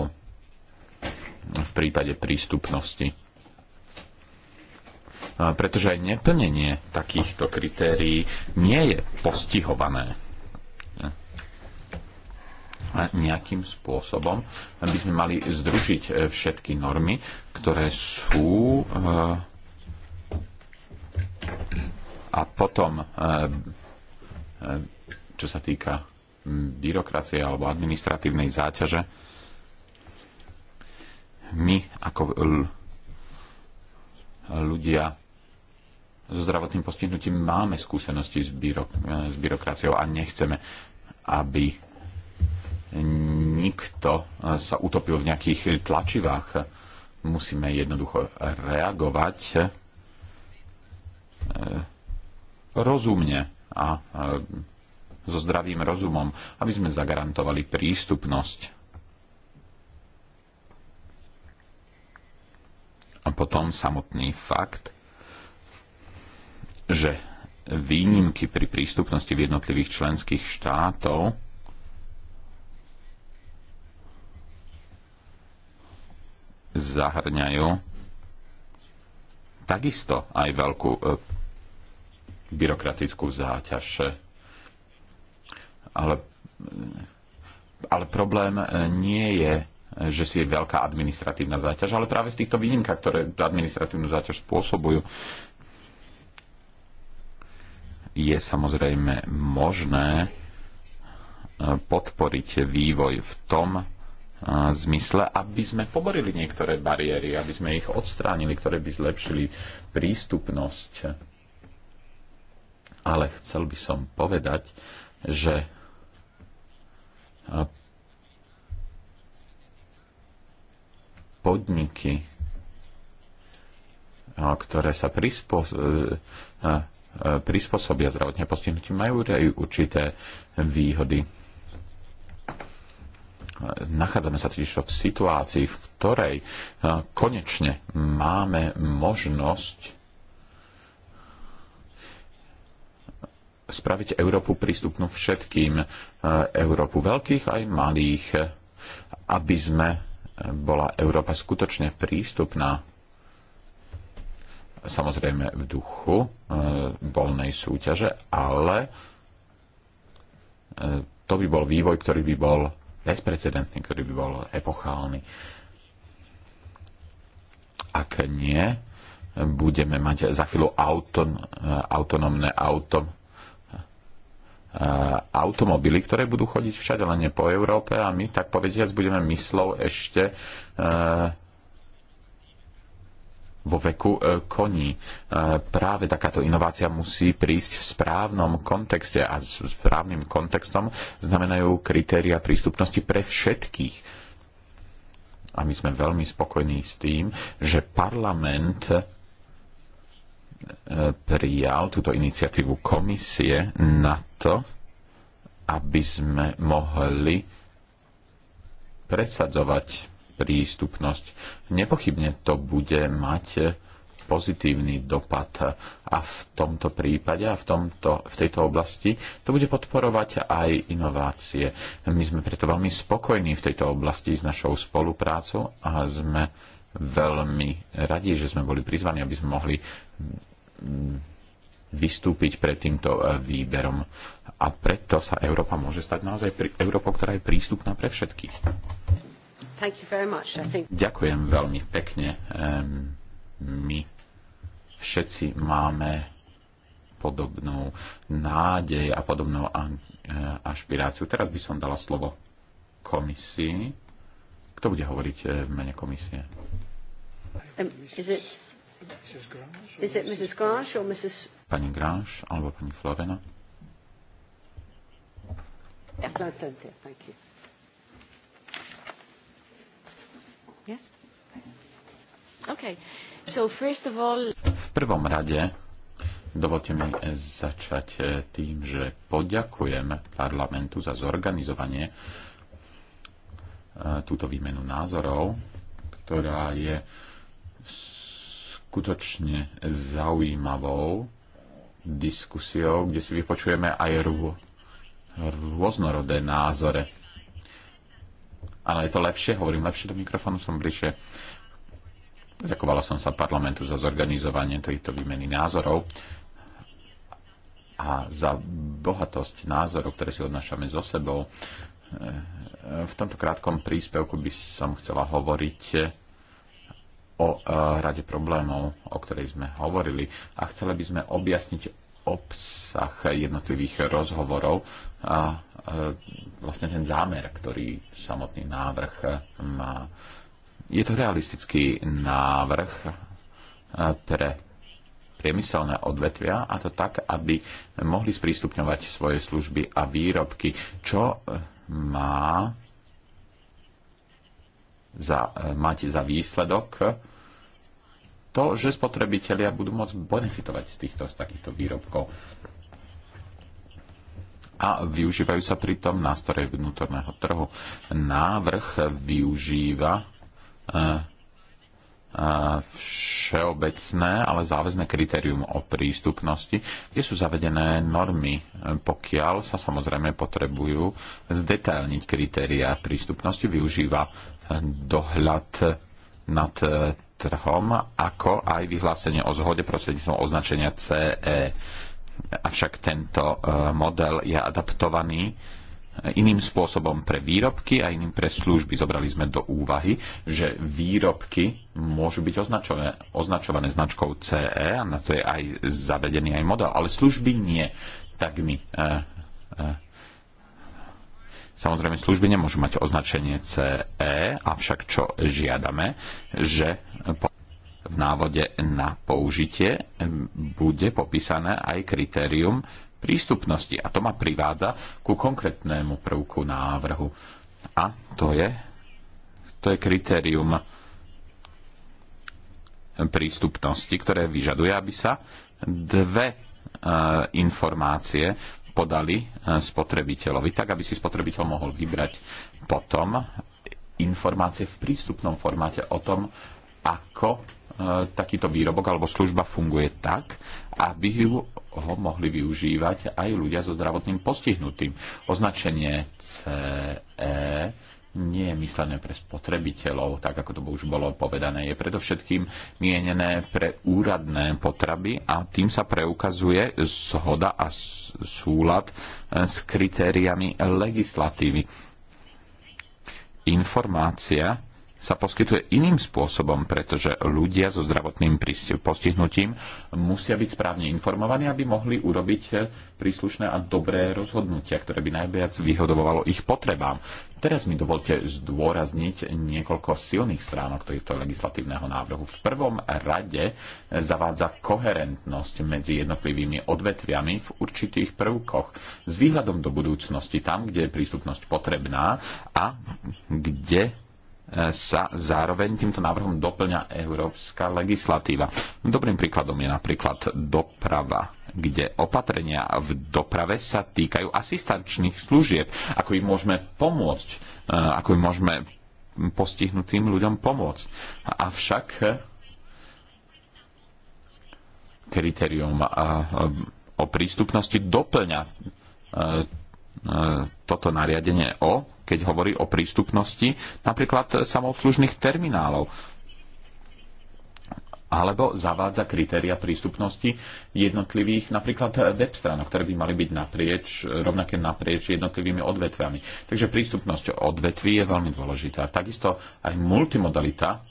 v prípade prístupnosti pretože aj neplnenie takýchto kritérií nie je postihované nejakým spôsobom by sme mali združiť e, všetky normy, ktoré sú e, a potom e, čo sa týka byrokracie alebo administratívnej záťaže my ako ľudia so zdravotným postihnutím máme skúsenosti s, byrok, e, s byrokraciou a nechceme, aby nikto sa utopil v nejakých tlačivách. Musíme jednoducho reagovať e, rozumne a e, so zdravým rozumom, aby sme zagarantovali prístupnosť A potom samotný fakt, že výnimky pri prístupnosti v jednotlivých členských štátov zahrňajú takisto aj veľkú e, byrokratickú záťaž. Ale, e, ale problém e, nie je že si je veľká administratívna záťaž, ale práve v týchto výnimkách, ktoré tú administratívnu záťaž spôsobujú, je samozrejme možné e, podporiť vývoj v tom e, zmysle, aby sme poborili niektoré bariéry, aby sme ich odstránili, ktoré by zlepšili prístupnosť. Ale chcel by som povedať, že e, podniky, ktoré sa e, e, e, prispôsobia zdravotne postihnutí, majú aj určité výhody. Nachádzame sa totiž v situácii, v ktorej konečne máme možnosť spraviť Európu prístupnú všetkým, Európu veľkých aj malých, aby sme bola Európa skutočne prístupná samozrejme v duchu e, voľnej súťaže, ale e, to by bol vývoj, ktorý by bol bezprecedentný, ktorý by bol epochálny. Ak nie, budeme mať za chvíľu auton, e, autonómne auto Eh, automobily, ktoré budú chodiť všade len po Európe a my, tak povediac, budeme myslou ešte eh, vo veku eh, koní. Práve takáto inovácia musí prísť v správnom kontexte a s správnym kontextom znamenajú kritéria prístupnosti pre všetkých. A my sme veľmi spokojní s tým, že parlament prijal túto iniciatívu komisie na to, aby sme mohli presadzovať prístupnosť. Nepochybne to bude mať pozitívny dopad a v tomto prípade a v, tomto, v tejto oblasti to bude podporovať aj inovácie. My sme preto veľmi spokojní v tejto oblasti s našou spoluprácou a sme veľmi radi, že sme boli prizvaní, aby sme mohli vystúpiť pred týmto e, výberom. A preto sa Európa môže stať naozaj Európou, ktorá je prístupná pre všetkých. Thank you very much, I think... Ďakujem veľmi pekne. My všetci máme podobnú nádej a podobnú e, ašpiráciu. Teraz by som dala slovo komisii. Kto bude hovoriť e, v mene komisie? Um, is it, is it Mrs. Grange or Mrs. Pani Gráš alebo pani Florena? V prvom rade dovolte mi začať eh, tým, že poďakujem parlamentu za zorganizovanie eh, túto výmenu názorov, ktorá je skutočne zaujímavou diskusiou, kde si vypočujeme aj rô, rôznorodé názore. Áno, je to lepšie, hovorím lepšie do mikrofónu, som bližšie. Ďakovala som sa parlamentu za zorganizovanie tejto výmeny názorov a za bohatosť názorov, ktoré si odnášame so sebou. E, e, v tomto krátkom príspevku by som chcela hovoriť o e, rade problémov, o ktorej sme hovorili a chceli by sme objasniť obsah jednotlivých rozhovorov a e, vlastne ten zámer, ktorý samotný návrh má. Je to realistický návrh e, pre priemyselné odvetvia a to tak, aby mohli sprístupňovať svoje služby a výrobky, čo má za, e, mať za výsledok to, že spotrebitelia budú môcť benefitovať z týchto, z takýchto výrobkov. A využívajú sa pritom nástroje vnútorného trhu. Návrh využíva e, e, všeobecné, ale záväzné kritérium o prístupnosti, kde sú zavedené normy, pokiaľ sa samozrejme potrebujú zdetailniť kritéria prístupnosti, využíva dohľad nad e, trhom, ako aj vyhlásenie o zhode prostredníctvom označenia CE. Avšak tento e, model je adaptovaný e, iným spôsobom pre výrobky a iným pre služby. Zobrali sme do úvahy, že výrobky môžu byť označované, označované značkou CE a na to je aj zavedený aj model, ale služby nie. Tak mi Samozrejme, služby nemôžu mať označenie CE, avšak čo žiadame, že v návode na použitie bude popísané aj kritérium prístupnosti. A to ma privádza ku konkrétnemu prvku návrhu. A to je, to je kritérium prístupnosti, ktoré vyžaduje, aby sa dve e, informácie podali eh, spotrebiteľovi, tak aby si spotrebiteľ mohol vybrať potom informácie v prístupnom formáte o tom, ako eh, takýto výrobok alebo služba funguje tak, aby ju ho mohli využívať aj ľudia so zdravotným postihnutým. Označenie CE nie je myslené pre spotrebiteľov, tak ako to už bolo povedané. Je predovšetkým mienené pre úradné potraby a tým sa preukazuje zhoda a súlad eh, s kritériami legislatívy. Informácia sa poskytuje iným spôsobom, pretože ľudia so zdravotným postihnutím musia byť správne informovaní, aby mohli urobiť eh, príslušné a dobré rozhodnutia, ktoré by najviac vyhodovovalo ich potrebám. Teraz mi dovolte zdôrazniť niekoľko silných stránok tohto legislatívneho návrhu. V prvom rade eh, zavádza koherentnosť medzi jednotlivými odvetviami v určitých prvkoch s výhľadom do budúcnosti tam, kde je prístupnosť potrebná a kde sa zároveň týmto návrhom doplňa európska legislatíva. Dobrým príkladom je napríklad doprava, kde opatrenia v doprave sa týkajú asistančných služieb, ako im môžeme pomôcť, eh, ako im môžeme postihnutým ľuďom pomôcť. Avšak eh, kritérium eh, o prístupnosti doplňa toto nariadenie o, keď hovorí o prístupnosti napríklad samobslužných terminálov alebo zavádza kritéria prístupnosti jednotlivých napríklad web strán, ktoré by mali byť naprieč, rovnaké naprieč jednotlivými odvetvami. Takže prístupnosť odvetví je veľmi dôležitá. Takisto aj multimodalita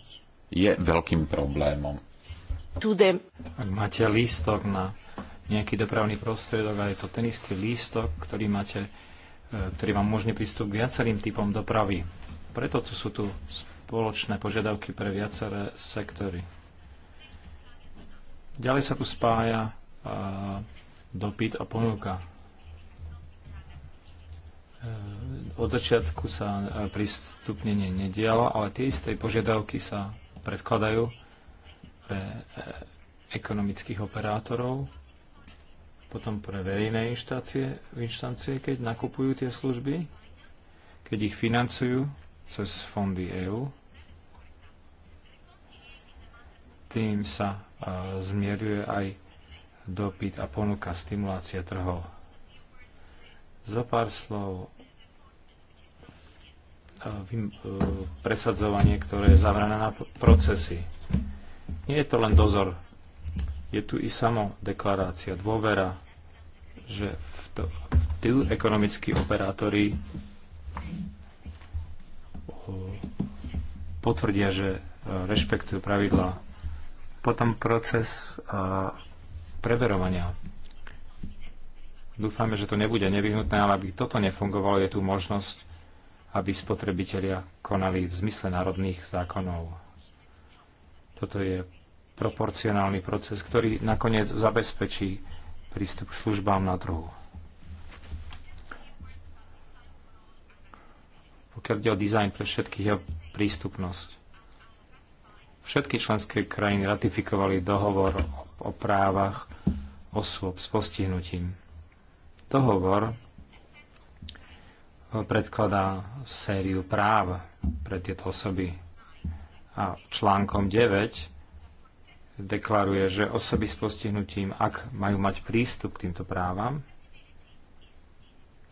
je veľkým problémom. Ak máte lístok na nejaký dopravný prostriedok a je to ten istý lístok, ktorý máte ktorý vám umožní prístup k viacerým typom dopravy. Preto tu sú tu spoločné požiadavky pre viaceré sektory. Ďalej sa tu spája dopyt a ponuka. E, od začiatku sa e, prístupnenie nedialo, ale tie isté požiadavky sa predkladajú pre e, ekonomických operátorov, potom pre verejné inštancie, inštancie, keď nakupujú tie služby, keď ich financujú cez fondy EÚ. Tým sa uh, zmieruje aj dopyt a ponuka stimulácia trhov. Za pár slov e, presadzovanie, ktoré je zavrané na procesy. Nie je to len dozor je tu i samo deklarácia, dôvera, že v to, tí ekonomickí operátori potvrdia, že e, rešpektujú pravidlá. Potom proces e, preverovania. Dúfame, že to nebude nevyhnutné, ale aby toto nefungovalo, je tu možnosť, aby spotrebitelia konali v zmysle národných zákonov. Toto je proporcionálny proces, ktorý nakoniec zabezpečí prístup k službám na trhu. Pokiaľ ide o dizajn pre všetkých a prístupnosť. Všetky členské krajiny ratifikovali dohovor o právach osôb s postihnutím. Dohovor predkladá sériu práv pre tieto osoby a článkom 9 deklaruje, že osoby s postihnutím, ak majú mať prístup k týmto právam,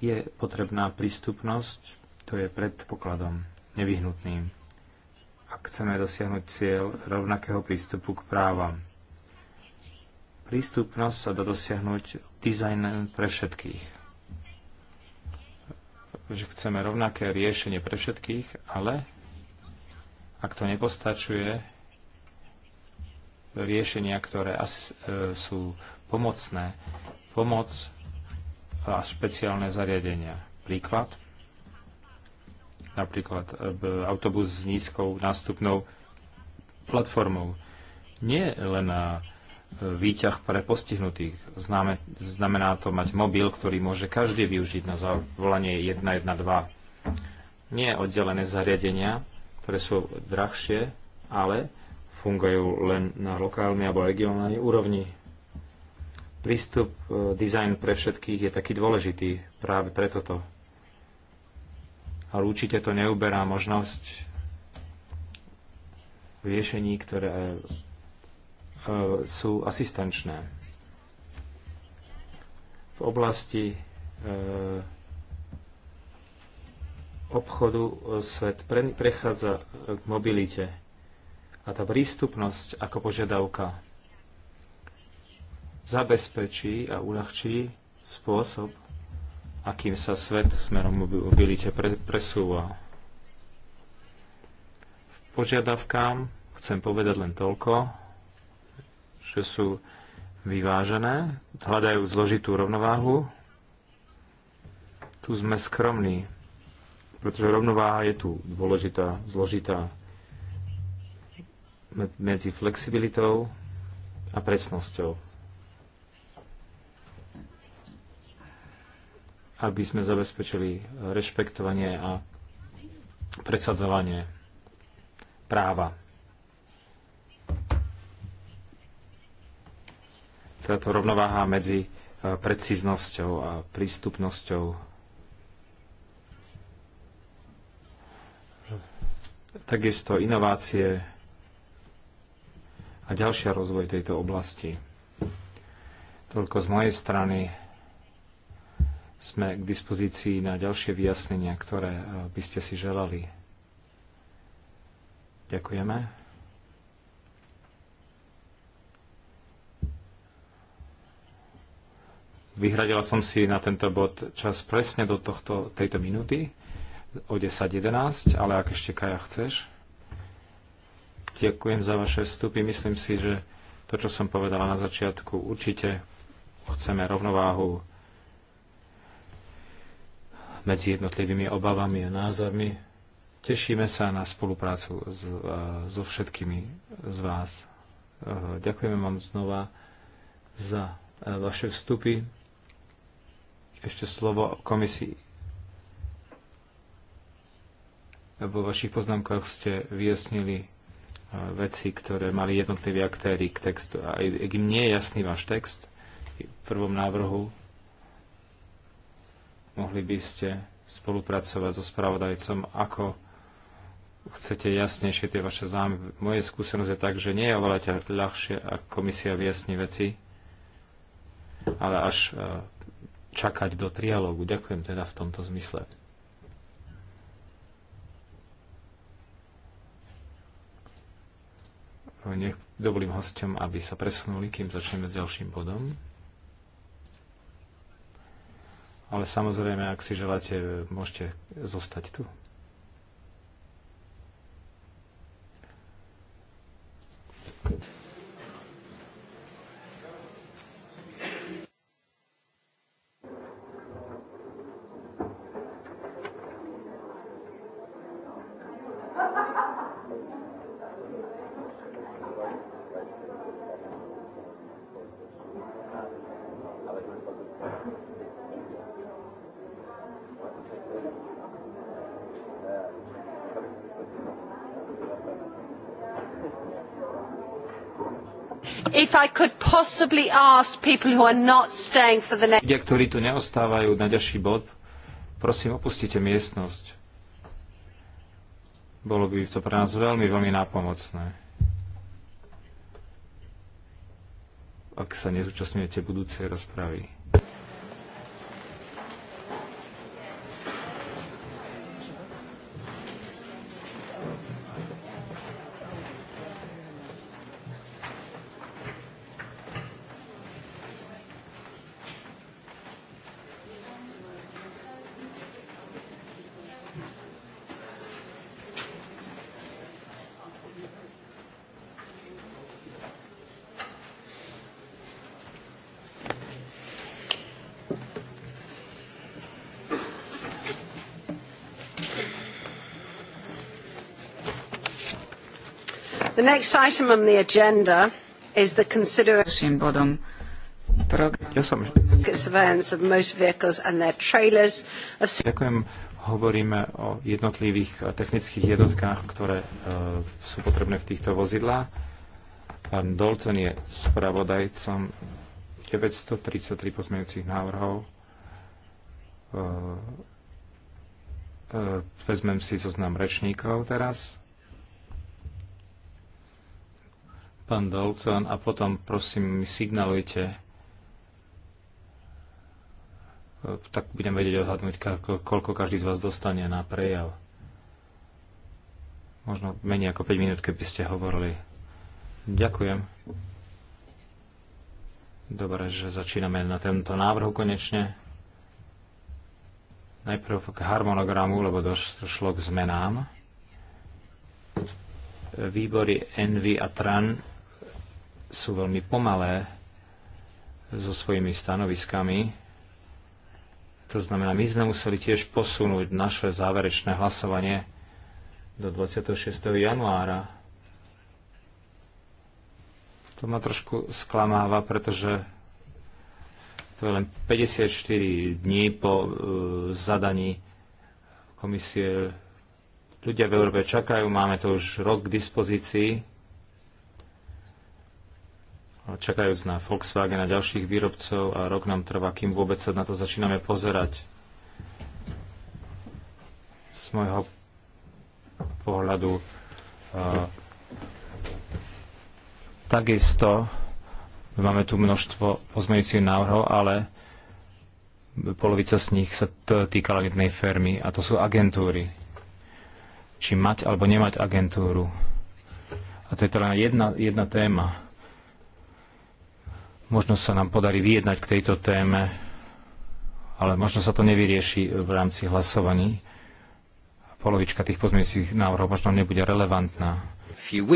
je potrebná prístupnosť, to je predpokladom nevyhnutným, ak chceme dosiahnuť cieľ rovnakého prístupu k právam. Prístupnosť sa dá dosiahnuť dizajnem pre všetkých. Že chceme rovnaké riešenie pre všetkých, ale ak to nepostačuje, riešenia, ktoré asi, e, sú pomocné, pomoc a špeciálne zariadenia. Príklad, napríklad e, autobus s nízkou nástupnou platformou. Nie len na e, výťah pre postihnutých. Známe, znamená to mať mobil, ktorý môže každý využiť na zavolanie 112. Nie oddelené zariadenia, ktoré sú drahšie, ale fungujú len na lokálnej alebo regionálnej úrovni. Prístup, e, design pre všetkých je taký dôležitý práve preto toto. Ale určite to neuberá možnosť riešení, ktoré e, sú asistenčné. V oblasti e, obchodu svet prechádza k mobilite a tá prístupnosť ako požiadavka zabezpečí a uľahčí spôsob, akým sa svet smerom mobilite presúva. Požiadavkám chcem povedať len toľko, že sú vyvážené, hľadajú zložitú rovnováhu. Tu sme skromní, pretože rovnováha je tu dôležitá, zložitá medzi flexibilitou a presnosťou. Aby sme zabezpečili rešpektovanie a presadzovanie práva. Táto rovnováha medzi e, precíznosťou a prístupnosťou takisto inovácie ďalšia rozvoj tejto oblasti. Toľko z mojej strany. Sme k dispozícii na ďalšie vyjasnenia, ktoré eh, by ste si želali. Ďakujeme. Vyhradila som si na tento bod čas presne do tohto, tejto minúty o 10.11, ale ak ešte Kaja chceš. Ďakujem za vaše vstupy. Myslím si, že to, čo som povedala na začiatku, určite chceme rovnováhu medzi jednotlivými obavami a názormi. Tešíme sa na spoluprácu s, e, so všetkými z vás. E, Ďakujeme vám znova za e, vaše vstupy. Ešte slovo komisii. Vo vašich poznámkach ste vyjasnili veci, ktoré mali jednotliví aktéry k textu. A ak im nie je jasný váš text v prvom návrhu, mohli by ste spolupracovať so spravodajcom, ako chcete jasnejšie tie vaše zámy. Moje skúsenosť je tak, že nie je oveľa ľahšie, ak komisia vyjasní veci, ale až e, čakať do trialógu. Ďakujem teda v tomto zmysle. nech dovolím hosťom, aby sa presunuli, kým začneme s ďalším bodom. Ale samozrejme, ak si želáte, môžete zostať tu. Thank you. I could possibly ask people who are not staying for the next... Ľudia, ktorí tu neostávajú na ďalší bod, prosím, opustite miestnosť. Bolo by to pre nás veľmi, veľmi nápomocné. Ak sa nezúčastňujete budúcej rozpravy. Ďalším bodom programu. Ďakujem. Hovoríme o jednotlivých eh, technických jednotkách, ktoré uh, sú potrebné v týchto vozidlách. Pán Dolton je spravodajcom 933 pozmeňujúcich návrhov. Uh, uh, vezmem si zoznam rečníkov teraz. pán Dalton, a potom prosím mi signalujte. Tak budem vedieť odhadnúť, koľko každý z vás dostane na prejav. Možno menej ako 5 minút, keby ste hovorili. Ďakujem. Dobre, že začíname na tento návrhu konečne. Najprv k harmonogramu, lebo došlo k zmenám. Výbory Envy a Tran sú veľmi pomalé so svojimi stanoviskami. To znamená, my sme museli tiež posunúť naše záverečné hlasovanie do 26. januára. To ma trošku sklamáva, pretože to je len 54 dní po uh, zadaní komisie. Ľudia v Európe čakajú, máme to už rok k dispozícii čakajúc na Volkswagen a ďalších výrobcov a rok nám trvá, kým vôbec sa na to začíname pozerať. Z môjho pohľadu uh, takisto máme tu množstvo pozmeňujúcich návrhov, ale polovica z nich sa týkala jednej firmy a to sú agentúry. Či mať alebo nemať agentúru. A to je teda jedna, jedna téma Možno sa nám podarí vyjednať k tejto téme, ale možno sa to nevyrieši v rámci hlasovaní. Polovička tých pozmeňujúcich návrhov možno nebude relevantná. Uh,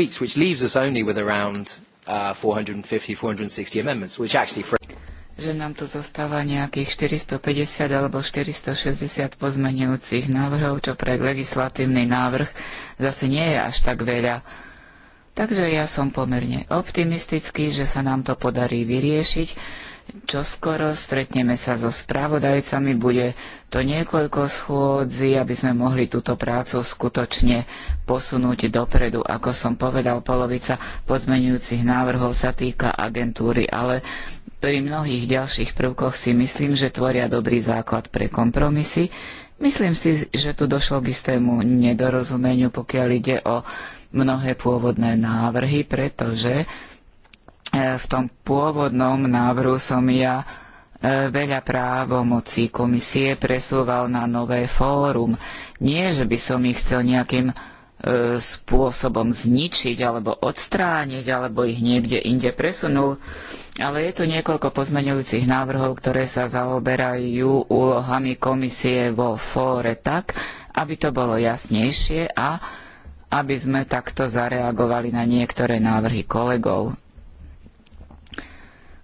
že nám tu zostáva nejakých 450 alebo 460 pozmeňujúcich návrhov, čo pre legislatívny návrh zase nie je až tak veľa. Takže ja som pomerne optimistický, že sa nám to podarí vyriešiť. Čo skoro stretneme sa so správodajcami, bude to niekoľko schôdzi, aby sme mohli túto prácu skutočne posunúť dopredu. Ako som povedal, polovica pozmenujúcich návrhov sa týka agentúry, ale pri mnohých ďalších prvkoch si myslím, že tvoria dobrý základ pre kompromisy. Myslím si, že tu došlo k istému nedorozumeniu, pokiaľ ide o mnohé pôvodné návrhy, pretože e, v tom pôvodnom návrhu som ja e, veľa právomocí komisie presúval na nové fórum. Nie, že by som ich chcel nejakým e, spôsobom zničiť alebo odstrániť alebo ich niekde inde presunul, ale je tu niekoľko pozmeňujúcich návrhov, ktoré sa zaoberajú úlohami komisie vo fóre tak, aby to bolo jasnejšie a aby sme takto zareagovali na niektoré návrhy kolegov.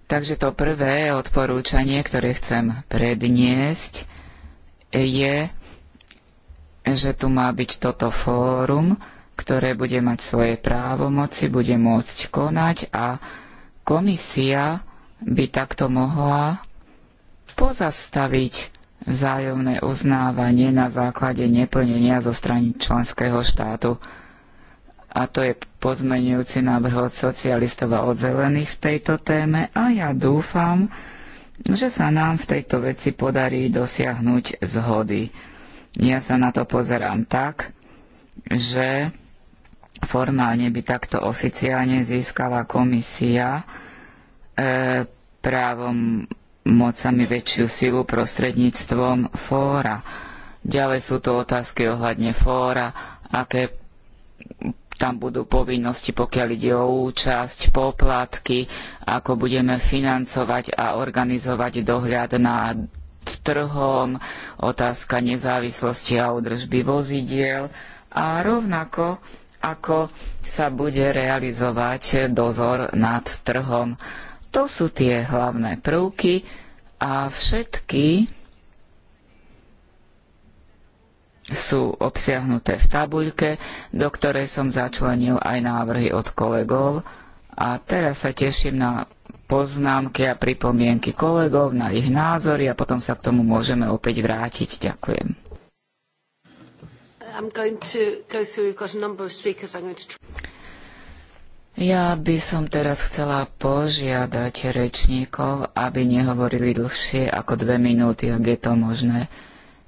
Takže to prvé odporúčanie, ktoré chcem predniesť, je, že tu má byť toto fórum, ktoré bude mať svoje právomoci, bude môcť konať a komisia by takto mohla pozastaviť vzájomné uznávanie na základe neplnenia zo strany členského štátu. A to je pozmenujúci návrh od socialistov a od zelených v tejto téme a ja dúfam, že sa nám v tejto veci podarí dosiahnuť zhody. Ja sa na to pozerám tak, že formálne by takto oficiálne získala komisia e, právom mocami väčšiu silu prostredníctvom fóra. Ďalej sú to otázky ohľadne fóra, aké tam budú povinnosti, pokiaľ ide o účasť, poplatky, ako budeme financovať a organizovať dohľad nad trhom, otázka nezávislosti a údržby vozidiel a rovnako ako sa bude realizovať dozor nad trhom. To sú tie hlavné prvky a všetky sú obsiahnuté v tabuľke, do ktorej som začlenil aj návrhy od kolegov. A teraz sa teším na poznámky a pripomienky kolegov, na ich názory a potom sa k tomu môžeme opäť vrátiť. Ďakujem. To... Ja by som teraz chcela požiadať rečníkov, aby nehovorili dlhšie ako dve minúty, ak je to možné.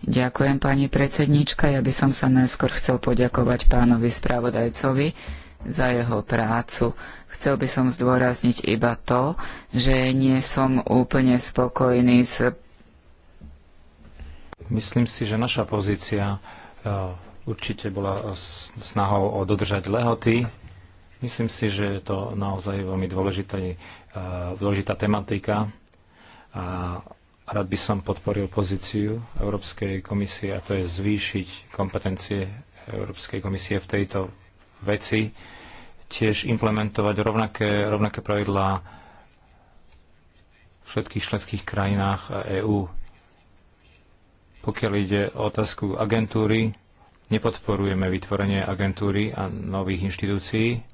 Ďakujem, pani predsednička. Ja by som sa najskôr chcel poďakovať pánovi spravodajcovi za jeho prácu. Chcel by som zdôrazniť iba to, že nie som úplne spokojný s... Myslím si, že naša pozícia eh, určite bola snahou o dodržať lehoty Myslím si, že je to naozaj veľmi dôležitá, eh, dôležitá tematika a rád by som podporil pozíciu Európskej komisie a to je zvýšiť kompetencie Európskej komisie v tejto veci, tiež implementovať rovnaké, rovnaké pravidlá v všetkých členských krajinách EÚ. Pokiaľ ide o otázku agentúry, nepodporujeme vytvorenie agentúry a nových inštitúcií,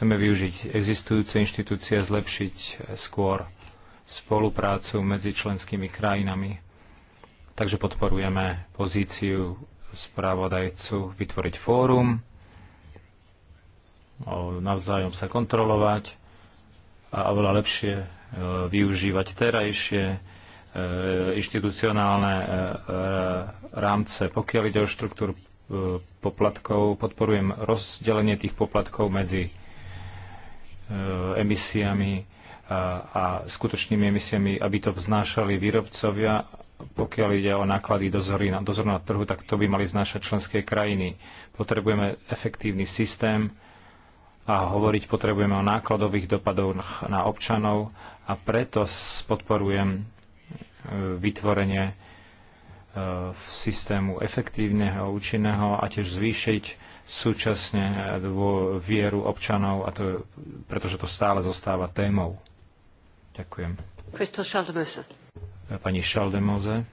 Chceme využiť existujúce inštitúcie, zlepšiť skôr spoluprácu medzi členskými krajinami. Takže podporujeme pozíciu správodajcu vytvoriť fórum, navzájom sa kontrolovať a oveľa lepšie e, využívať terajšie e, inštitucionálne e, rámce. Pokiaľ ide o štruktúru poplatkov, podporujem rozdelenie tých poplatkov medzi Eh, emisiami a, a skutočnými emisiami, aby to vznášali výrobcovia. Pokiaľ ide o náklady dozory na, dozor na trhu, tak to by mali znášať členské krajiny. Potrebujeme efektívny systém a hovoriť potrebujeme o nákladových dopadoch na občanov a preto podporujem eh, vytvorenie eh, v systému efektívneho, účinného a tiež zvýšiť súčasne vieru občanov, a to, pretože to stále zostáva témou. Ďakujem. E, pani Šaldemose.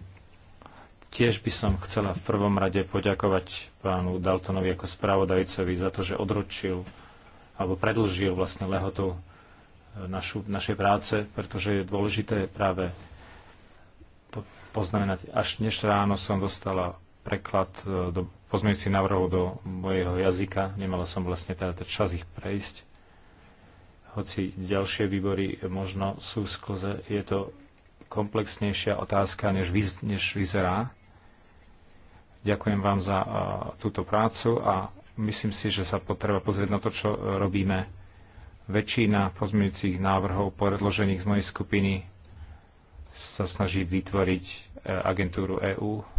Tiež by som chcela v prvom rade poďakovať pánu Daltonovi ako spravodajcovi za to, že odročil alebo predlžil vlastne lehotu e, našu, našej práce, pretože je dôležité práve poznamenať, až dnes ráno som dostala preklad e, do pozmeňujúcich návrhov do mojeho jazyka. Nemala som vlastne teda čas ich prejsť. Hoci ďalšie výbory možno sú skloze, je to komplexnejšia otázka, než, vyz, než vyzerá. Ďakujem vám za a, e, túto prácu a myslím si, že sa potreba pozrieť na to, čo robíme. Väčšina pozmeňujúcich návrhov predložených z mojej skupiny sa snaží vytvoriť e, agentúru EÚ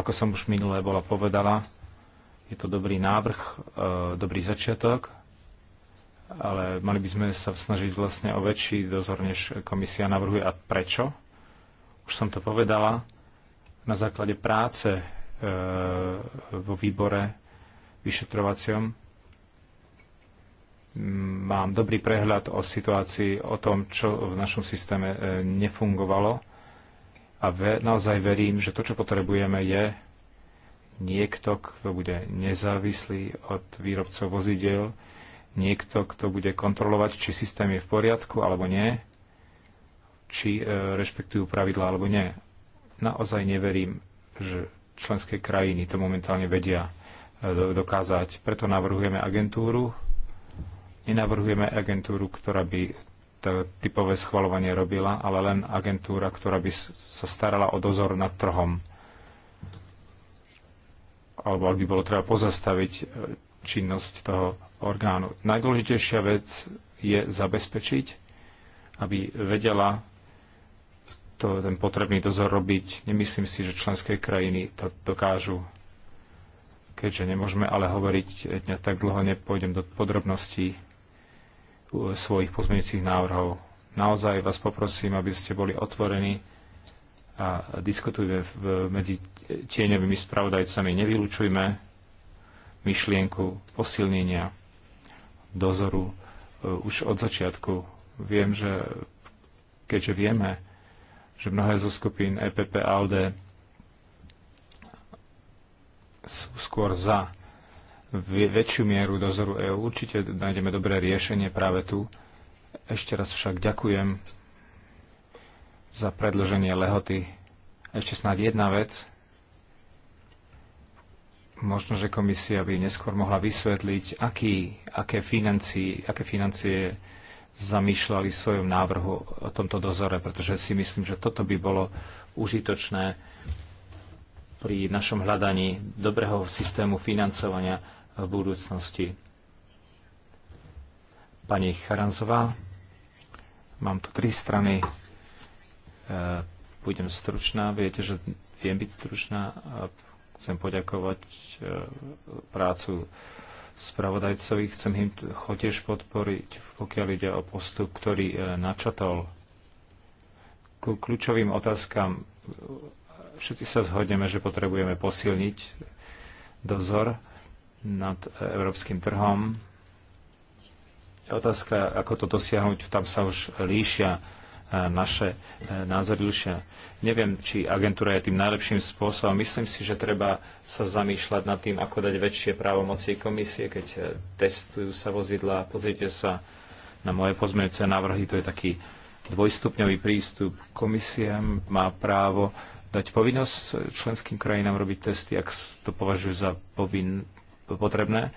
ako som už minulé bola povedala, je to dobrý návrh, e, dobrý začiatok, ale mali by sme sa snažiť vlastne o väčší dozor, než komisia navrhuje. A prečo? Už som to povedala. Na základe práce e, vo výbore vyšetrovaciom mám dobrý prehľad o situácii, o tom, čo v našom systéme e, nefungovalo a ve, naozaj verím, že to, čo potrebujeme, je niekto, kto bude nezávislý od výrobcov vozidel, niekto, kto bude kontrolovať, či systém je v poriadku alebo nie, či e, rešpektujú pravidla alebo nie. Naozaj neverím, že členské krajiny to momentálne vedia e, dokázať. Preto navrhujeme agentúru. Nenavrhujeme agentúru, ktorá by to typové schvalovanie robila, ale len agentúra, ktorá by sa starala o dozor nad trhom. Alebo ak by bolo treba pozastaviť e, činnosť toho orgánu. Najdôležitejšia vec je zabezpečiť, aby vedela to, ten potrebný dozor robiť. Nemyslím si, že členské krajiny to dokážu. Keďže nemôžeme ale hovoriť, ja e, tak dlho nepôjdem do podrobností svojich pozmeňujúcich návrhov. Naozaj vás poprosím, aby ste boli otvorení a diskutujme medzi tieňovými spravodajcami. Nevylučujme myšlienku posilnenia dozoru e, už od začiatku. Viem, že keďže vieme, že mnohé zo skupín EPP a ALDE sú skôr za väčšiu mieru dozoru EÚ. Určite nájdeme dobré riešenie práve tu. Ešte raz však ďakujem za predloženie lehoty. Ešte snáď jedna vec. Možno, že komisia by neskôr mohla vysvetliť, aký, aké, financie, aké financie zamýšľali v svojom návrhu o tomto dozore, pretože si myslím, že toto by bolo užitočné pri našom hľadaní dobrého systému financovania v budúcnosti. Pani Charancová, mám tu tri strany. E, budem stručná, viete, že viem byť stručná a chcem poďakovať e, prácu spravodajcovi, chcem im tiež podporiť, pokiaľ ide o postup, ktorý e, načatol ku kľúčovým otázkam všetci sa zhodneme, že potrebujeme posilniť dozor nad európskym trhom. Otázka, ako to dosiahnuť, tam sa už líšia e, naše e, názory líšia. Neviem, či agentúra je tým najlepším spôsobom. Myslím si, že treba sa zamýšľať nad tým, ako dať väčšie právomoci komisie, keď e, testujú sa vozidla. Pozrite sa na moje pozmeňujúce návrhy, to je taký dvojstupňový prístup. Komisia má právo dať povinnosť členským krajinám robiť testy, ak to považujú za povin, potrebné.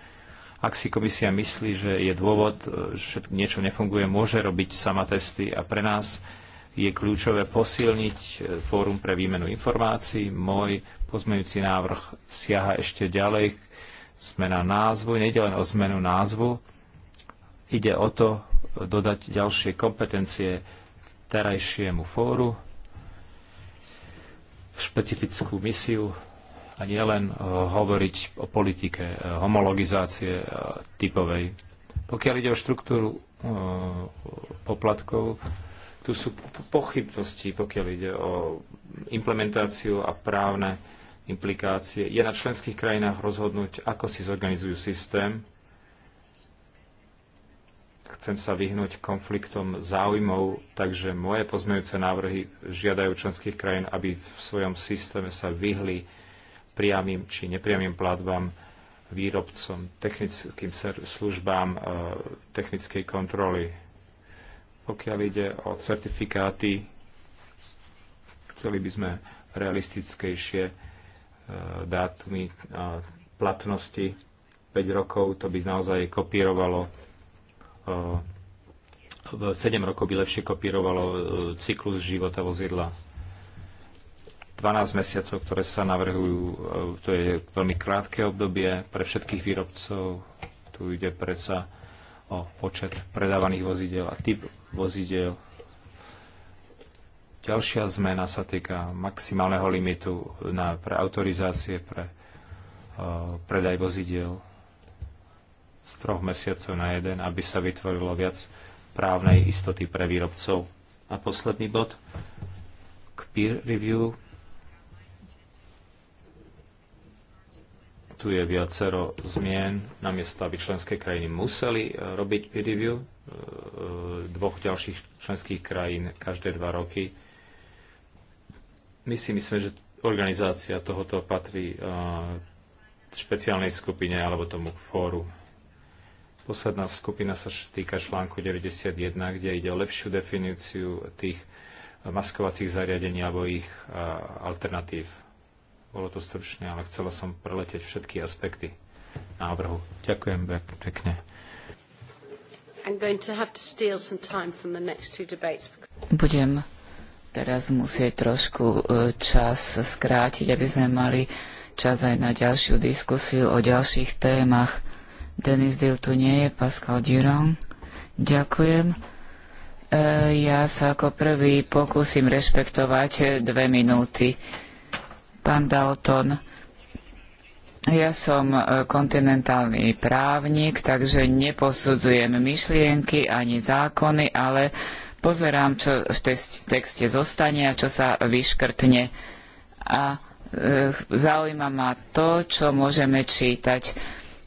Ak si komisia myslí, že je dôvod, e, že niečo nefunguje, môže robiť sama testy a pre nás je kľúčové posilniť e, fórum pre výmenu informácií. Môj pozmeňujúci návrh siaha ešte ďalej. Zmena názvu, nejde len o zmenu názvu, ide o to dodať ďalšie kompetencie terajšiemu fóru, špecifickú misiu a nielen eh, hovoriť o politike eh, homologizácie eh, typovej. Pokiaľ ide o štruktúru poplatkov, tu sú pochybnosti, pokiaľ ide o implementáciu a právne implikácie. Je na členských krajinách rozhodnúť, ako si zorganizujú systém. Chcem sa vyhnúť konfliktom záujmov, takže moje pozmejúce návrhy žiadajú členských krajín, aby v svojom systéme sa vyhli priamým či nepriamým platbám výrobcom, technickým službám e, technickej kontroly. Pokiaľ ide o certifikáty, chceli by sme realistickejšie e, dátumy e, platnosti 5 rokov, to by naozaj kopírovalo 7 rokov by lepšie kopírovalo cyklus života vozidla 12 mesiacov, ktoré sa navrhujú, e, to je veľmi krátke obdobie pre všetkých výrobcov. Tu ide predsa o počet predávaných vozidel a typ vozidel. Ďalšia zmena sa týka maximálneho limitu na, pre autorizácie pre uh, predaj vozidiel z troch mesiacov na jeden, aby sa vytvorilo viac právnej istoty pre výrobcov. A posledný bod k peer review tu je viacero zmien, namiesto aby členské krajiny museli e, robiť peer review e, e, dvoch ďalších členských krajín každé dva roky. My si myslíme, že organizácia tohoto patrí špeciálnej skupine alebo tomu fóru. Posledná skupina sa týka článku 91, kde ide o lepšiu definíciu tých maskovacích zariadení alebo ich alternatív. Bolo to stručné, ale chcela som preletieť všetky aspekty návrhu. Ďakujem pekne. Budem teraz musieť trošku e, čas skrátiť, aby sme mali čas aj na ďalšiu diskusiu o ďalších témach. Denis Dill tu nie je, Pascal Durand. Ďakujem. E, ja sa ako prvý pokúsim rešpektovať dve minúty. Pán Dalton, ja som e, kontinentálny právnik, takže neposudzujem myšlienky ani zákony, ale pozerám, čo v texte zostane a čo sa vyškrtne. A e, zaujíma ma to, čo môžeme čítať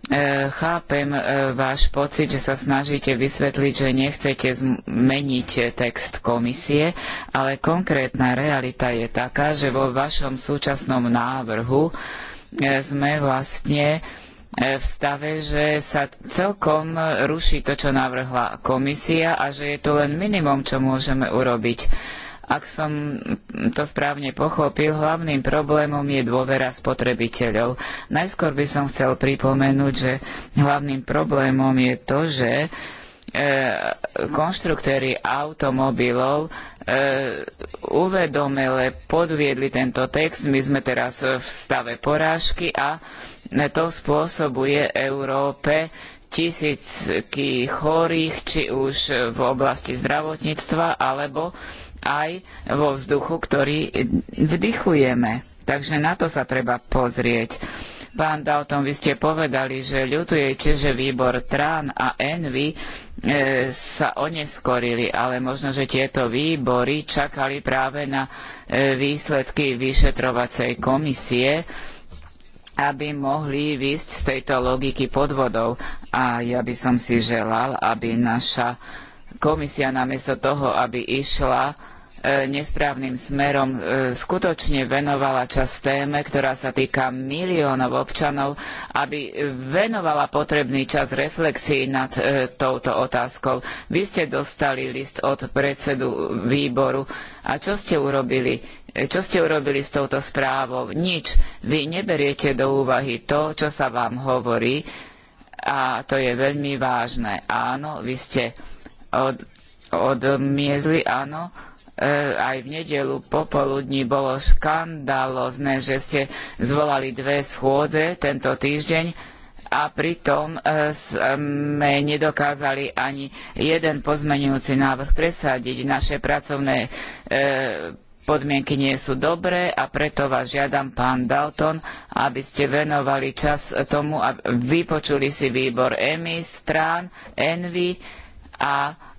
E, chápem e, váš pocit, že sa snažíte vysvetliť, že nechcete zmeniť text komisie, ale konkrétna realita je taká, že vo vašom súčasnom návrhu e, sme vlastne v stave, že sa celkom ruší to, čo navrhla komisia a že je to len minimum, čo môžeme urobiť ak som to správne pochopil, hlavným problémom je dôvera spotrebiteľov. Najskôr by som chcel pripomenúť, že hlavným problémom je to, že e, konštruktéry automobilov e, uvedomele podviedli tento text. My sme teraz v stave porážky a to spôsobuje Európe tisícky chorých, či už v oblasti zdravotníctva, alebo aj vo vzduchu, ktorý vdychujeme. Takže na to sa treba pozrieť. Pán Dalton, vy ste povedali, že ľutujete, že výbor Trán a Envy e, sa oneskorili, ale možno, že tieto výbory čakali práve na e, výsledky vyšetrovacej komisie, aby mohli výsť z tejto logiky podvodov. A ja by som si želal, aby naša komisia namiesto toho, aby išla E, nesprávnym smerom e, skutočne venovala čas téme, ktorá sa týka miliónov občanov, aby venovala potrebný čas reflexii nad e, touto otázkou. Vy ste dostali list od predsedu výboru. A čo ste urobili? Čo ste urobili s touto správou? Nič. Vy neberiete do úvahy to, čo sa vám hovorí a to je veľmi vážne. Áno, vy ste od, odmiezli, áno, E, aj v nedelu popoludní bolo škandalozne, že ste zvolali dve schôdze tento týždeň a pritom e, sme nedokázali ani jeden pozmenujúci návrh presadiť. Naše pracovné e, podmienky nie sú dobré a preto vás žiadam, pán Dalton, aby ste venovali čas tomu, aby vypočuli si výbor EMI, strán, ENVY a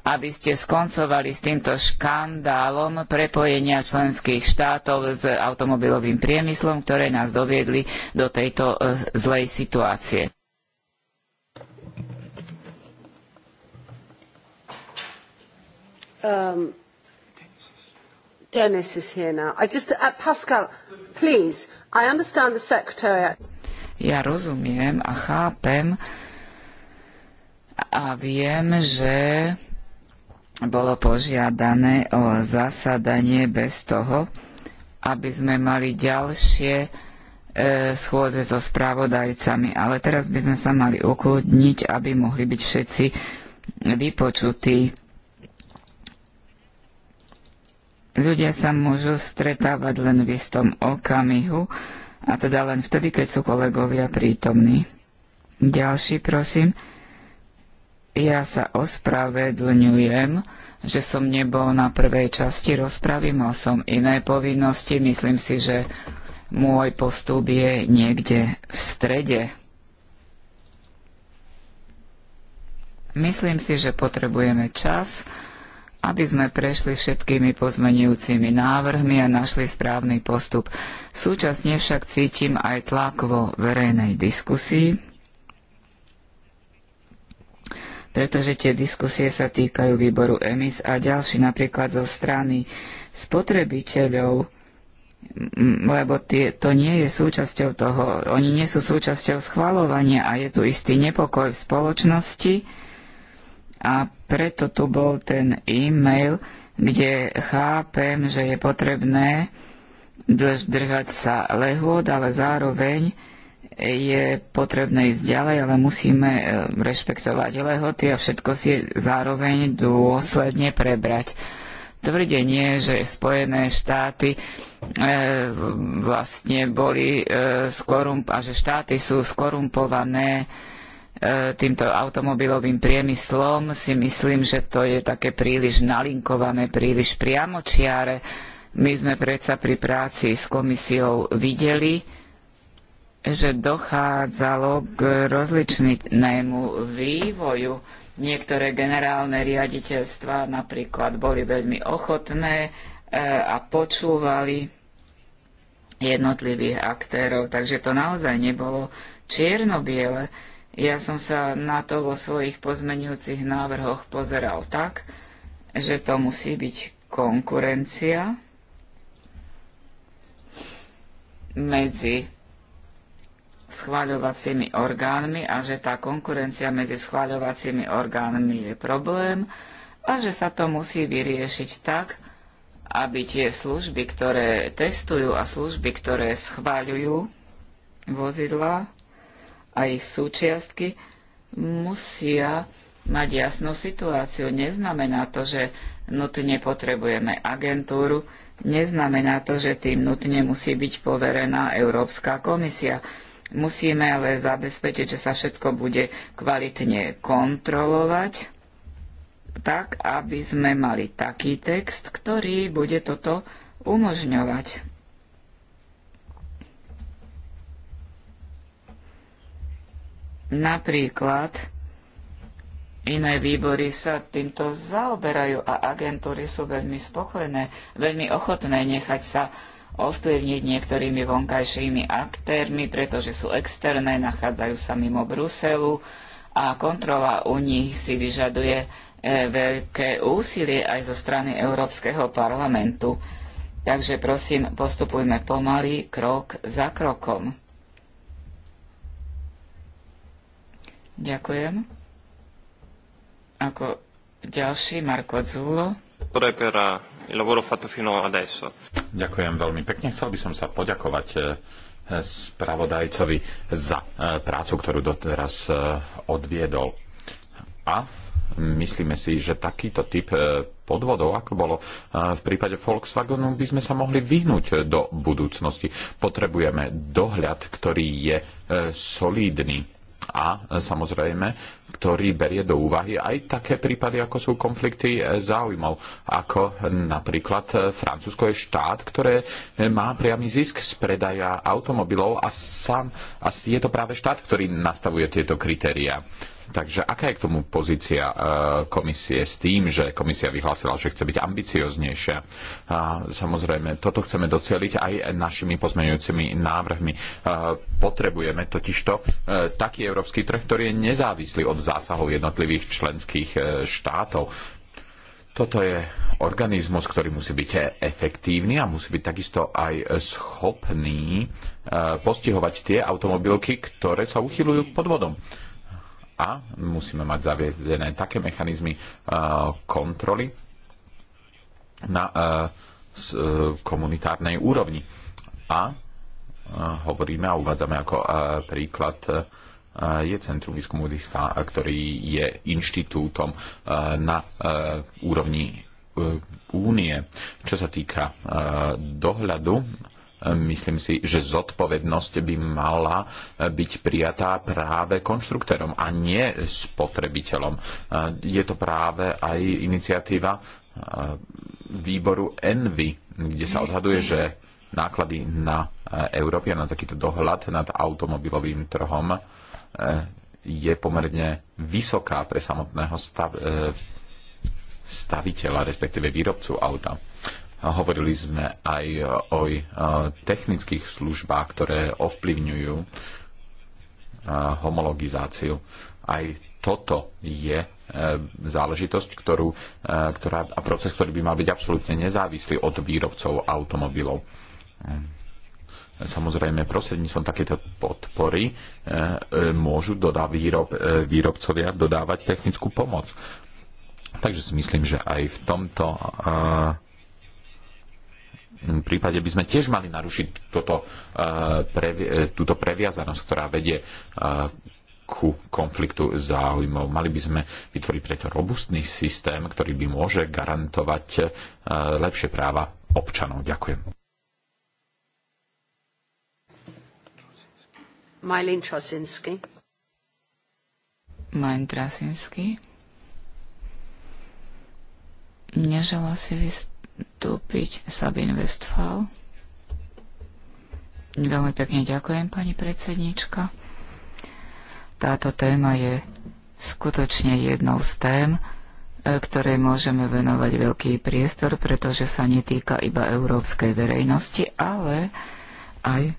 aby ste skoncovali s týmto škandálom prepojenia členských štátov s automobilovým priemyslom, ktoré nás doviedli do tejto e, zlej situácie. Um, Dennis is here now. I just, uh, Pascal, please, I understand the Ja rozumiem a chápem a viem, že bolo požiadané o zasadanie bez toho, aby sme mali ďalšie e, schôdze so správodajcami. Ale teraz by sme sa mali ukludniť, aby mohli byť všetci vypočutí. Ľudia sa môžu stretávať len v istom okamihu, a teda len vtedy, keď sú kolegovia prítomní. Ďalší, prosím. Ja sa ospravedlňujem, že som nebol na prvej časti rozpravy, mal som iné povinnosti. Myslím si, že môj postup je niekde v strede. Myslím si, že potrebujeme čas, aby sme prešli všetkými pozmenujúcimi návrhmi a našli správny postup. Súčasne však cítim aj tlak vo verejnej diskusii pretože tie diskusie sa týkajú výboru EMIS a ďalší napríklad zo strany spotrebiteľov, lebo tie, to nie je súčasťou toho, oni nie sú súčasťou schvalovania a je tu istý nepokoj v spoločnosti a preto tu bol ten e-mail, kde chápem, že je potrebné drž, držať sa lehôd, ale zároveň je potrebné ísť ďalej, ale musíme e, rešpektovať lehoty a všetko si zároveň dôsledne prebrať. Tvrdenie, že Spojené štáty e, vlastne boli e, skorump- a že štáty sú skorumpované e, týmto automobilovým priemyslom, si myslím, že to je také príliš nalinkované, príliš priamočiare. My sme predsa pri práci s komisiou videli, že dochádzalo k rozličnému vývoju. Niektoré generálne riaditeľstva napríklad boli veľmi ochotné e, a počúvali jednotlivých aktérov, takže to naozaj nebolo čierno-biele. Ja som sa na to vo svojich pozmenujúcich návrhoch pozeral tak, že to musí byť konkurencia medzi schváľovacími orgánmi a že tá konkurencia medzi schváľovacími orgánmi je problém a že sa to musí vyriešiť tak, aby tie služby, ktoré testujú a služby, ktoré schváľujú vozidla a ich súčiastky, musia mať jasnú situáciu. Neznamená to, že nutne potrebujeme agentúru, neznamená to, že tým nutne musí byť poverená Európska komisia. Musíme ale zabezpečiť, že sa všetko bude kvalitne kontrolovať, tak aby sme mali taký text, ktorý bude toto umožňovať. Napríklad Iné výbory sa týmto zaoberajú a agentúry sú veľmi spokojné, veľmi ochotné nechať sa ovplyvniť niektorými vonkajšími aktérmi, pretože sú externé, nachádzajú sa mimo Bruselu a kontrola u nich si vyžaduje e, veľké úsilie aj zo strany Európskeho parlamentu. Takže prosím, postupujme pomaly, krok za krokom. Ďakujem. Ako ďalší Marko Zullo. Eh, il lavoro fatto fino adesso. Ďakujem veľmi pekne. Chcel by som sa poďakovať eh, spravodajcovi za eh, prácu, ktorú doteraz eh, odviedol. A myslíme si, že takýto typ podvodov, ako bolo v prípade Volkswagenu, by sme sa mohli vyhnúť do budúcnosti. Potrebujeme dohľad, ktorý je solídny a e, samozrejme, ktorý berie do úvahy aj také prípady, ako sú konflikty e, záujmov, ako napríklad e, Francúzsko je štát, ktoré má priamy zisk z predaja automobilov a, sám, a je to práve štát, ktorý nastavuje tieto kritéria. Takže aká je k tomu pozícia e, komisie s tým, že komisia vyhlásila, že chce byť ambicioznejšia? A samozrejme, toto chceme doceliť aj našimi pozmeňujúcimi návrhmi. E, potrebujeme totižto e, taký európsky trh, ktorý je nezávislý od zásahov jednotlivých členských štátov. Toto je organizmus, ktorý musí byť efektívny a musí byť takisto aj schopný postihovať tie automobilky, ktoré sa uchylujú pod vodom a musíme mať zaviedené také mechanizmy e, kontroly na e, e, komunitárnej úrovni. A hovoríme a uvádzame ako príklad je Centrum výskumu diska, ktorý je inštitútom na úrovni únie. Čo sa týka dohľadu, Myslím si, že zodpovednosť by mala e, byť prijatá práve konštruktérom a nie spotrebiteľom. E, je to práve aj iniciatíva e, výboru Envy, kde sa odhaduje, že náklady na Európia, na takýto dohľad nad automobilovým trhom je pomerne vysoká pre samotného stav, staviteľa, respektíve výrobcu auta. Hovorili sme aj o technických službách, ktoré ovplyvňujú homologizáciu. Aj toto je e, záležitosť, ktorú, e, ktorá, a proces, ktorý by mal byť absolútne nezávislý od výrobcov automobilov. Samozrejme, prostredníctvom takéto podpory e, môžu dodá výrob, výrobcovia dodávať technickú pomoc. Takže si myslím, že aj v tomto prípade by sme tiež mali narušiť toto, uh, eh, previ- eh, túto previazanosť, ktorá vedie uh, ku konfliktu záujmov. Mali by sme vytvoriť preto robustný systém, ktorý by môže garantovať uh, lepšie práva občanov. Ďakujem. Majlin Čosinsky. Majlin Trasinsky. Nežela si vystúpiť piť Sabin Westphal. Veľmi pekne ďakujem, pani predsednička. Táto téma je skutočne jednou z tém, e, ktorej môžeme venovať veľký priestor, pretože sa netýka iba európskej verejnosti, ale aj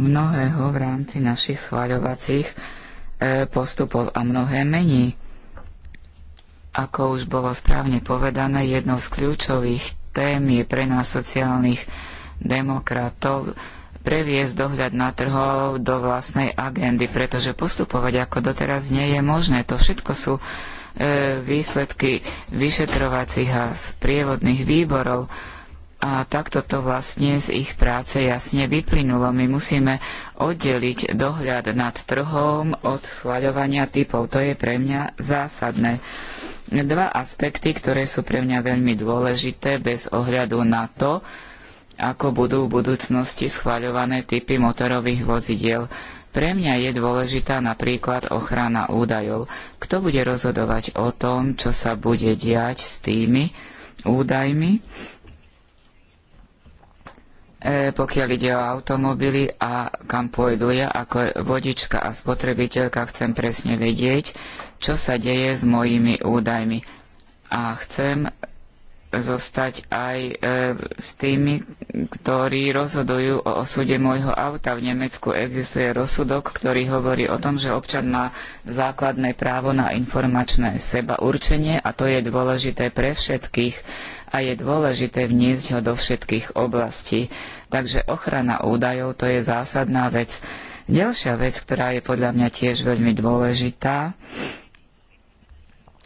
mnohého v rámci našich schváľovacích e, postupov a mnohé mení. Ako už bolo správne povedané, jednou z kľúčových témy pre nás sociálnych demokratov previesť dohľad na trhov do vlastnej agendy, pretože postupovať ako doteraz nie je možné. To všetko sú e, výsledky vyšetrovacích a sprievodných výborov. A takto to vlastne z ich práce jasne vyplynulo. My musíme oddeliť dohľad nad trhom od schvaľovania typov. To je pre mňa zásadné. Dva aspekty, ktoré sú pre mňa veľmi dôležité bez ohľadu na to, ako budú v budúcnosti schvaľované typy motorových vozidiel. Pre mňa je dôležitá napríklad ochrana údajov. Kto bude rozhodovať o tom, čo sa bude diať s tými údajmi, E, pokiaľ ide o automobily a kam pôjdu ja ako vodička a spotrebiteľka chcem presne vedieť, čo sa deje s mojimi údajmi. A chcem zostať aj e, s tými, ktorí rozhodujú o osude môjho auta. V Nemecku existuje rozsudok, ktorý hovorí o tom, že občan má základné právo na informačné seba určenie a to je dôležité pre všetkých a je dôležité vniesť ho do všetkých oblastí. Takže ochrana údajov to je zásadná vec. Ďalšia vec, ktorá je podľa mňa tiež veľmi dôležitá,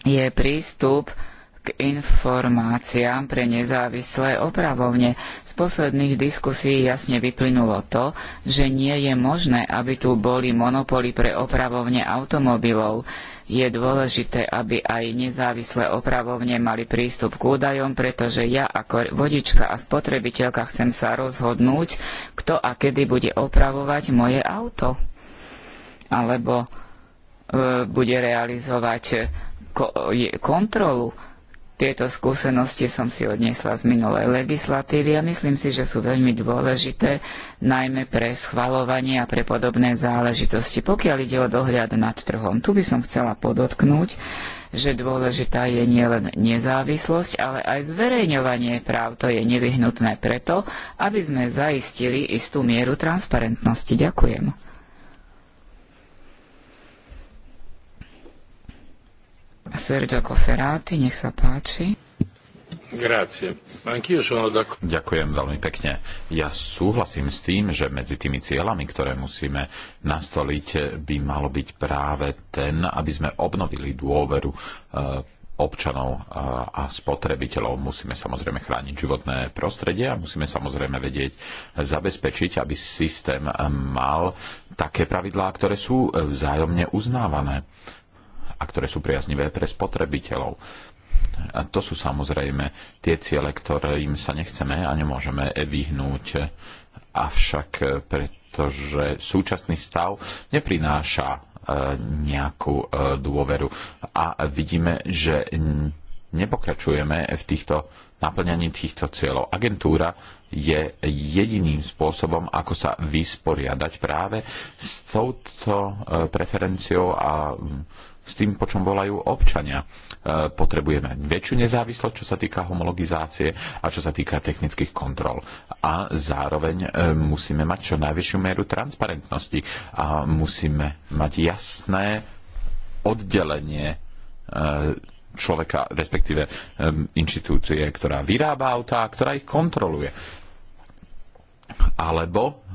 je prístup k informáciám pre nezávislé opravovne. Z posledných diskusí jasne vyplynulo to, že nie je možné, aby tu boli monopoly pre opravovne automobilov. Je dôležité, aby aj nezávislé opravovne mali prístup k údajom, pretože ja ako vodička a spotrebiteľka chcem sa rozhodnúť, kto a kedy bude opravovať moje auto. Alebo e, bude realizovať ko kontrolu tieto skúsenosti som si odniesla z minulej legislatívy a myslím si, že sú veľmi dôležité, najmä pre schvalovanie a pre podobné záležitosti. Pokiaľ ide o dohľad nad trhom, tu by som chcela podotknúť, že dôležitá je nielen nezávislosť, ale aj zverejňovanie práv. To je nevyhnutné preto, aby sme zaistili istú mieru transparentnosti. Ďakujem. Sergio Koferáty, nech sa páči. Ďakujem veľmi pekne. Ja súhlasím s tým, že medzi tými cieľami, ktoré musíme nastoliť, by malo byť práve ten, aby sme obnovili dôveru eh, občanov eh, a spotrebiteľov. Musíme samozrejme chrániť životné prostredie a musíme samozrejme vedieť zabezpečiť, aby systém eh, mal také pravidlá, ktoré sú vzájomne uznávané a ktoré sú priaznivé pre spotrebiteľov. A to sú samozrejme tie ciele, ktorým sa nechceme a nemôžeme vyhnúť. Avšak pretože súčasný stav neprináša e, nejakú e, dôveru. A vidíme, že nepokračujeme v týchto naplňaní týchto cieľov. Agentúra je jediným spôsobom, ako sa vysporiadať práve s touto e, preferenciou a s tým, po čom volajú občania. E, potrebujeme väčšiu nezávislosť, čo sa týka homologizácie a čo sa týka technických kontrol. A zároveň e, musíme mať čo najvyššiu mieru transparentnosti a musíme mať jasné oddelenie e, človeka, respektíve inštitúcie, ktorá vyrába autá a ktorá ich kontroluje. Alebo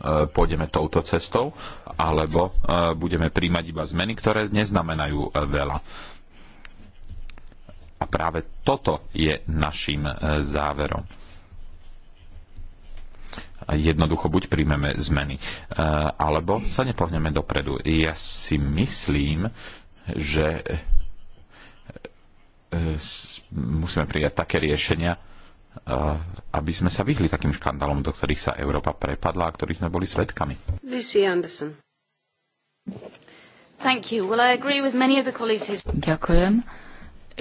E, pôjdeme touto cestou, alebo e, budeme príjmať iba zmeny, ktoré neznamenajú e, veľa. A práve toto je našim záverom. Jednoducho buď príjmeme zmeny, alebo sa nepohneme dopredu. Ja si myslím, že musíme prijať také riešenia, aby sme sa vyhli takým škandalom, do ktorých sa Európa prepadla a ktorých sme boli svetkami. Lucy Anderson. Thank you. Well, I agree with many of the colleagues who... Ďakujem.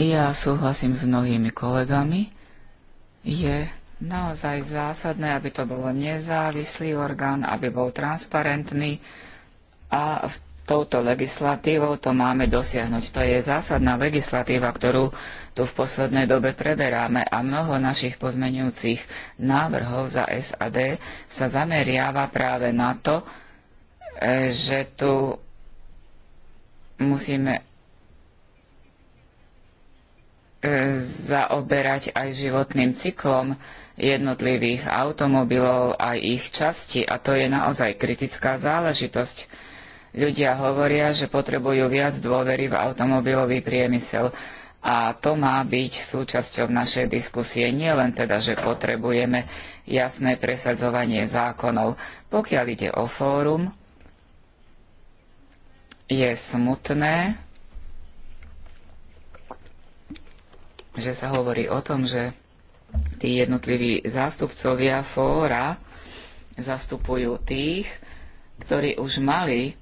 Ja súhlasím s mnohými kolegami. Je naozaj zásadné, aby to bolo nezávislý orgán, aby bol transparentný a v touto legislatívou to máme dosiahnuť. To je zásadná legislatíva, ktorú tu v poslednej dobe preberáme a mnoho našich pozmenujúcich návrhov za SAD sa zameriava práve na to, e, že tu musíme e, zaoberať aj životným cyklom jednotlivých automobilov a ich časti a to je naozaj kritická záležitosť Ľudia hovoria, že potrebujú viac dôvery v automobilový priemysel. A to má byť súčasťou našej diskusie. Nie len teda, že potrebujeme jasné presadzovanie zákonov. Pokiaľ ide o fórum, je smutné, že sa hovorí o tom, že tí jednotliví zástupcovia fóra zastupujú tých, ktorí už mali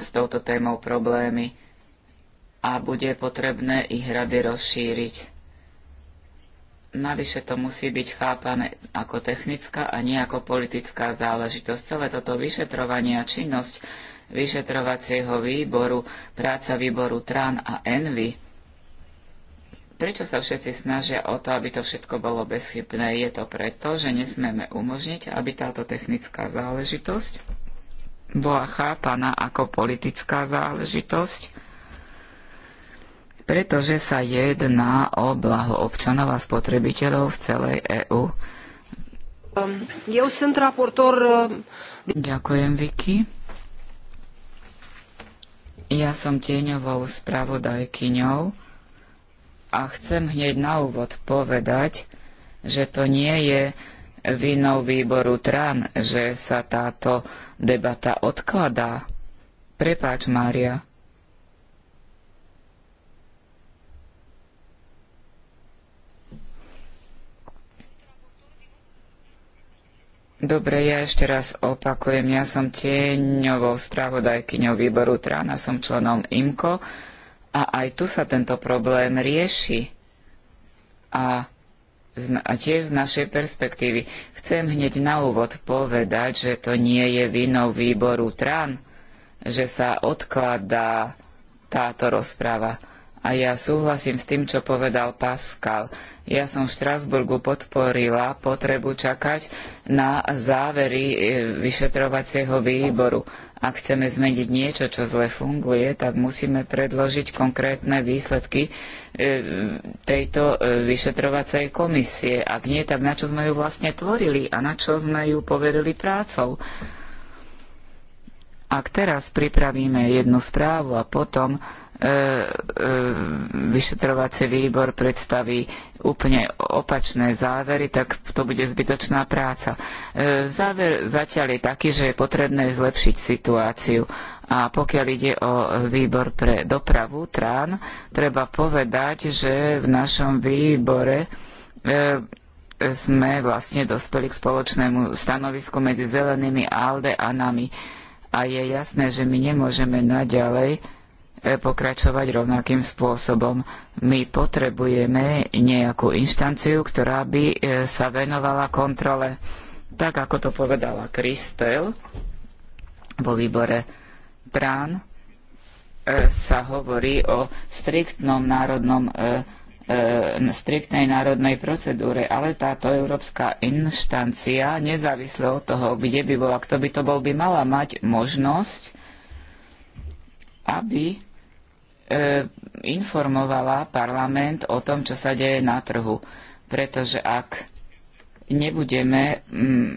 s touto témou problémy a bude potrebné ich rady rozšíriť. Navyše to musí byť chápané ako technická a nie ako politická záležitosť. Celé toto vyšetrovanie a činnosť vyšetrovacieho výboru, práca výboru TRAN a ENVY, prečo sa všetci snažia o to, aby to všetko bolo bezchybné? Je to preto, že nesmieme umožniť, aby táto technická záležitosť bola chápaná ako politická záležitosť, pretože sa jedná o blaho občanov a spotrebiteľov v celej EÚ. Um, raportor... Um, Ďakujem, Vicky. Ja som tieňovou spravodajkyňou a chcem hneď na úvod povedať, že to nie je vinou výboru trán, že sa táto debata odkladá. Prepáč, Mária. Dobre, ja ešte raz opakujem, ja som tieňovou stravodajkyňou výboru Trána, som členom IMKO a aj tu sa tento problém rieši. A a tiež z našej perspektívy. Chcem hneď na úvod povedať, že to nie je vinou výboru TRAN, že sa odkladá táto rozprava. A ja súhlasím s tým, čo povedal Pascal. Ja som v Štrasburgu podporila potrebu čakať na závery e, vyšetrovacieho výboru. Ak chceme zmeniť niečo, čo zle funguje, tak musíme predložiť konkrétne výsledky e, tejto e, vyšetrovacej komisie. Ak nie, tak na čo sme ju vlastne tvorili a na čo sme ju poverili prácou? Ak teraz pripravíme jednu správu a potom E, e, vyšetrovací výbor predstaví úplne opačné závery, tak to bude zbytočná práca. E, záver zatiaľ je taký, že je potrebné zlepšiť situáciu. A pokiaľ ide o výbor pre dopravu, trán, treba povedať, že v našom výbore sme vlastne dospeli k spoločnému stanovisku medzi zelenými ALDE a nami. A je jasné, že my nemôžeme naďalej pokračovať rovnakým spôsobom. My potrebujeme nejakú inštanciu, ktorá by e, sa venovala kontrole. Tak ako to povedala Kristel vo výbore Trán, e, sa hovorí o striktnom národnom e, striktnej národnej procedúre, ale táto európska inštancia, nezávisle od toho, kde by bola, kto by to bol, by mala mať možnosť, aby E, informovala parlament o tom, čo sa deje na trhu. Pretože ak nebudeme mm,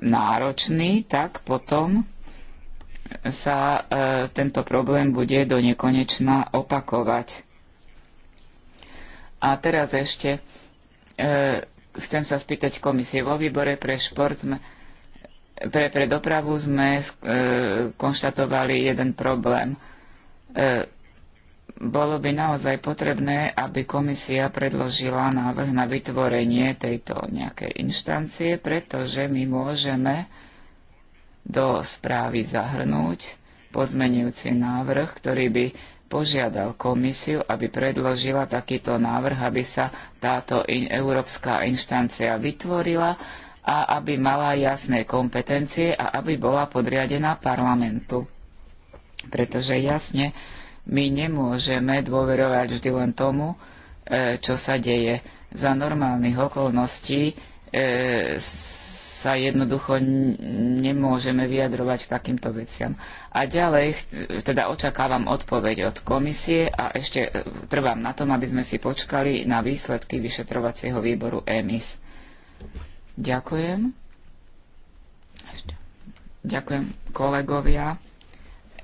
nároční, tak potom sa e, tento problém bude do nekonečna opakovať. A teraz ešte e, chcem sa spýtať komisie. Vo výbore pre šport sme, pre, pre dopravu sme e, konštatovali jeden problém. E, bolo by naozaj potrebné, aby komisia predložila návrh na vytvorenie tejto nejakej inštancie, pretože my môžeme do správy zahrnúť pozmenujúci návrh, ktorý by požiadal komisiu, aby predložila takýto návrh, aby sa táto in, európska inštancia vytvorila a aby mala jasné kompetencie a aby bola podriadená parlamentu. Pretože jasne my nemôžeme dôverovať vždy len tomu, e, čo sa deje. Za normálnych okolností e, sa jednoducho nemôžeme vyjadrovať k takýmto veciam. A ďalej, teda očakávam odpoveď od komisie a ešte e, trvám na tom, aby sme si počkali na výsledky vyšetrovacieho výboru EMIS. Ďakujem. Ďakujem kolegovia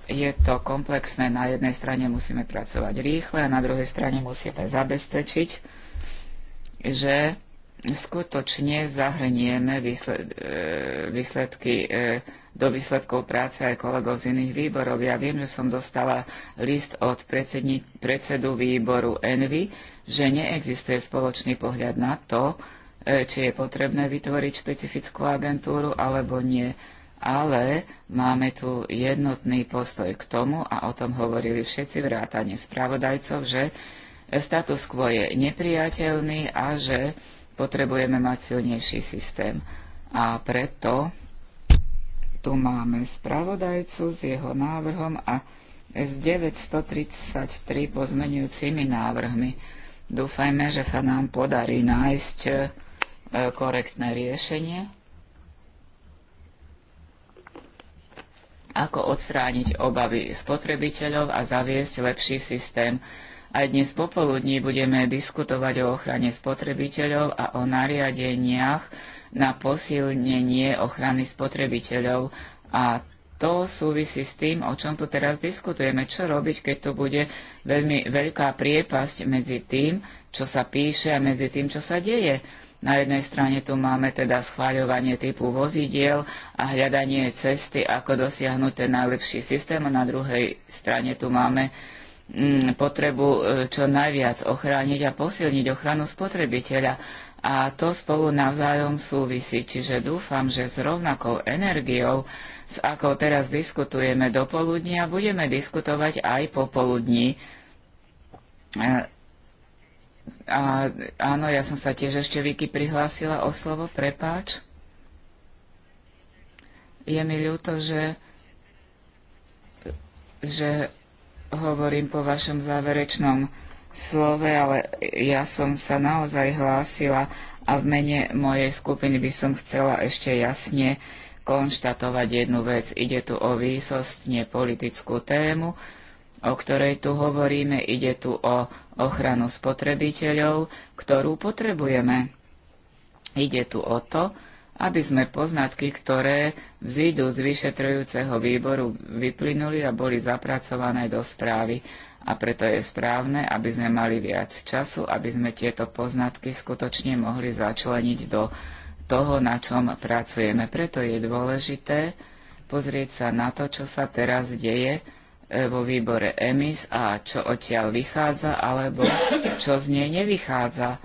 je to komplexné. Na jednej strane musíme pracovať rýchle a na druhej strane musíme zabezpečiť, že skutočne zahrnieme e, výsledky e, do výsledkov práce aj kolegov z iných výborov. Ja viem, že som dostala list od predsedu výboru Envy, že neexistuje spoločný pohľad na to, e, či je potrebné vytvoriť špecifickú agentúru alebo nie ale máme tu jednotný postoj k tomu, a o tom hovorili všetci vrátane spravodajcov, že status quo je nepriateľný a že potrebujeme mať silnejší systém. A preto tu máme spravodajcu s jeho návrhom a s 933 pozmenujúcimi návrhmi. Dúfajme, že sa nám podarí nájsť e, korektné riešenie ako odstrániť obavy spotrebiteľov a zaviesť lepší systém. Aj dnes popoludní budeme diskutovať o ochrane spotrebiteľov a o nariadeniach na posilnenie ochrany spotrebiteľov a to súvisí s tým, o čom tu teraz diskutujeme. Čo robiť, keď tu bude veľmi veľká priepasť medzi tým, čo sa píše a medzi tým, čo sa deje? Na jednej strane tu máme teda schváľovanie typu vozidiel a hľadanie cesty, ako dosiahnuť ten najlepší systém a na druhej strane tu máme mm, potrebu e, čo najviac ochrániť a posilniť ochranu spotrebiteľa. A to spolu navzájom súvisí, čiže dúfam, že s rovnakou energiou, s akou teraz diskutujeme do poludnia, budeme diskutovať aj po poludni. E, a, áno, ja som sa tiež ešte Viki prihlásila o slovo, prepáč. Je mi ľúto, že, že hovorím po vašom záverečnom slove, ale ja som sa naozaj hlásila a v mene mojej skupiny by som chcela ešte jasne konštatovať jednu vec. Ide tu o výsostne politickú tému, o ktorej tu hovoríme, ide tu o ochranu spotrebiteľov, ktorú potrebujeme. Ide tu o to, aby sme poznatky, ktoré vzídu z vyšetrujúceho výboru, vyplynuli a boli zapracované do správy. A preto je správne, aby sme mali viac času, aby sme tieto poznatky skutočne mohli začleniť do toho, na čom pracujeme. Preto je dôležité pozrieť sa na to, čo sa teraz deje, E, vo výbore EMIS a čo odtiaľ vychádza, alebo čo z nej nevychádza.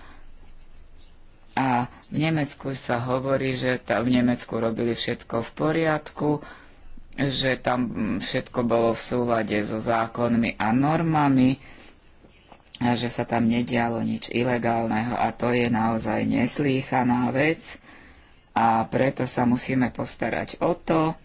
A v Nemecku sa hovorí, že v Nemecku robili všetko v poriadku, že tam všetko bolo v súlade so zákonmi a normami, a že sa tam nedialo nič ilegálneho a to je naozaj neslýchaná vec a preto sa musíme postarať o to,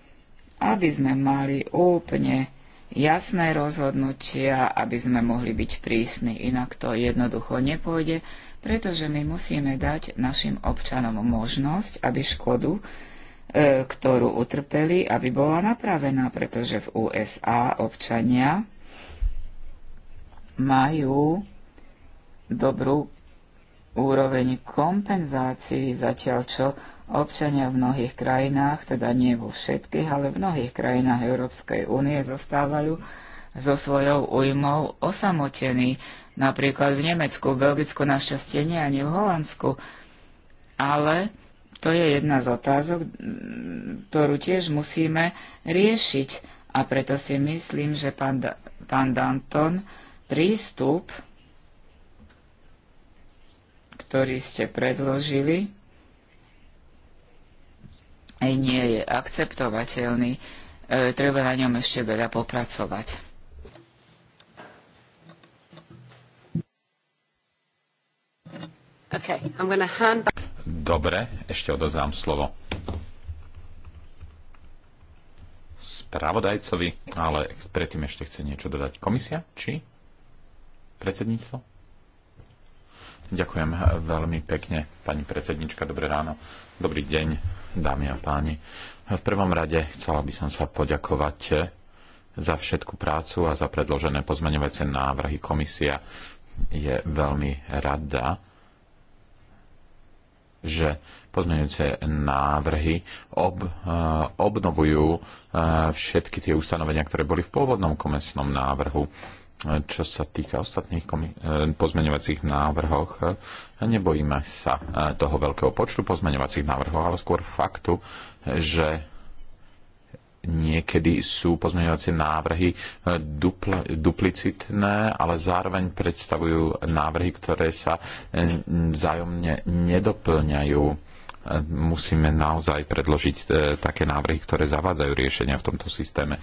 aby sme mali úplne jasné rozhodnutia, aby sme mohli byť prísni, inak to jednoducho nepôjde, pretože my musíme dať našim občanom možnosť, aby škodu, e, ktorú utrpeli, aby bola napravená, pretože v USA občania majú dobrú úroveň kompenzácií, zatiaľ čo Občania v mnohých krajinách, teda nie vo všetkých, ale v mnohých krajinách Európskej únie zostávajú so svojou újmou osamotení. Napríklad v Nemecku, v Belgicku našťastie nie, ani v Holandsku. Ale to je jedna z otázok, ktorú tiež musíme riešiť. A preto si myslím, že pán, pán Danton prístup, ktorý ste predložili, nie je akceptovateľný. E, treba na ňom ešte veľa popracovať. Okay, I'm hand... Dobre, ešte odozám slovo spravodajcovi, ale predtým ešte chce niečo dodať komisia, či predsedníctvo? Ďakujem veľmi pekne, pani predsednička. Dobré ráno. Dobrý deň, dámy a páni. V prvom rade chcela by som sa poďakovať za všetku prácu a za predložené pozmeňovacie návrhy. Komisia je veľmi rada, že pozmeňujúce návrhy ob, obnovujú eh, všetky tie ustanovenia, ktoré boli v pôvodnom komesnom návrhu čo sa týka ostatných eh, pozmeňovacích návrhoch, eh, nebojíme sa eh, toho veľkého počtu pozmeňovacích návrhov, ale skôr faktu, že niekedy sú pozmeňovacie návrhy dupl- duplicitné, ale zároveň predstavujú návrhy, ktoré sa vzájomne nedoplňajú. Musíme naozaj predložiť také návrhy, ktoré zavádzajú riešenia v tomto systéme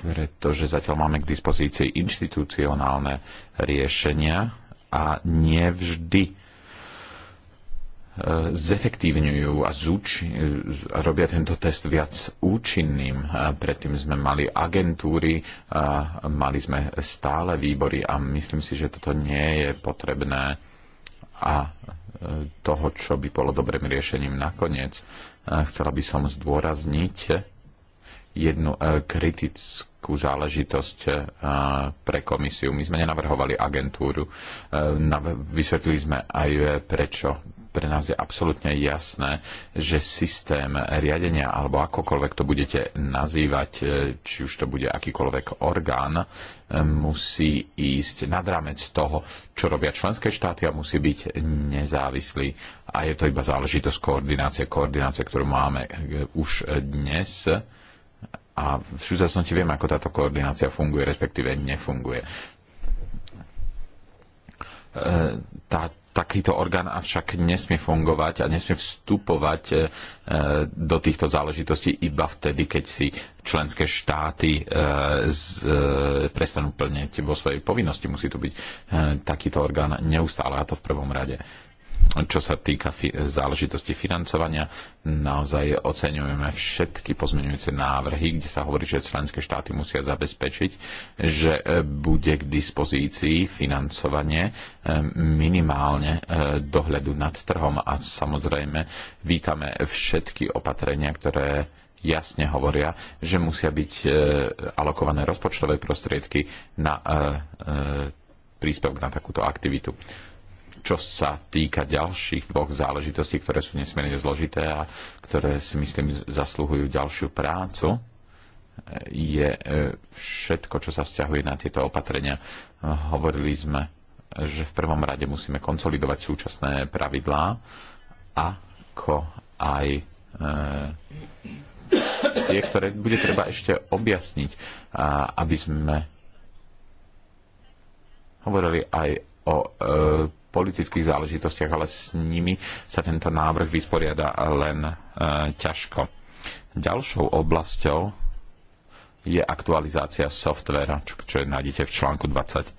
pretože zatiaľ máme k dispozícii inštitucionálne riešenia a nevždy e, zefektívňujú a, zúči, a e, robia tento test viac účinným. E, predtým sme mali agentúry, a mali sme stále výbory a myslím si, že toto nie je potrebné a toho, čo by bolo dobrým riešením nakoniec. Chcela by som zdôrazniť, jednu e, kritickú záležitosť e, pre komisiu. My sme nenavrhovali agentúru, e, vysvetlili sme aj prečo. Pre nás je absolútne jasné, že systém riadenia, alebo akokoľvek to budete nazývať, či už to bude akýkoľvek orgán, musí ísť nad rámec toho, čo robia členské štáty a musí byť nezávislý. A je to iba záležitosť koordinácie, koordinácie, ktorú máme už dnes a v súčasnosti viem, ako táto koordinácia funguje, respektíve nefunguje. E, tá, takýto orgán avšak nesmie fungovať a nesmie vstupovať e, e, do týchto záležitostí iba vtedy, keď si členské štáty z, prestanú plniť vo svojej povinnosti. Musí to byť takýto orgán neustále, a to v prvom rade čo sa týka fi- záležitosti financovania, naozaj oceňujeme všetky pozmeňujúce návrhy, kde sa hovorí, že členské štáty musia zabezpečiť, že e, bude k dispozícii financovanie e, minimálne e, dohľadu nad trhom a samozrejme vítame všetky opatrenia, ktoré jasne hovoria, že musia byť alokované rozpočtové prostriedky na príspevok na takúto aktivitu čo sa týka ďalších dvoch záležitostí, ktoré sú nesmierne zložité a ktoré si myslím zasluhujú ďalšiu prácu, je e, všetko, čo sa vzťahuje na tieto opatrenia. Hovorili sme, že v prvom rade musíme konsolidovať súčasné pravidlá, ako aj e, tie, ktoré bude treba ešte objasniť, a, aby sme hovorili aj o e, politických záležitostiach, ale s nimi sa tento návrh vysporiada len e, ťažko. Ďalšou oblasťou je aktualizácia softvera, čo, čo nájdete v článku 23. Hm. E, e,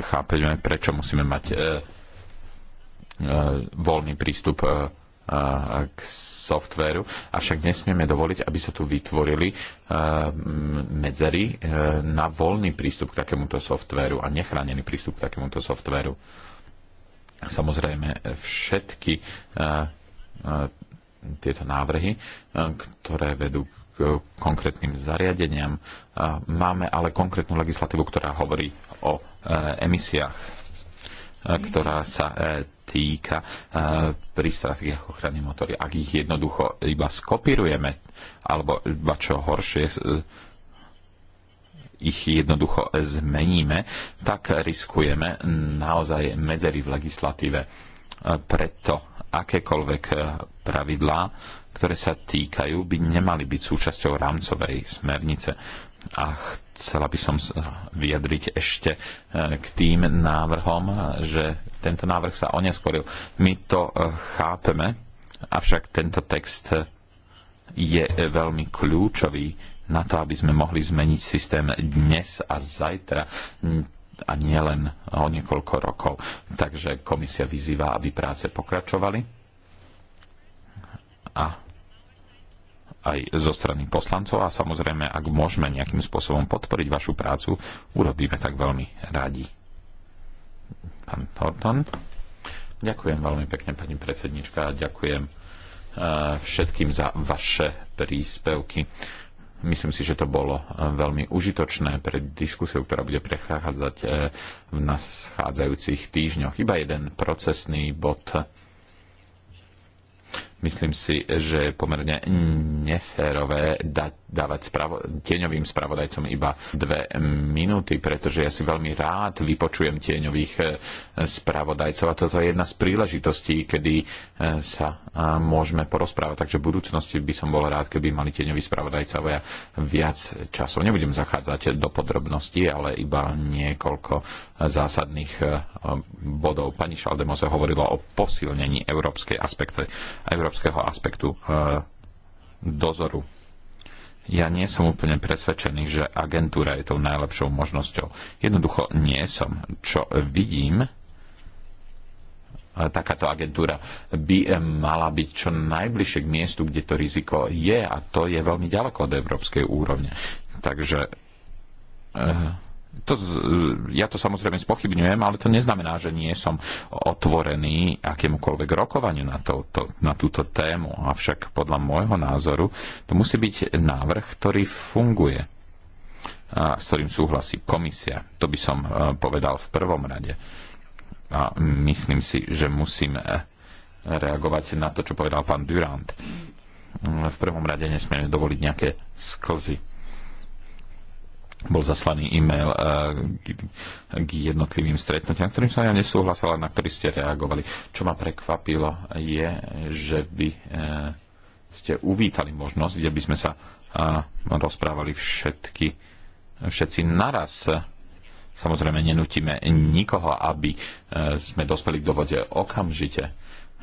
chápeme, prečo musíme mať e, e voľný prístup e, k softvéru, avšak nesmieme dovoliť, aby sa tu vytvorili e, medzery e, na voľný prístup k takémuto softvéru a nechránený prístup k takémuto softvéru. Samozrejme, všetky e, tieto návrhy, ktoré vedú k konkrétnym zariadeniam. Máme ale konkrétnu legislatívu, ktorá hovorí o emisiách E, ktorá sa e, týka e, pri stratégiách ochrany motory. Ak ich jednoducho iba skopírujeme, alebo iba čo horšie, ich jednoducho zmeníme, tak riskujeme naozaj medzery v legislatíve. Preto akékoľvek pravidlá, ktoré sa týkajú, by nemali byť súčasťou rámcovej smernice a chcela by som sa vyjadriť ešte eh, k tým návrhom, že tento návrh sa oneskoril. My to eh, chápeme, avšak tento text eh, je veľmi kľúčový na to, aby sme mohli zmeniť systém dnes a zajtra mm, a nielen o niekoľko rokov. Takže komisia vyzýva, aby práce pokračovali a aj zo strany poslancov a samozrejme, ak môžeme nejakým spôsobom podporiť vašu prácu, urobíme tak veľmi radi. Pán Thornton. Ďakujem veľmi pekne, pani predsednička, a ďakujem e, všetkým za vaše príspevky. Myslím si, že to bolo e, veľmi užitočné pre diskusiu, ktorá bude prechádzať e, v naschádzajúcich týždňoch. Iba jeden procesný bod Myslím si, že je pomerne neférové da- dávať spravo- tieňovým spravodajcom iba dve minúty, pretože ja si veľmi rád vypočujem tieňových e, spravodajcov a toto je jedna z príležitostí, kedy e, sa e, môžeme porozprávať. Takže v budúcnosti by som bol rád, keby mali tieňoví spravodajcovia viac času. Nebudem zachádzať do podrobností, ale iba niekoľko zásadných bodov. Pani Šaldemose hovorila o posilnení európskej aspekte Európskej európskeho aspektu e, dozoru. Ja nie som úplne presvedčený, že agentúra je tou najlepšou možnosťou. Jednoducho nie som. Čo vidím, e, takáto agentúra by mala byť čo najbližšie k miestu, kde to riziko je a to je veľmi ďaleko od európskej úrovne. Takže e, to, ja to samozrejme spochybňujem, ale to neznamená, že nie som otvorený akémukoľvek rokovaniu na, to, to, na túto tému. Avšak podľa môjho názoru to musí byť návrh, ktorý funguje, a s ktorým súhlasí komisia. To by som e, povedal v prvom rade. A myslím si, že musím e, reagovať na to, čo povedal pán Durant. V prvom rade nesmieme dovoliť nejaké sklzy bol zaslaný e-mail e, k jednotlivým stretnutiam, ktorým som ja nesúhlasila, na ktorý ste reagovali. Čo ma prekvapilo je, že by e, ste uvítali možnosť, kde by sme sa rozprávali všetky, všetci naraz. Samozrejme, nenutíme nikoho, aby e, sme dospeli k dovode okamžite.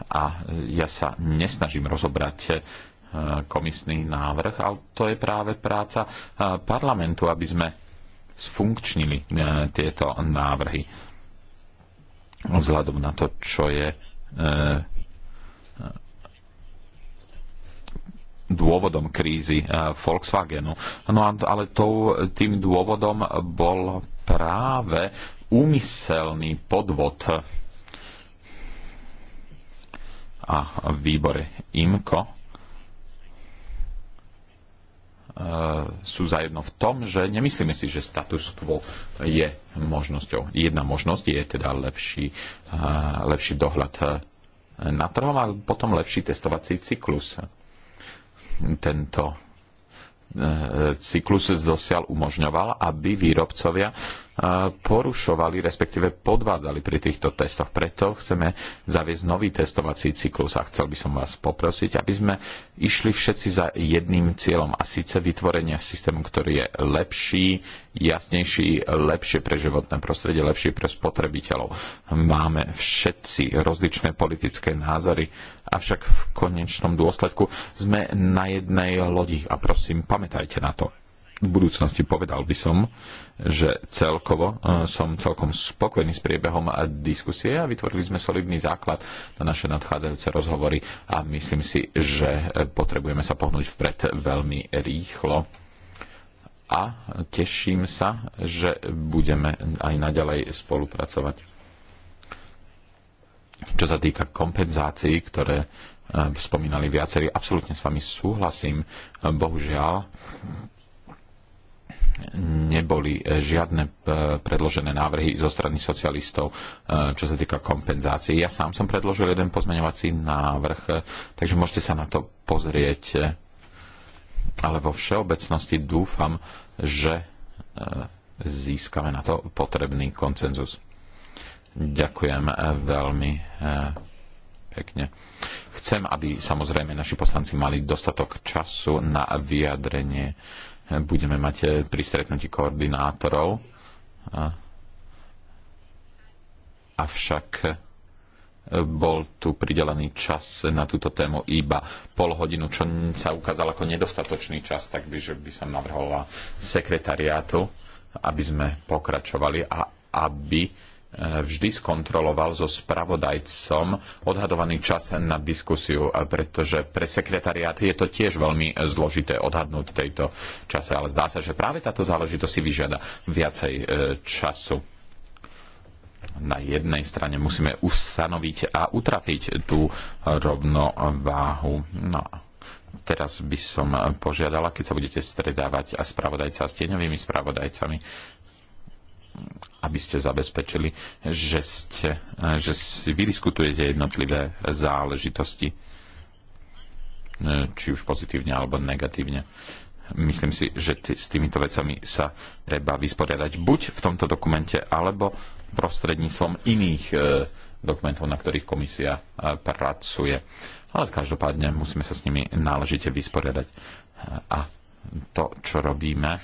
A ja sa nesnažím rozobrať E, komisný návrh, ale to je práve práca e, parlamentu, aby sme sfunkčnili e, tieto návrhy. Vzhľadom na to, čo je dôvodom krízy Volkswagenu. No ale tým dôvodom bol práve úmyselný podvod a v výbore IMCO E, sú zajedno v tom, že nemyslíme si, že status quo je možnosťou. Jedna možnosť je teda lepší, e, lepší dohľad e, na trhom a potom lepší testovací cyklus. Tento cyklus zosiaľ umožňoval, aby výrobcovia porušovali, respektíve podvádzali pri týchto testoch. Preto chceme zaviesť nový testovací cyklus a chcel by som vás poprosiť, aby sme išli všetci za jedným cieľom a síce vytvorenia systému, ktorý je lepší, jasnejší, lepšie pre životné prostredie, lepšie pre spotrebiteľov. Máme všetci rozličné politické názory, avšak v konečnom dôsledku sme na jednej lodi a prosím, pamätajte na to v budúcnosti. Povedal by som, že celkovo e, som celkom spokojný s priebehom a diskusie a vytvorili sme solidný základ na naše nadchádzajúce rozhovory a myslím si, že e, potrebujeme sa pohnúť vpred veľmi rýchlo a teším sa, že budeme aj naďalej spolupracovať. Čo sa týka kompenzácií, ktoré e, spomínali viacerí, absolútne s vami súhlasím. Bohužiaľ, neboli e, žiadne e, predložené návrhy zo strany socialistov, e, čo sa týka kompenzácií. Ja sám som predložil jeden pozmeňovací návrh, takže môžete sa na to pozrieť. Ale vo všeobecnosti dúfam, že získame na to potrebný koncenzus. Ďakujem veľmi pekne. Chcem, aby samozrejme naši poslanci mali dostatok času na vyjadrenie budeme mať eh, pri stretnutí koordinátorov. Avšak eh, bol tu pridelený čas na túto tému iba pol hodinu, čo sa ukázalo ako nedostatočný čas, tak by, že by som navrhovala sekretariátu, aby sme pokračovali a aby vždy skontroloval so spravodajcom odhadovaný čas na diskusiu, pretože pre sekretariát je to tiež veľmi zložité odhadnúť tejto čase, ale zdá sa, že práve táto záležitosť si vyžiada viacej e, času. Na jednej strane musíme ustanoviť a utrafiť tú rovnováhu. No teraz by som požiadala, keď sa budete stredávať a spravodajca s tieňovými spravodajcami, aby ste zabezpečili, že, ste, že si vydiskutujete jednotlivé záležitosti, či už pozitívne alebo negatívne. Myslím si, že t- s týmito vecami sa treba vysporiadať buď v tomto dokumente, alebo prostredníctvom iných e, dokumentov, na ktorých komisia e, pracuje. Ale každopádne musíme sa s nimi náležite vysporiadať. E, a to, čo robíme,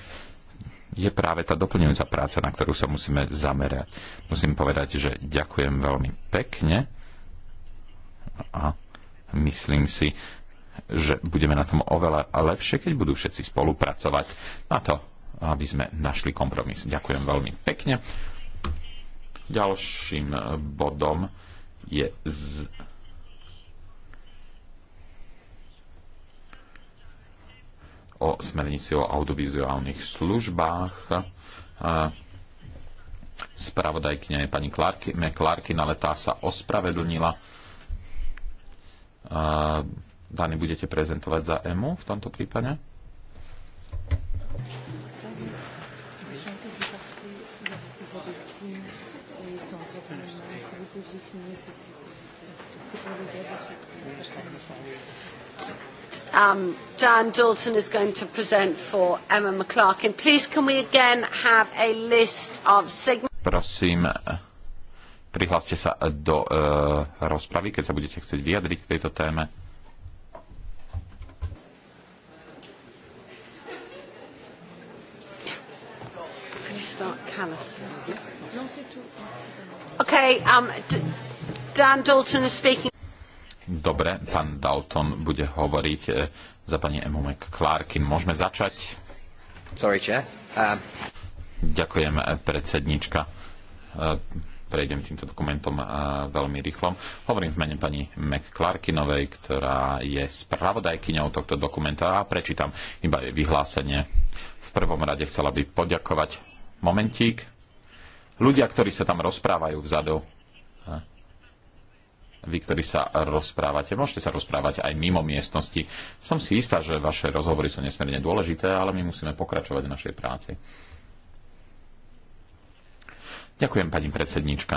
je práve tá doplňujúca práca, na ktorú sa musíme zamerať. Musím povedať, že ďakujem veľmi pekne a myslím si, že budeme na tom oveľa lepšie, keď budú všetci spolupracovať na to, aby sme našli kompromis. Ďakujem veľmi pekne. Ďalším bodom je z o smernici o audiovizuálnych službách. Spravodajkňa je pani Clarkin, ale tá sa ospravedlnila. Dany budete prezentovať za EMU v tomto prípade? um, Dan Dalton is going to present for Emma McClarkin. Please can we again have a list of signals? Prosím, prihláste sa do uh, rozpravy, keď sa budete chcieť vyjadriť k tejto téme. Okay, um, D Dan Dalton is speaking. Dobre, pán Dalton bude hovoriť e, za pani Emu McClarkin. Môžeme začať? Sorry, chair. Um... Ďakujem, e, predsednička. E, prejdem týmto dokumentom veľmi rýchlo. Hovorím v mene pani McClarkinovej, ktorá je spravodajkyňou tohto dokumenta a prečítam iba jej vyhlásenie. V prvom rade chcela by poďakovať momentík ľudia, ktorí sa tam rozprávajú vzadu vy, ktorí sa rozprávate. Môžete sa rozprávať aj mimo miestnosti. Som si istá, že vaše rozhovory sú nesmierne dôležité, ale my musíme pokračovať v našej práci. Ďakujem, pani predsednička.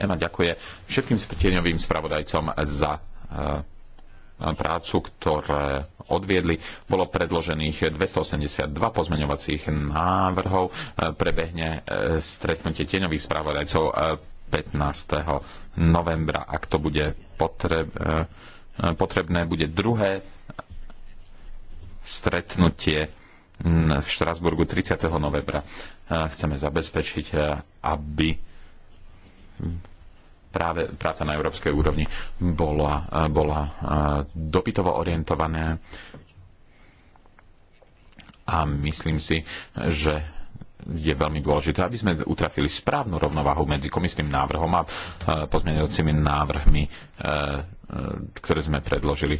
Ema ďakuje všetkým tieňovým spravodajcom za prácu, ktoré odviedli. Bolo predložených 282 pozmeňovacích návrhov. Prebehne e, stretnutie tieňových spravodajcov 15. novembra. Ak to bude potreb, e, e, potrebné, bude druhé stretnutie v Štrasburgu 30. novembra. E, chceme zabezpečiť, aby práve práca na európskej úrovni bola, bola dopytovo orientovaná a myslím si, že je veľmi dôležité, aby sme utrafili správnu rovnováhu medzi komisným návrhom a e, pozmeňujúcimi návrhmi, e, e, ktoré sme predložili.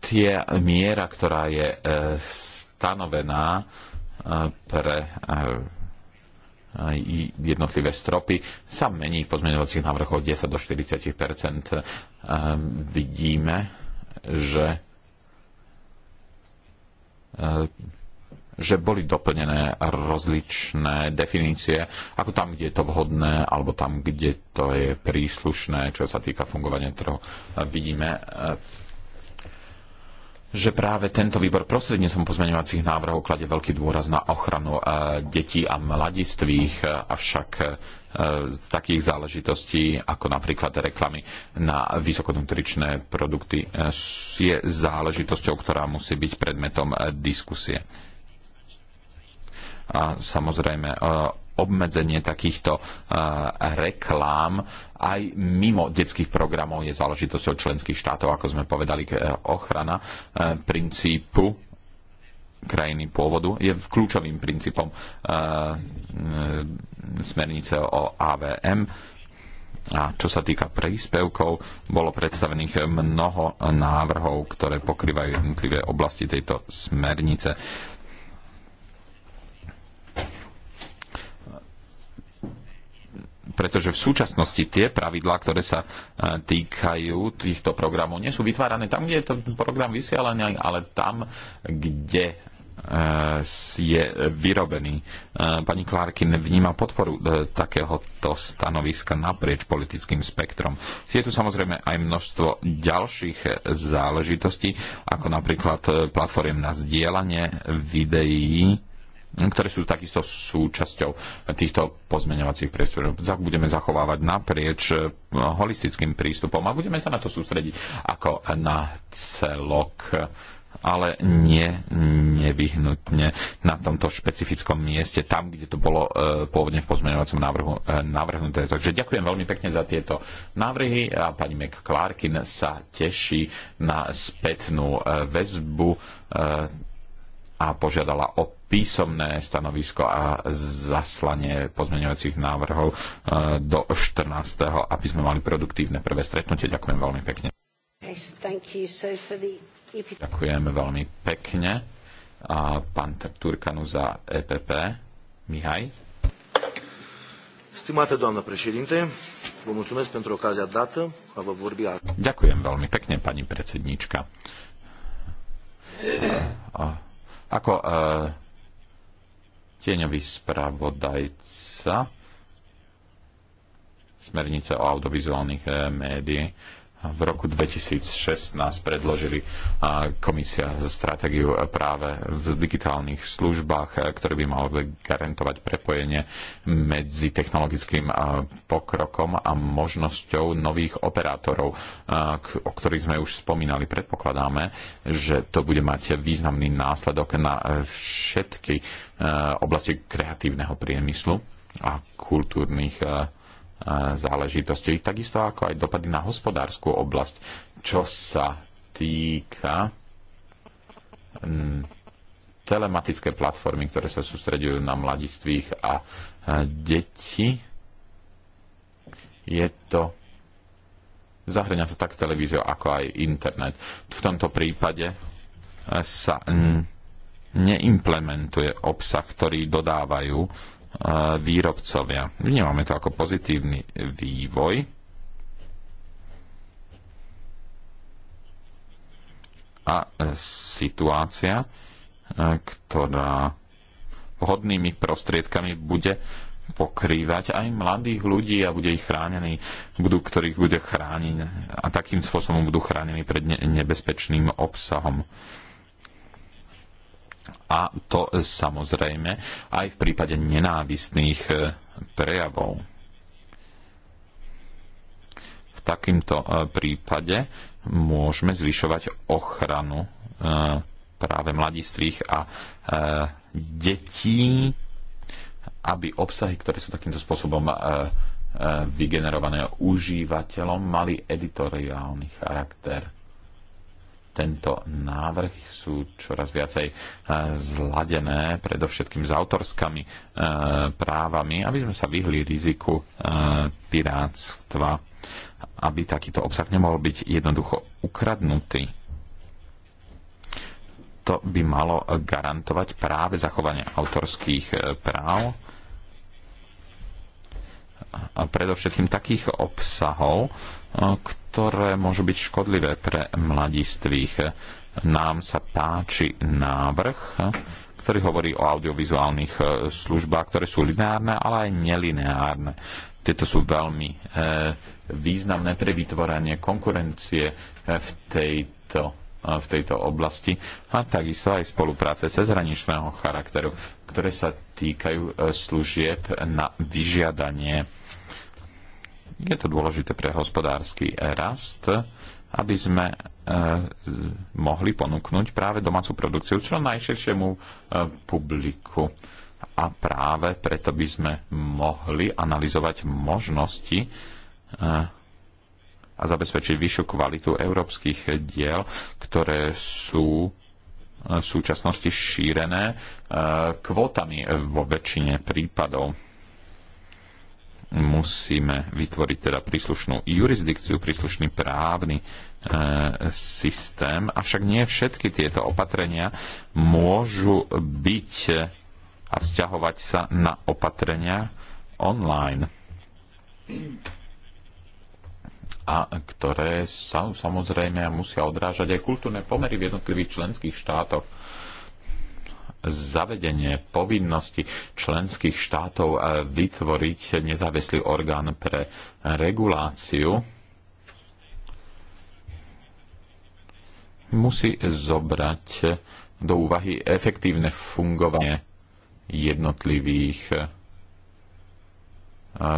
Tie miera, ktorá je stanovená pre jednotlivé stropy sa mení v pozmeňovacích návrhoch od 10 do 40 Vidíme, že že boli doplnené rozličné definície, ako tam, kde je to vhodné, alebo tam, kde to je príslušné, čo sa týka fungovania trhu. Vidíme, e, že práve tento výbor prostredníctvom pozmeňovacích návrhov klade veľký dôraz na ochranu e, detí a mladistvých, e, avšak z takých záležitostí, ako napríklad reklamy na vysokonutričné produkty, je záležitosťou, ktorá musí byť predmetom diskusie a samozrejme e, obmedzenie takýchto e, reklám aj mimo detských programov je záležitosťou členských štátov, ako sme povedali, e, ochrana princípu krajiny pôvodu je kľúčovým princípom smernice o AVM. A čo sa týka príspevkov, bolo predstavených mnoho návrhov, ktoré pokrývajú jednotlivé oblasti tejto smernice. pretože v súčasnosti tie pravidlá, ktoré sa e, týkajú týchto programov, nie sú vytvárané tam, kde je to program vysielaný, ale tam, kde e, je vyrobený. E, pani Klárkin vníma podporu takéhoto stanoviska naprieč politickým spektrom. Je tu samozrejme aj množstvo ďalších záležitostí, ako napríklad platform na zdieľanie videí, ktoré sú takisto súčasťou týchto pozmeňovacích priestorov. Budeme zachovávať naprieč eh, holistickým prístupom a budeme sa na to sústrediť ako na celok ale nie nevyhnutne na tomto špecifickom mieste, tam, kde to bolo e, pôvodne v pozmeňovacom návrhu e, navrhnuté. Takže ďakujem veľmi pekne za tieto návrhy a pani Klárkin sa teší na spätnú e, väzbu a požiadala o písomné stanovisko a zaslanie pozmeňovacích návrhov eh, do 14. aby sme mali produktívne prvé stretnutie. Ďakujem veľmi pekne. E Ďakujem veľmi pekne. A pán Turkanu za EPP. Mihai. Stimată doamnă președinte, vă mulțumesc pentru ocazia dată a vă vorbi Ďakujem veľmi pekne, pani predsedníčka. A, a ako e, tieňový spravodajca smernice o audiovizuálnych e, médií, v roku 2016 predložili komisia za stratégiu práve v digitálnych službách, e, ktoré by malo garantovať prepojenie medzi technologickým e, pokrokom a možnosťou nových operátorov, e, o ktorých sme už spomínali. Predpokladáme, že to bude mať významný následok na všetky oblasti kreatívneho priemyslu a kultúrnych záležitosti, takisto ako aj dopady na hospodárskú oblasť, čo sa týka mm, telematické platformy, ktoré sa sústredujú na mladistvých a deti. Je to Zahrňa to tak televíziu, ako aj internet. V tomto prípade e, sa neimplementuje obsah, ktorý dodávajú výrobcovia. Vnímame to ako pozitívny vývoj. A e, situácia, e, ktorá vhodnými prostriedkami bude pokrývať aj mladých ľudí a bude ich chránený, budú, ktorých bude chrániť a takým spôsobom budú chránení pred nebezpečným obsahom a to samozrejme aj v prípade nenávistných e, prejavov. V takýmto e, prípade môžeme zvyšovať ochranu e, práve mladistvých a detí, aby obsahy, ktoré sú takýmto spôsobom vygenerované užívateľom, mali editoriálny charakter tento návrh sú čoraz viacej e, zladené, predovšetkým s autorskými e, právami, aby sme sa vyhli riziku e, pirátstva, aby takýto obsah nemohol byť jednoducho ukradnutý. To by malo garantovať práve zachovanie autorských práv a predovšetkým takých obsahov, e, ktoré môžu byť škodlivé pre mladistvých. Nám sa páči návrh, ktorý hovorí o audiovizuálnych e, službách, ktoré sú lineárne, ale aj nelineárne. Tieto sú veľmi e, významné pre vytvorenie konkurencie v tejto v tejto oblasti a takisto aj spolupráce cezhraničného charakteru, ktoré sa týkajú e, služieb na vyžiadanie. Je to dôležité pre hospodársky rast, aby sme e, mohli ponúknuť práve domácu produkciu čo najširšiemu e, publiku. A práve preto by sme mohli analyzovať možnosti a zabezpečiť vyššiu kvalitu európskych diel, ktoré sú e, v súčasnosti šírené e, kvótami vo väčšine prípadov. Musíme vytvoriť teda príslušnú jurisdikciu, príslušný právny e, systém, avšak nie všetky tieto opatrenia môžu byť a vzťahovať sa na opatrenia online a ktoré sa samozrejme musia odrážať aj kultúrne pomery v jednotlivých členských štátoch. Zavedenie povinnosti členských štátov eh, vytvoriť nezávislý orgán pre reguláciu musí zobrať do úvahy efektívne fungovanie jednotlivých eh,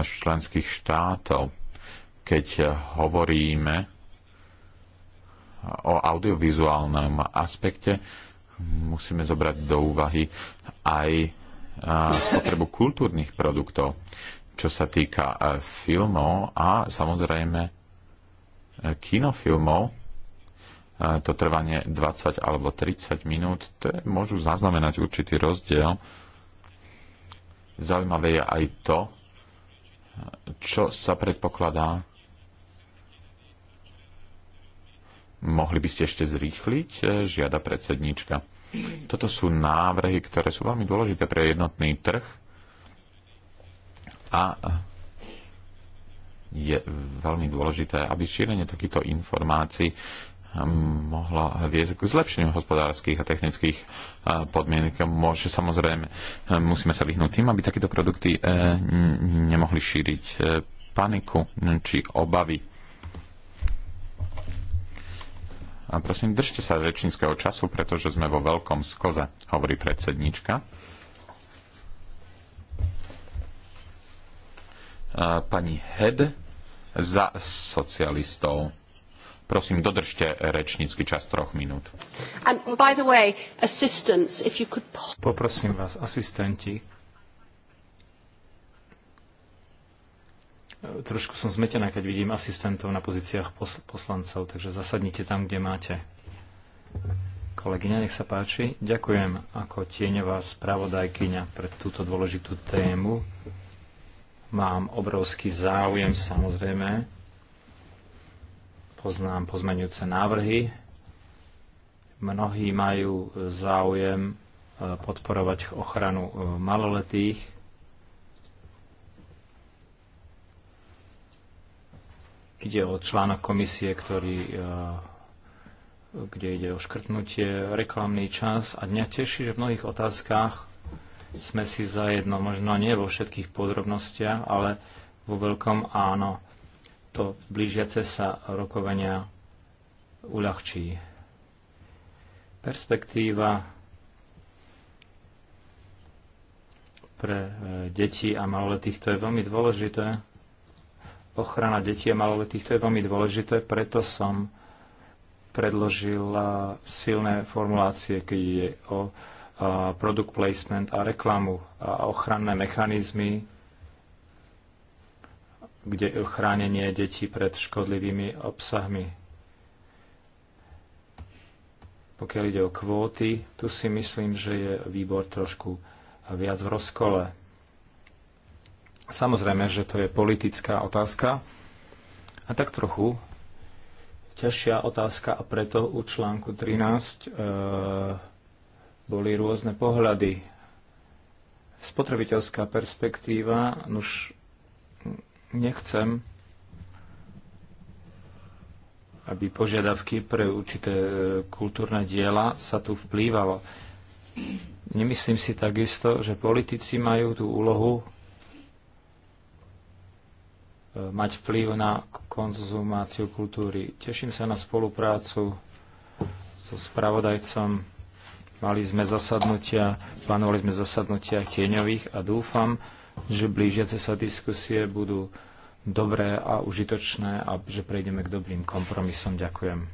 členských štátov keď hovoríme o audiovizuálnom aspekte, musíme zobrať do úvahy aj e, spotrebu kultúrnych produktov, čo sa týka e, filmov a samozrejme e, kinofilmov, to trvanie 20 alebo 30 minút, to je, môžu zaznamenať určitý rozdiel. Zaujímavé je aj to, čo sa predpokladá Mohli by ste ešte zrýchliť, e, žiada predsednička. Toto sú návrhy, ktoré sú veľmi dôležité pre jednotný trh a e, je veľmi dôležité, aby šírenie takýchto informácií e, mohlo viesť k zlepšeniu hospodárskych a technických podmienok. Môže samozrejme, musíme sa vyhnúť tým, aby takéto produkty nemohli šíriť paniku či obavy. A prosím, držte sa rečníckého času, pretože sme vo veľkom skoze, hovorí predsednička. Pani Head za socialistov. Prosím, dodržte rečnícky čas troch minút. Way, could... Poprosím vás, asistenti, trošku som zmetená, keď vidím asistentov na pozíciách poslancov, takže zasadnite tam, kde máte. Kolegyňa, nech sa páči. Ďakujem ako tieňová spravodajkyňa pre túto dôležitú tému. Mám obrovský záujem, samozrejme. Poznám pozmenujúce návrhy. Mnohí majú záujem eh, podporovať ochranu eh, maloletých, Ide o článok komisie, ktorý, eh, kde ide o škrtnutie reklamný čas a dňa teší, že v mnohých otázkach sme si zajedno, možno nie vo všetkých podrobnostiach, ale vo veľkom áno. To blížiace sa rokovania uľahčí. Perspektíva pre eh, deti a maloletých to je veľmi dôležité ochrana detí a maloletých, to je veľmi dôležité, preto som predložil silné formulácie, keď je o product placement a reklamu a ochranné mechanizmy, kde je chránenie detí pred škodlivými obsahmi. Pokiaľ ide o kvóty, tu si myslím, že je výbor trošku viac v rozkole. Samozrejme, že to je politická otázka a tak trochu ťažšia otázka a preto u článku 13 e, boli rôzne pohľady. Spotrebiteľská perspektíva, už nechcem, aby požiadavky pre určité kultúrne diela sa tu vplývalo. Nemyslím si takisto, že politici majú tú úlohu E, mať vplyv na konzumáciu kultúry. Teším sa na spoluprácu so spravodajcom. Mali sme zasadnutia, plánovali sme zasadnutia tieňových a dúfam, že blížiace sa diskusie budú dobré a užitočné a že prejdeme k dobrým kompromisom. Ďakujem.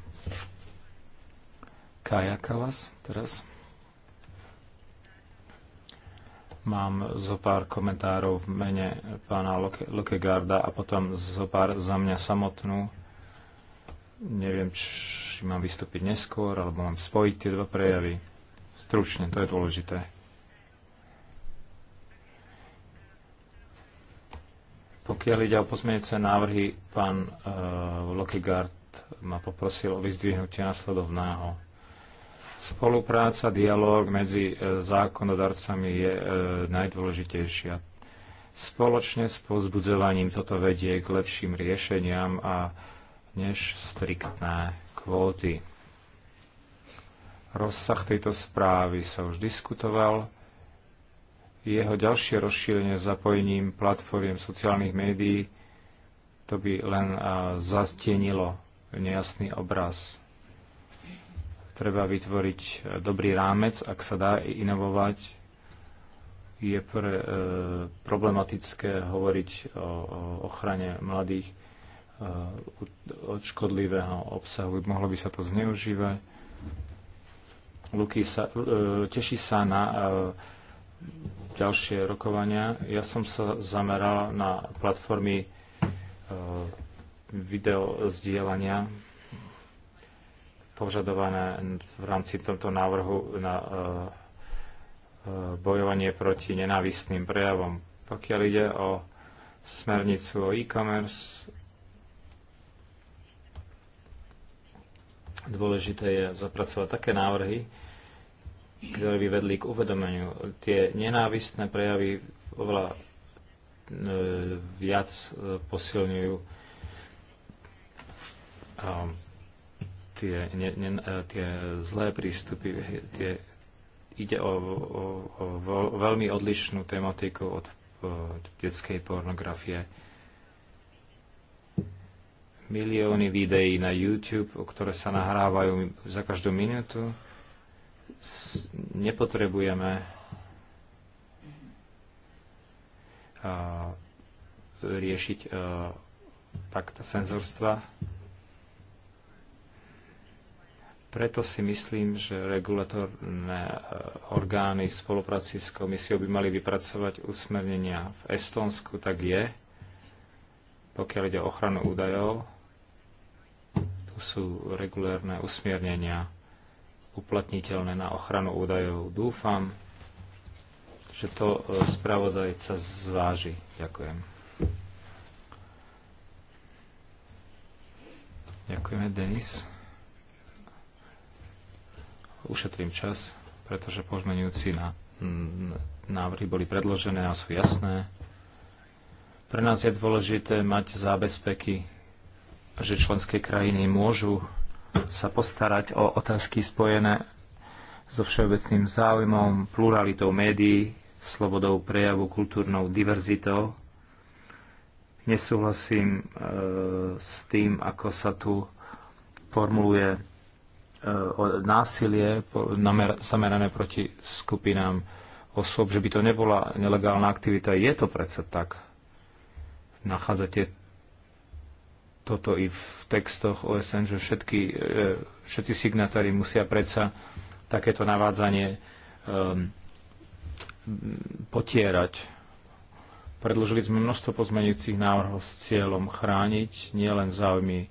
Kaja Kalas teraz. Mám zo pár komentárov v mene pána Lokegarda a potom zo pár za mňa samotnú. Neviem, či mám vystúpiť neskôr, alebo mám spojiť tie dva prejavy. Stručne, to je dôležité. Pokiaľ ide o pozmeňujúce návrhy, pán uh, Lokegard ma poprosil o vyzdvihnutie nasledovného. Spolupráca, dialog medzi e, zákonodarcami je e, najdôležitejšia. Spoločne s pozbudzovaním toto vedie k lepším riešeniam a než striktné kvóty. Rozsah tejto správy sa už diskutoval. Jeho ďalšie rozšírenie zapojením platformiem sociálnych médií to by len zatienilo nejasný obraz Treba vytvoriť e, dobrý rámec, ak sa dá inovovať. Je pre, e, problematické hovoriť o, o ochrane mladých e, od škodlivého obsahu. Mohlo by sa to zneužívať. Luky sa, e, teší sa na ďalšie rokovania. Ja som sa zameral na platformy video zdieľania požadované v rámci tomto návrhu na e, e, bojovanie proti nenávistným prejavom. Pokiaľ ide o smernicu o e-commerce, dôležité je zapracovať také návrhy, ktoré by vedli k uvedomeniu. Tie nenávistné prejavy oveľa e, viac posilňujú tie, ne, ne, e, tie zlé prístupy, tie, ide o, o, o veľmi odlišnú tematiku od, od detskej pornografie. Milióny videí na YouTube, ktoré sa nahrávajú za každú minútu, nepotrebujeme riešiť fakt e, senzorstva preto si myslím, že regulatorné e, orgány v spolupráci s komisiou by mali vypracovať usmernenia. V Estónsku tak je, pokiaľ ide o ochranu údajov. Tu sú regulérne usmernenia uplatniteľné na ochranu údajov. Dúfam, že to e, spravodajca zváži. Ďakujem. Ďakujeme, Denis ušetrím čas, pretože požmenujúci na, návrhy boli predložené a sú jasné. Pre nás je dôležité mať zábezpeky, že členské krajiny môžu sa postarať o otázky spojené so všeobecným záujmom, pluralitou médií, slobodou prejavu, kultúrnou diverzitou. Nesúhlasím e, s tým, ako sa tu formuluje násilie zamerané proti skupinám osôb, že by to nebola nelegálna aktivita. Je to predsa tak. Nachádzate toto i v textoch OSN, že všetky, e, všetci signatári musia predsa takéto navádzanie um, potierať. Predložili sme množstvo pozmenujúcich návrhov s cieľom chrániť nielen záujmy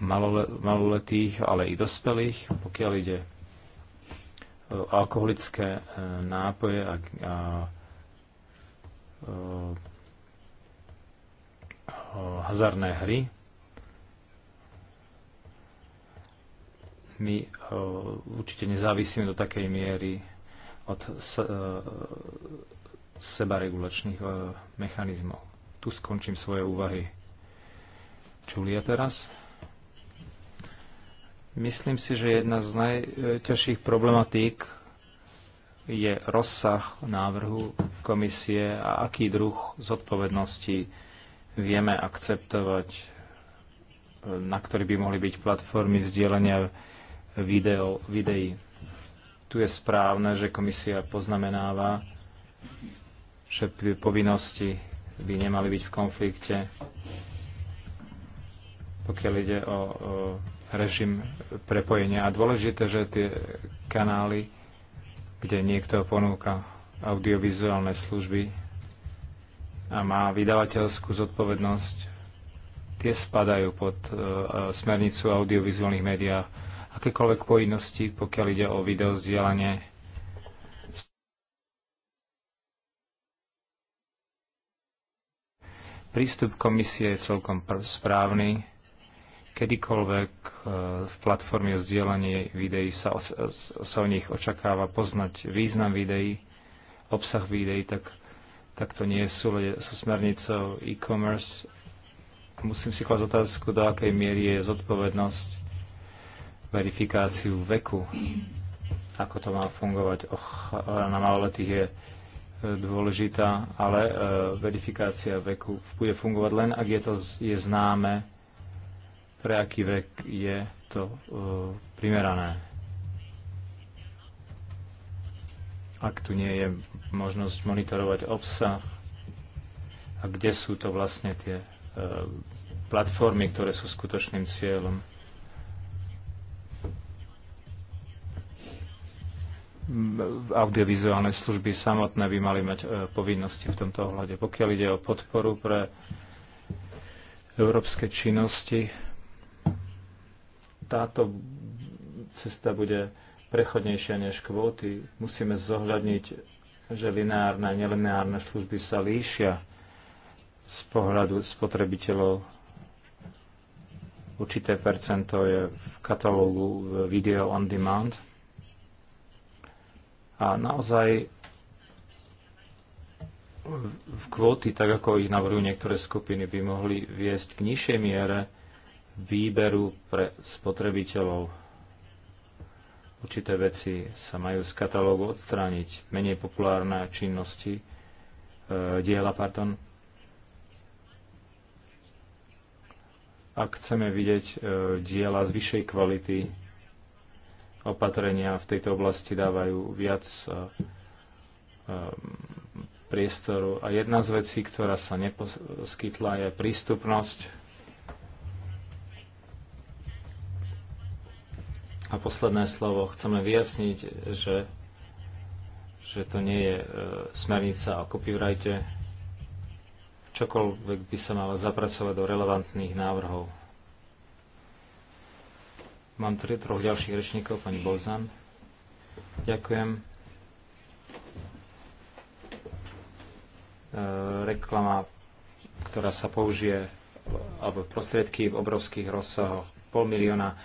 maloletých, ale i dospelých, pokiaľ ide e, o alkoholické e, nápoje a, a, a e, hazardné hry. My určite nezávisíme do takej miery od sebaregulačných mechanizmov. Tu skončím svoje úvahy. Čulia teraz. Myslím si, že jedna z najťažších problematík je rozsah návrhu komisie a aký druh zodpovednosti vieme akceptovať, na ktorý by mohli byť platformy zdieľania video, videí. Tu je správne, že komisia poznamenáva, že povinnosti by nemali byť v konflikte, pokiaľ ide o, o režim prepojenia. A dôležité, že tie kanály, kde niekto ponúka audiovizuálne služby a má vydavateľskú zodpovednosť, tie spadajú pod uh, smernicu audiovizuálnych médiá. Akékoľvek povinnosti, pokiaľ ide o video vzdielanie, prístup komisie je celkom správny kedykoľvek e, v platforme o zdieľanie videí sa, sa o nich očakáva poznať význam videí, obsah videí, tak, tak to nie je súlede so smernicou e-commerce. Musím si klásť otázku, do akej miery je zodpovednosť verifikáciu veku, ako to má fungovať. Och, na maloletých je e, dôležitá, ale e, verifikácia veku bude fungovať len, ak je to je známe pre aký vek je to e, primerané. Ak tu nie je možnosť monitorovať obsah a kde sú to vlastne tie e, platformy, ktoré sú skutočným cieľom. audiovizuálne služby samotné by mali mať e, povinnosti v tomto ohľade. Pokiaľ ide o podporu pre európske činnosti, táto cesta bude prechodnejšia než kvóty. Musíme zohľadniť, že lineárne a nelineárne služby sa líšia z pohľadu spotrebiteľov. Určité percento je v katalógu Video on Demand. A naozaj v kvóty, tak ako ich navrhujú niektoré skupiny, by mohli viesť k nižšej miere výberu pre spotrebiteľov. Určité veci sa majú z katalógu odstrániť, menej populárne činnosti, e, diela, pardon. Ak chceme vidieť e, diela z vyššej kvality, opatrenia v tejto oblasti dávajú viac e, e priestoru. A jedna z vecí, ktorá sa neposkytla, je prístupnosť A posledné slovo. Chceme vyjasniť, že, že to nie je e, smernica o copyrighte. Čokoľvek by sa malo zapracovať do relevantných návrhov. Mám tri, troch ďalších rečníkov, pani Bolzan. Ďakujem. E, reklama, ktorá sa použije alebo prostriedky v obrovských rozsahoch, pol milióna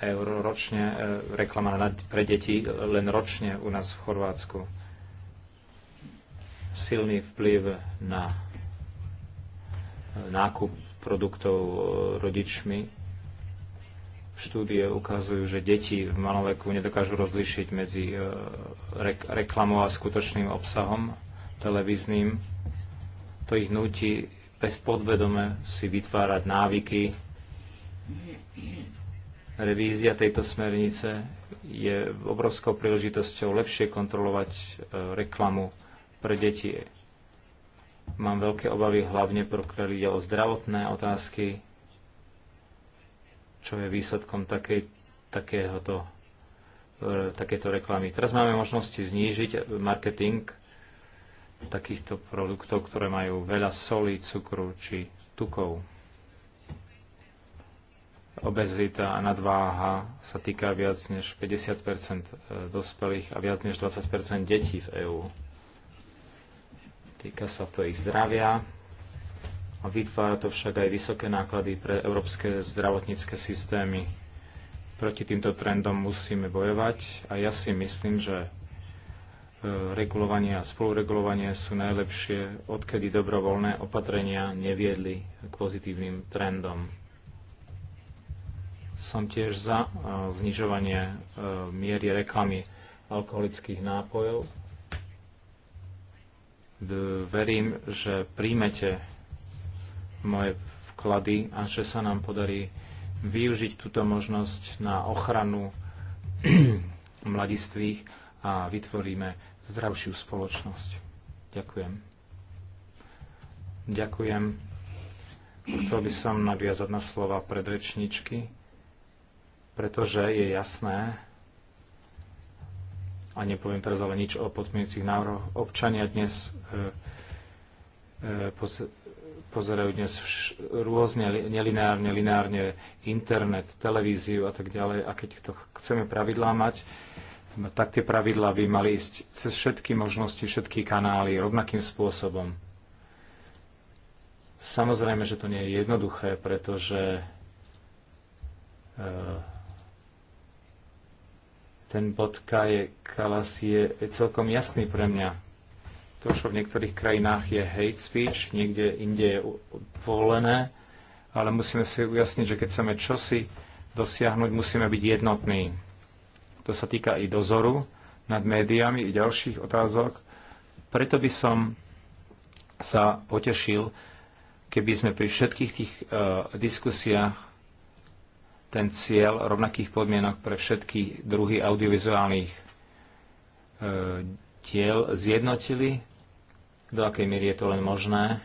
eur ročne, e, reklama pre deti len ročne u nás v Chorvátsku. Silný vplyv na e, nákup produktov e, rodičmi. Štúdie ukazujú, že deti v maloveku nedokážu rozlišiť medzi reklamou a skutočným obsahom televíznym. To ich núti bez podvedome si vytvárať návyky, Revízia tejto smernice je obrovskou príležitosťou lepšie kontrolovať e, reklamu pre deti. Mám veľké obavy, hlavne pokiaľ ide o zdravotné otázky, čo je výsledkom takej, takéhoto, e, takéto reklamy. Teraz máme možnosti znížiť marketing takýchto produktov, ktoré majú veľa soli, cukru či tukov. Obezita a nadváha sa týka viac než 50 e, dospelých a viac než 20 detí v EÚ. Týka sa to ich zdravia a vytvára to však aj vysoké náklady pre európske zdravotnícke systémy. Proti týmto trendom musíme bojovať a ja si myslím, že e, regulovanie a spoluregulovanie sú najlepšie, odkedy dobrovoľné opatrenia neviedli k pozitívnym trendom. Som tiež za e, znižovanie e, miery reklamy alkoholických nápojov. Verím, že príjmete moje vklady a že sa nám podarí využiť túto možnosť na ochranu mladistvých a vytvoríme zdravšiu spoločnosť. Ďakujem. Ďakujem. Chcel by som nadviazať na slova predrečničky pretože je jasné, a nepoviem teraz ale nič o podmienujúcich návrhoch, občania dnes e, e, pozerajú dnes rôzne, nelineárne, lineárne, internet, televíziu a tak ďalej. A keď to chceme pravidlá mať, tak tie pravidlá by mali ísť cez všetky možnosti, všetky kanály rovnakým spôsobom. Samozrejme, že to nie je jednoduché, pretože e, ten bod K je Kalas je celkom jasný pre mňa. To, čo v niektorých krajinách je hate speech, niekde inde je povolené, ale musíme si ujasniť, že keď chceme čosi dosiahnuť, musíme byť jednotní. To sa týka i dozoru nad médiami i ďalších otázok. Preto by som sa potešil, keby sme pri všetkých tých uh, diskusiách ten cieľ rovnakých podmienok pre všetky druhy audiovizuálnych e, diel zjednotili, do akej miery je to len možné.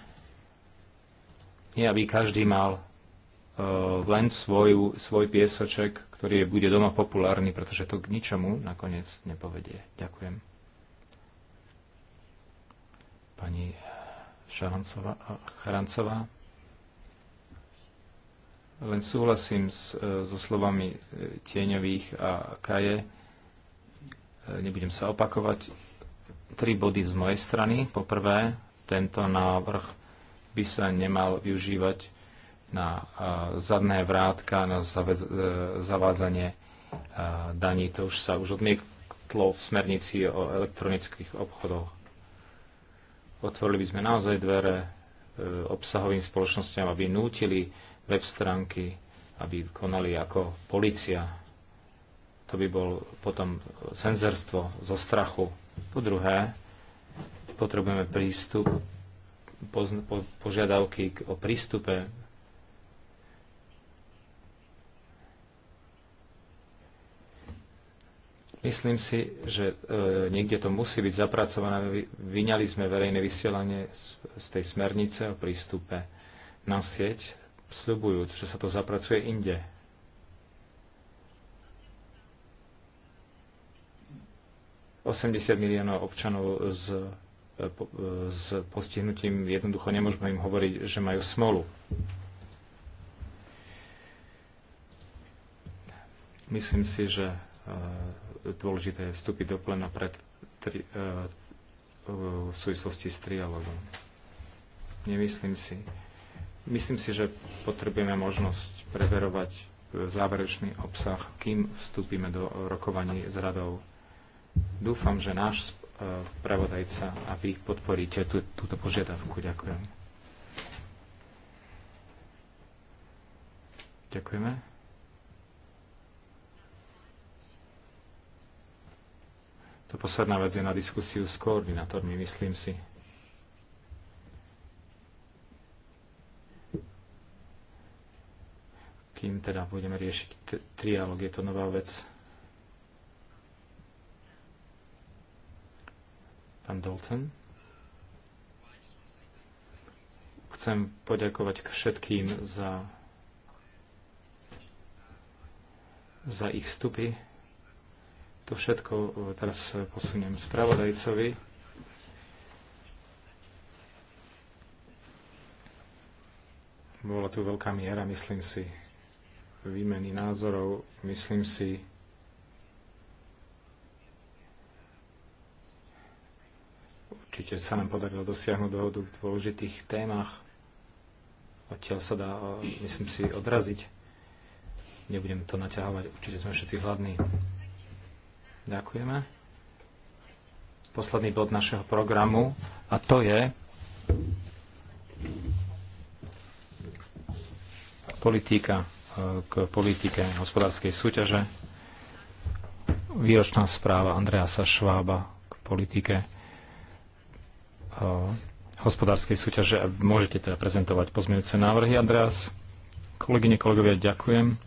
Nie, aby každý mal e, len svoju, svoj piesoček, ktorý je, bude doma populárny, pretože to k ničomu nakoniec nepovedie. Ďakujem. Pani Šarancová, Charancová. Len súhlasím s, e, so slovami e, Tieňových a Kaje. E, nebudem sa opakovať. Tri body z mojej strany. Poprvé, tento návrh by sa nemal využívať na zadné vrátka, na zavádzanie daní. To už sa už odmietlo v smernici o elektronických obchodoch. Otvorili by sme naozaj dvere obsahovým spoločnosťam, aby nútili web stránky, aby konali ako policia. To by bol potom cenzerstvo zo strachu. Po druhé, potrebujeme prístup, požiadavky o prístupe Myslím si, že e, niekde to musí byť zapracované. Vyňali sme verejné vysielanie z, z tej smernice o prístupe na sieť sľubujú, že sa to zapracuje inde. Osemdesiat miliónov občanov s, e, e, s postihnutím jednoducho nemôžeme im hovoriť, že majú smolu. Myslím si, že e, dôležité je vstúpiť do plena pred, tri, v súvislosti s trialogom. Nemyslím si, Myslím si, že potrebujeme možnosť preverovať e, záverečný obsah, kým vstúpime do rokovaní s radou. Dúfam, že náš e, pravodajca a vy podporíte tú, túto požiadavku. Ďakujem. Ďakujeme. To posledná vec je na diskusiu s koordinátormi, myslím si. kým teda budeme riešiť trialog. Je to nová vec. Pán Dolcen. Chcem poďakovať všetkým za, za ich vstupy. To všetko e, teraz posuniem spravodajcovi. bola tu veľká miera, myslím si, výmeny názorov. Myslím si, určite sa nám podarilo dosiahnuť dohodu v dôležitých témach. Odtiaľ sa dá, myslím si, odraziť. Nebudem to naťahovať, určite sme všetci hladní. Ďakujeme. Posledný bod našeho programu a to je politika k politike hospodárskej súťaže, výročná správa Andreasa Švába k politike e, hospodárskej súťaže a môžete teda prezentovať pozmeňujúce návrhy. Andreas, kolegyne, kolegovia, ďakujem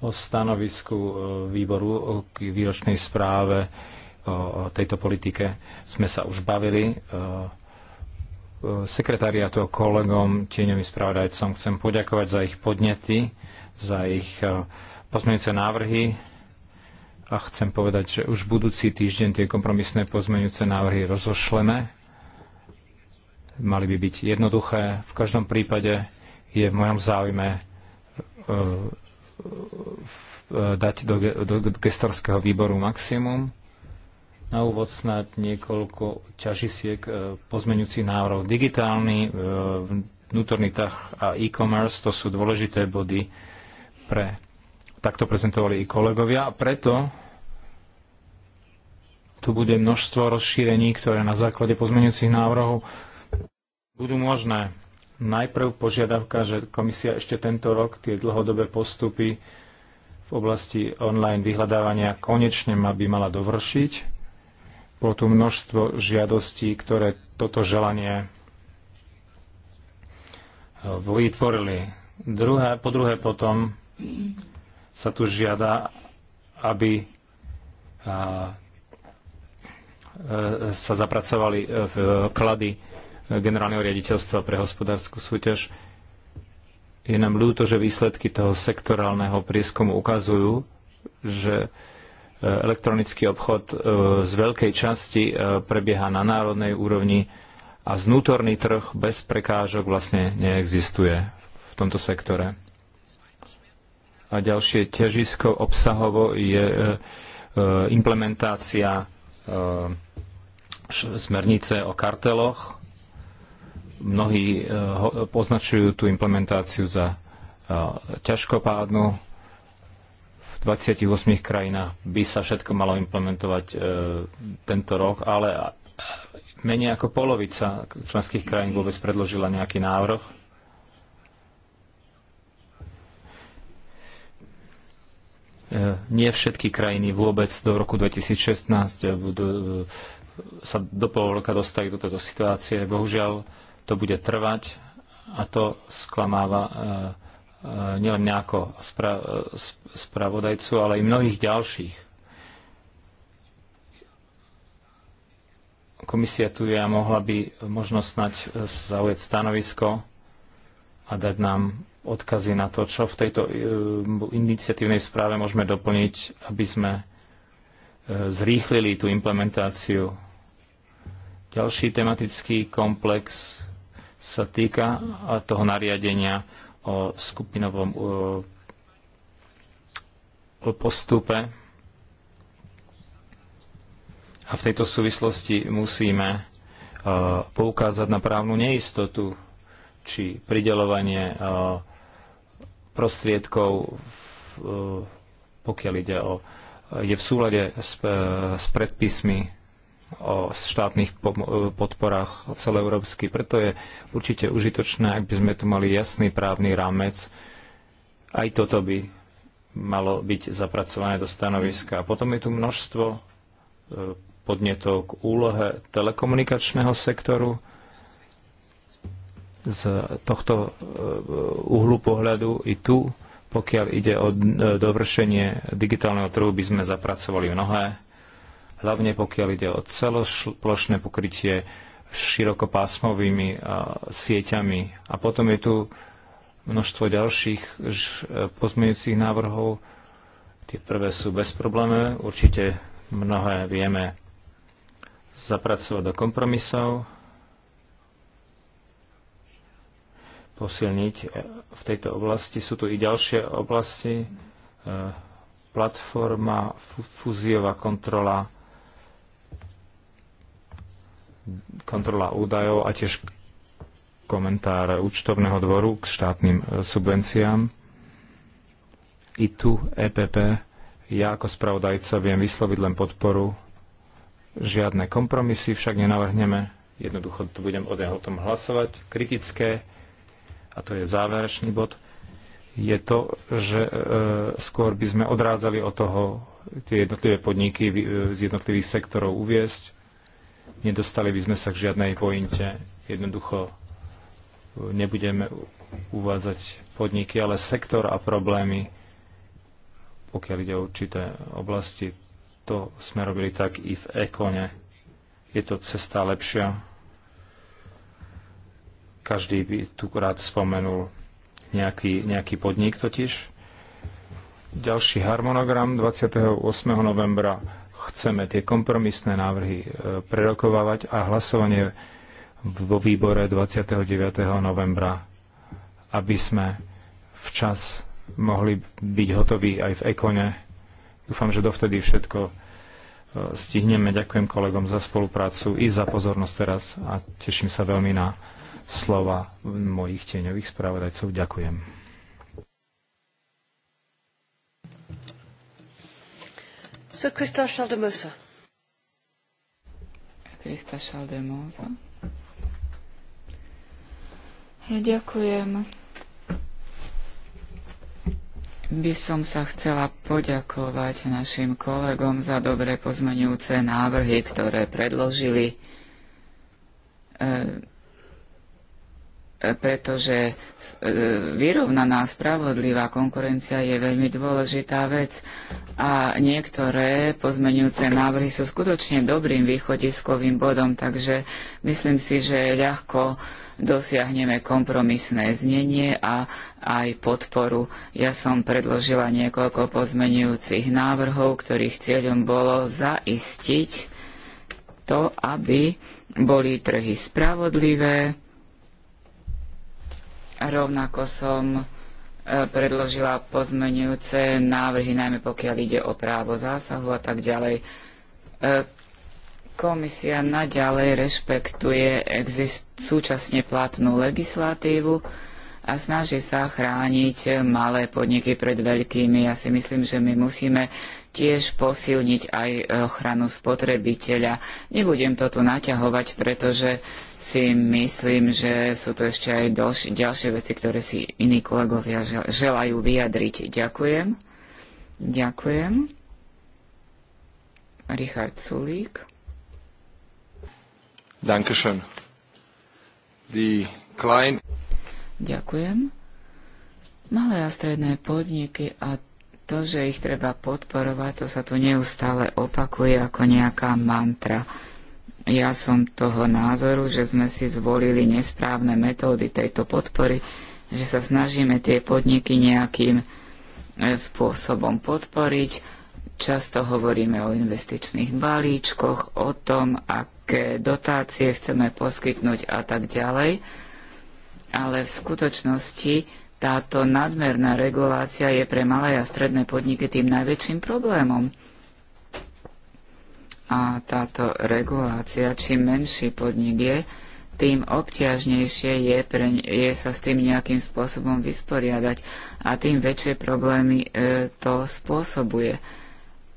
o stanovisku e, výboru e, k výročnej správe o tejto politike sme sa už bavili sekretariatu, kolegom, tieňovým spravodajcom chcem poďakovať za ich podnety, za ich eh, pozmeňujúce návrhy a chcem povedať, že už budúci týždeň tie kompromisné pozmeňujúce návrhy rozošleme. Mali by byť jednoduché. V každom prípade je v mojom záujme eh, eh, dať do, do gestorského výboru maximum na úvod snad niekoľko ťažisiek e, pozmeňujúcich návrhov. Digitálny, e, vnútorný trh a e-commerce, to sú dôležité body pre... Takto prezentovali i kolegovia a preto tu bude množstvo rozšírení, ktoré na základe pozmeňujúcich návrhov budú možné. Najprv požiadavka, že komisia ešte tento rok tie dlhodobé postupy v oblasti online vyhľadávania konečne by mala dovršiť bolo tu množstvo žiadostí, ktoré toto želanie eh, vytvorili. Druhé, po druhé potom sa tu žiada, aby eh, eh, sa zapracovali v klady generálneho riaditeľstva pre hospodárskú súťaž. Je nám ľúto, že výsledky toho sektorálneho prieskumu ukazujú, že elektronický obchod e, z veľkej časti e, prebieha na národnej úrovni a znútorný trh bez prekážok vlastne neexistuje v tomto sektore. A ďalšie ťažisko obsahovo je e, implementácia smernice o karteloch. Mnohí označujú tú implementáciu za ťažkopádnu 28 krajinách by sa všetko malo implementovať e, tento rok, ale menej ako polovica členských krajín vôbec predložila nejaký návrh. E, nie všetky krajiny vôbec do roku 2016 e, budú, e, sa do pol roka dostali do tejto situácie. Bohužiaľ, to bude trvať a to sklamáva e, E, nielen mňa ako spra- e, spravodajcu, ale i mnohých ďalších. Komisia tu je a mohla by možno snať e, zaujať stanovisko a dať nám odkazy na to, čo v tejto iniciatívnej správe môžeme doplniť, aby sme zrýchlili tú implementáciu. Ďalší tematický komplex sa týka toho nariadenia o skupinovom o postupe. A v tejto súvislosti musíme poukázať na právnu neistotu či pridelovanie prostriedkov, pokiaľ ide o, je v súlade s, e, s predpismi o štátnych e, podporách celoeurópsky. Preto je určite užitočné, ak by sme tu mali jasný právny rámec. Aj toto by malo byť zapracované do stanoviska. A potom je tu množstvo e, podnetov k úlohe telekomunikačného sektoru. Z tohto e, uhlu pohľadu i tu, pokiaľ ide o dovršenie digitálneho trhu, by sme zapracovali mnohé hlavne pokiaľ ide o celoplošné pokrytie širokopásmovými sieťami. A potom je tu množstvo ďalších pozmeňujúcich návrhov. Tie prvé sú bez problémov, určite mnohé vieme zapracovať do kompromisov, posilniť e, v tejto oblasti. Sú tu i ďalšie oblasti, e, platforma, fúziová kontrola, kontrola údajov a tiež komentár účtovného dvoru k štátnym e, subvenciám. I tu EPP, ja ako spravodajca viem vysloviť len podporu. Žiadne kompromisy však nenavrhneme. Jednoducho tu budem o tom hlasovať. Kritické, a to je záverečný bod, je to, že e, skôr by sme odrádzali od toho tie jednotlivé podniky e, z jednotlivých sektorov uviesť nedostali by sme sa k žiadnej pointe. Jednoducho e, nebudeme uvádzať podniky, ale sektor a problémy, pokiaľ ide o určité oblasti, to sme robili tak i v ekone. Je to cesta lepšia. Každý by tu rád spomenul nejaký, nejaký podnik totiž. Ďalší harmonogram 28. novembra chceme tie kompromisné návrhy e, prerokovávať a hlasovanie vo výbore 29. novembra, aby sme včas mohli byť hotoví aj v ekone. Dúfam, že dovtedy všetko e, stihneme. Ďakujem kolegom za spoluprácu i za pozornosť teraz a teším sa veľmi na slova mojich tieňových spravodajcov. Ďakujem. Ja ďakujem. By som sa chcela poďakovať našim kolegom za dobre pozmenujúce návrhy, ktoré predložili. E, pretože e, vyrovnaná spravodlivá konkurencia je veľmi dôležitá vec a niektoré pozmenujúce návrhy sú skutočne dobrým východiskovým bodom, takže myslím si, že ľahko dosiahneme kompromisné znenie a aj podporu. Ja som predložila niekoľko pozmenujúcich návrhov, ktorých cieľom bolo zaistiť to, aby boli trhy spravodlivé, Rovnako som e, predložila pozmenujúce návrhy, najmä pokiaľ ide o právo zásahu a tak ďalej. E, komisia naďalej rešpektuje exist- súčasne platnú legislatívu a snaží sa chrániť malé podniky pred veľkými. Ja si myslím, že my musíme tiež posilniť aj ochranu spotrebiteľa. Nebudem to tu naťahovať, pretože si myslím, že sú tu ešte aj ďalšie, ďalšie veci, ktoré si iní kolegovia želajú vyjadriť. Ďakujem. Ďakujem. Richard Sulík. Dankeschön. Die Klein... Ďakujem. Malé a stredné podniky a to, že ich treba podporovať, to sa tu neustále opakuje ako nejaká mantra. Ja som toho názoru, že sme si zvolili nesprávne metódy tejto podpory, že sa snažíme tie podniky nejakým e, spôsobom podporiť. Často hovoríme o investičných balíčkoch, o tom, aké dotácie chceme poskytnúť a tak ďalej. Ale v skutočnosti táto nadmerná regulácia je pre malé a stredné podniky tým najväčším problémom. A táto regulácia, čím menší podnik je, tým obťažnejšie je, pre, je sa s tým nejakým spôsobom vysporiadať a tým väčšie problémy e, to spôsobuje.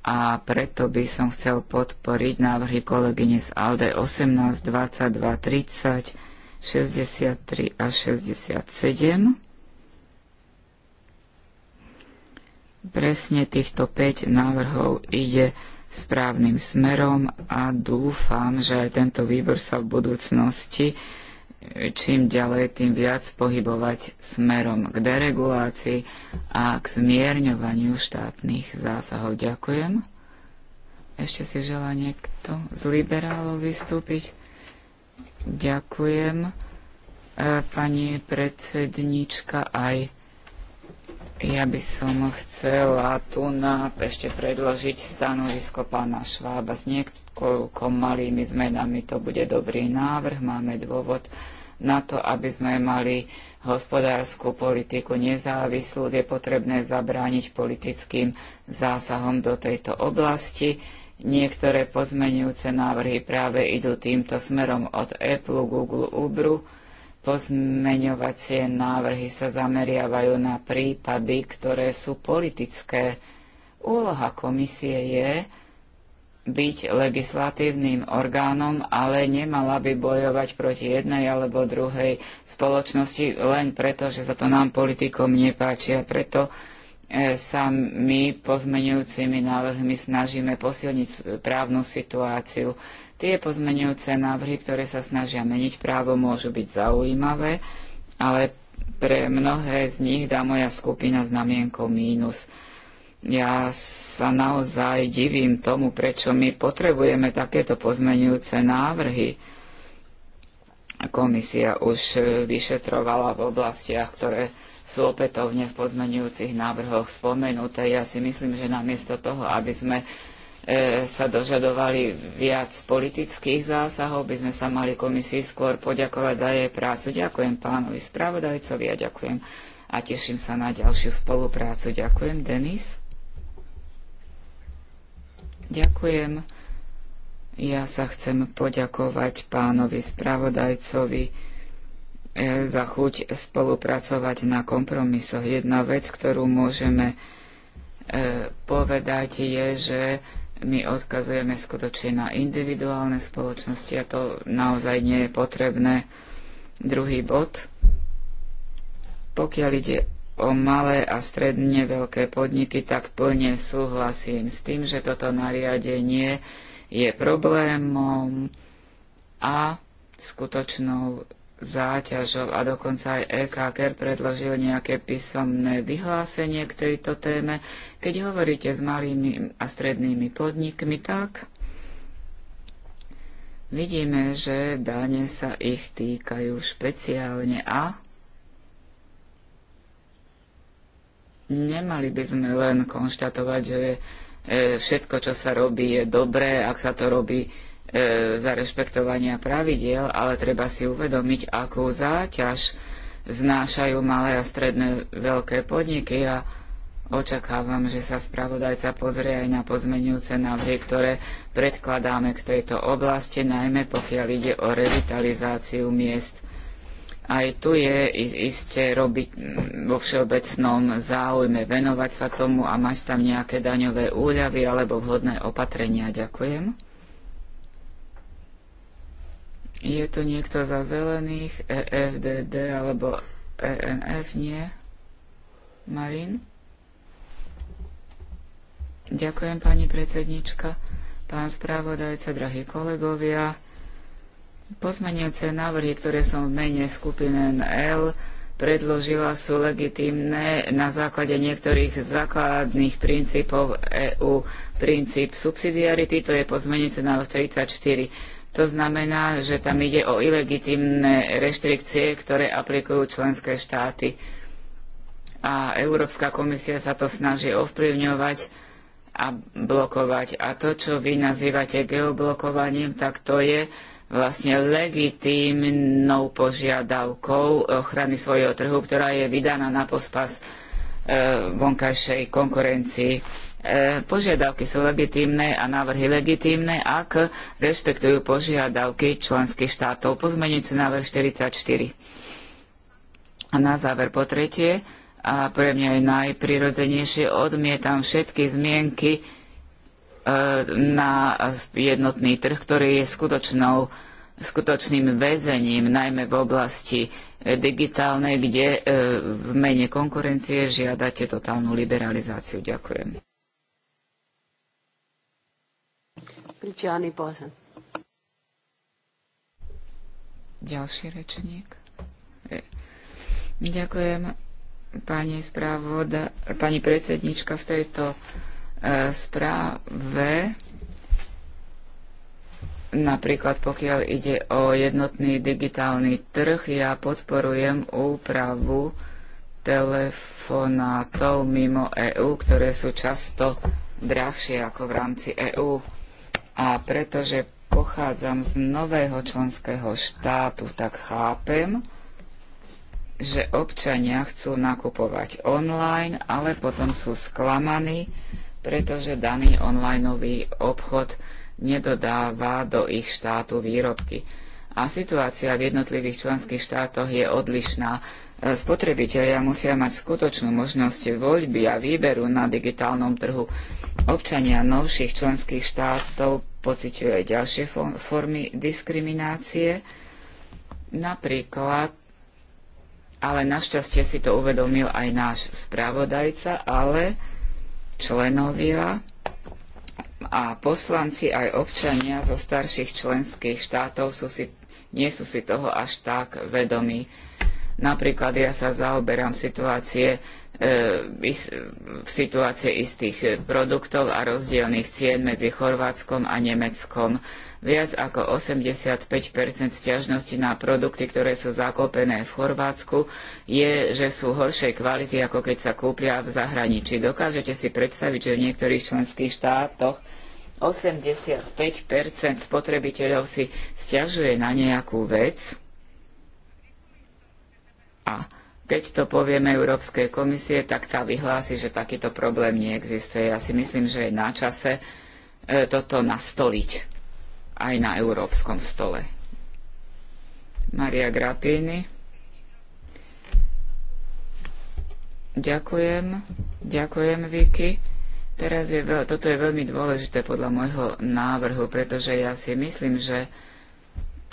A preto by som chcel podporiť návrhy kolegyne z ALDE 18, 22, 30, 63 a 67 Presne týchto 5 návrhov ide správnym smerom a dúfam, že aj tento výbor sa v budúcnosti e, čím ďalej, tým viac pohybovať smerom k deregulácii a k zmierňovaniu štátnych zásahov. Ďakujem. Ešte si želá niekto z liberálov vystúpiť? Ďakujem, e, pani predsednička, aj ja by som chcela tu na ešte predložiť stanovisko pána Švába s niekoľko malými zmenami. To bude dobrý návrh, máme dôvod na to, aby sme mali hospodárskú politiku nezávislú, je potrebné zabrániť politickým zásahom do tejto oblasti. Niektoré pozmenujúce návrhy práve idú týmto smerom od Apple, Google, Uberu Pozmeňovacie návrhy sa zameriavajú na prípady, ktoré sú politické. Úloha komisie je byť legislatívnym orgánom, ale nemala by bojovať proti jednej alebo druhej spoločnosti len preto, že sa to nám politikom nepáči. A preto e, sa my pozmenujúcimi návrhmi snažíme posilniť právnu situáciu. Tie pozmenujúce návrhy, ktoré sa snažia meniť právo, môžu byť zaujímavé, ale pre mnohé z nich dá moja skupina znamienko mínus. Ja sa naozaj divím tomu, prečo my potrebujeme takéto pozmenujúce návrhy. Komisia už vyšetrovala v oblastiach, ktoré sú opätovne v pozmenujúcich návrhoch spomenuté. Ja si myslím, že namiesto toho, aby sme E, sa dožadovali viac politických zásahov, by sme sa mali komisii skôr poďakovať za jej prácu. Ďakujem pánovi spravodajcovi a ďakujem a teším sa na ďalšiu spoluprácu. Ďakujem, Denis. Ďakujem. Ja sa chcem poďakovať pánovi spravodajcovi e, za chuť spolupracovať na kompromisoch. Jedna vec, ktorú môžeme e, povedať, je, že my odkazujeme skutočne na individuálne spoločnosti a to naozaj nie je potrebné. Druhý bod. Pokiaľ ide o malé a stredne veľké podniky, tak plne súhlasím s tým, že toto nariadenie je problémom a skutočnou záťažov a dokonca aj EKKR predložil nejaké písomné vyhlásenie k tejto téme. Keď hovoríte s malými a strednými podnikmi, tak vidíme, že dane sa ich týkajú špeciálne a nemali by sme len konštatovať, že e, všetko, čo sa robí, je dobré, ak sa to robí E, za rešpektovania pravidiel, ale treba si uvedomiť, akú záťaž znášajú malé a stredné veľké podniky a očakávam, že sa spravodajca pozrie aj na pozmenujúce návrhy, ktoré predkladáme k tejto oblasti, najmä pokiaľ ide o revitalizáciu miest. Aj tu je iste robiť mm, vo všeobecnom záujme venovať sa tomu a mať tam nejaké daňové úľavy alebo vhodné opatrenia. Ďakujem. Je tu niekto za zelených, EFDD alebo ENF? Nie. Marín? Ďakujem, pani predsednička, pán správodajca, drahí kolegovia. Pozmeniace návrhy, ktoré som v mene skupiny NL predložila, sú legitimné na základe niektorých základných princípov EÚ. Princíp subsidiarity, to je pozmeniace návrh 34 to znamená, že tam ide o ilegitímne reštrikcie, ktoré aplikujú členské štáty. A Európska komisia sa to snaží ovplyvňovať a blokovať. A to, čo vy nazývate geoblokovaním, tak to je vlastne legitímnou požiadavkou ochrany svojho trhu, ktorá je vydaná na pospas eh, vonkajšej konkurencii. E, požiadavky sú legitímne a návrhy legitímne, ak rešpektujú požiadavky členských štátov. Pozmenujúci návrh 44. A na záver po tretie, a pre mňa je najprirodzenejšie, odmietam všetky zmienky e, na jednotný trh, ktorý je skutočnou, skutočným väzením, najmä v oblasti digitálnej, kde e, v mene konkurencie žiadate totálnu liberalizáciu. Ďakujem. Bilgiani Bozen. Ďalší rečník. E, ďakujem pani, správoda, pani predsednička v tejto e, správe Napríklad pokiaľ ide o jednotný digitálny trh, ja podporujem úpravu telefonátov mimo EÚ, ktoré sú často drahšie ako v rámci EÚ. A pretože pochádzam z nového členského štátu, tak chápem, že občania chcú nakupovať online, ale potom sú sklamaní, pretože daný onlineový obchod nedodáva do ich štátu výrobky a situácia v jednotlivých členských štátoch je odlišná. E, spotrebitelia musia mať skutočnú možnosť voľby a výberu na digitálnom trhu. Občania novších členských štátov pociťujú aj ďalšie formy diskriminácie, napríklad ale našťastie si to uvedomil aj náš spravodajca, ale členovia a poslanci aj občania zo starších členských štátov sú si nie sú si toho až tak vedomí. Napríklad ja sa zaoberám situácie, e, v situácie istých produktov a rozdielných cien medzi Chorvátskom a Nemeckom. Viac ako 85 stiažnosti na produkty, ktoré sú zakopené v Chorvátsku, je, že sú horšej kvality, ako keď sa kúpia v zahraničí. Dokážete si predstaviť, že v niektorých členských štátoch 85 spotrebiteľov si sťažuje na nejakú vec a keď to povieme Európskej komisie, tak tá vyhlási, že takýto problém neexistuje. Ja si myslím, že je na čase e, toto nastoliť aj na európskom stole. Maria Grappini. Ďakujem. Ďakujem, Vicky. Teraz je, toto je veľmi dôležité podľa môjho návrhu, pretože ja si myslím, že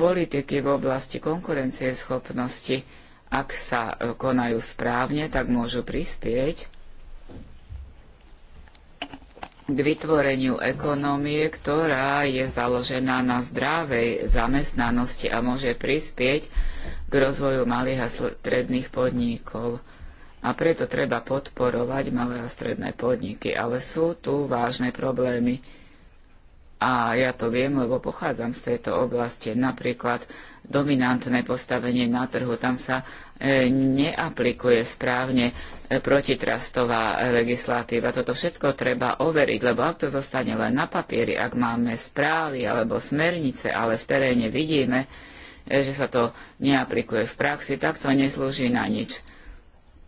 politiky v oblasti konkurencieschopnosti, ak sa e, konajú správne, tak môžu prispieť k vytvoreniu ekonomie, ktorá je založená na zdravej zamestnanosti a môže prispieť k rozvoju malých a stredných podnikov a preto treba podporovať malé a stredné podniky. Ale sú tu vážne problémy a ja to viem, lebo pochádzam z tejto oblasti. Napríklad dominantné postavenie na trhu, tam sa e, neaplikuje správne e, protitrastová e, legislatíva. Toto všetko treba overiť, lebo ak to zostane len na papieri, ak máme správy alebo smernice, ale v teréne vidíme, e, že sa to neaplikuje v praxi, tak to neslúži na nič.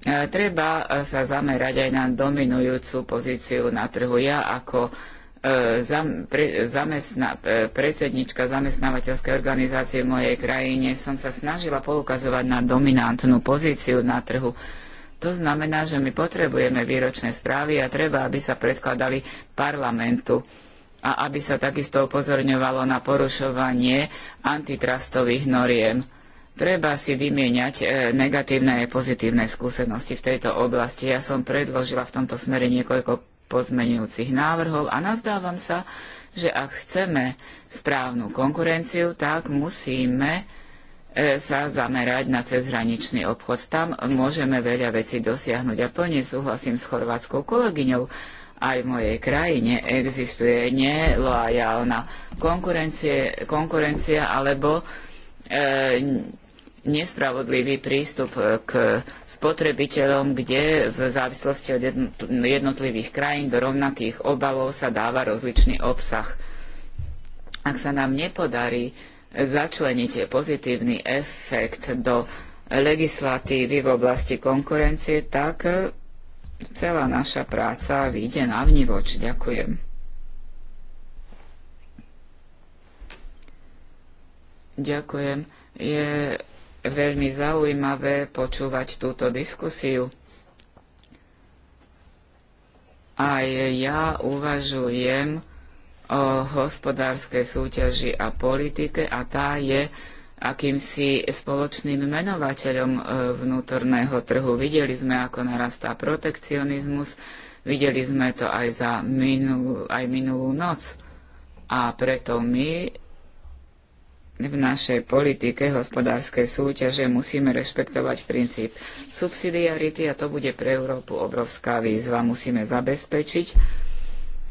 E, treba e, sa zamerať aj na dominujúcu pozíciu na trhu. Ja ako e, zam, pre, zamestna, predsednička zamestnávateľskej organizácie v mojej krajine som sa snažila poukazovať na dominantnú pozíciu na trhu. To znamená, že my potrebujeme výročné správy a treba, aby sa predkladali parlamentu a aby sa takisto upozorňovalo na porušovanie antitrustových noriem Treba si vymieňať e, negatívne a pozitívne skúsenosti v tejto oblasti. Ja som predložila v tomto smere niekoľko pozmenujúcich návrhov a nazdávam sa, že ak chceme správnu konkurenciu, tak musíme e, sa zamerať na cezhraničný obchod. Tam môžeme veľa vecí dosiahnuť a plne súhlasím s chorvátskou kolegyňou. Aj v mojej krajine existuje nelojálna konkurencia alebo e, nespravodlivý prístup e, k spotrebiteľom, kde v závislosti od jednotlivých krajín do rovnakých obalov sa dáva rozličný obsah. Ak sa nám nepodarí začleniť pozitívny efekt do legislatívy v oblasti konkurencie, tak e, celá naša práca vyjde na vnívoč. Ďakujem. Ďakujem. Je veľmi zaujímavé počúvať túto diskusiu. Aj ja uvažujem o hospodárskej súťaži a politike a tá je akýmsi spoločným menovateľom e, vnútorného trhu. Videli sme, ako narastá protekcionizmus, videli sme to aj za minulú, aj minulú noc. A preto my v našej politike hospodárskej súťaže musíme rešpektovať princíp subsidiarity a to bude pre Európu obrovská výzva. Musíme zabezpečiť,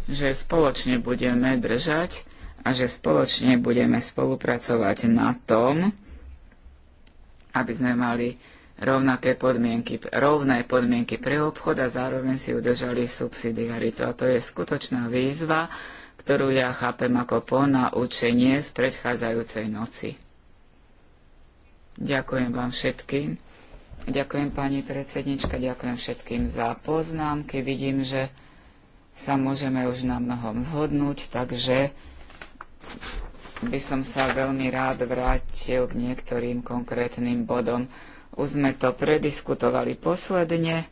že spoločne budeme držať a že spoločne budeme spolupracovať na tom, aby sme mali rovnaké podmienky, rovné podmienky pre obchod a zároveň si udržali subsidiaritu. A to je skutočná výzva, ktorú ja chápem ako ponaučenie z predchádzajúcej noci. Ďakujem vám všetkým. Ďakujem pani predsednička, ďakujem všetkým za poznámky. Vidím, že sa môžeme už na mnohom zhodnúť, takže by som sa veľmi rád vrátil k niektorým konkrétnym bodom. Už sme to prediskutovali posledne.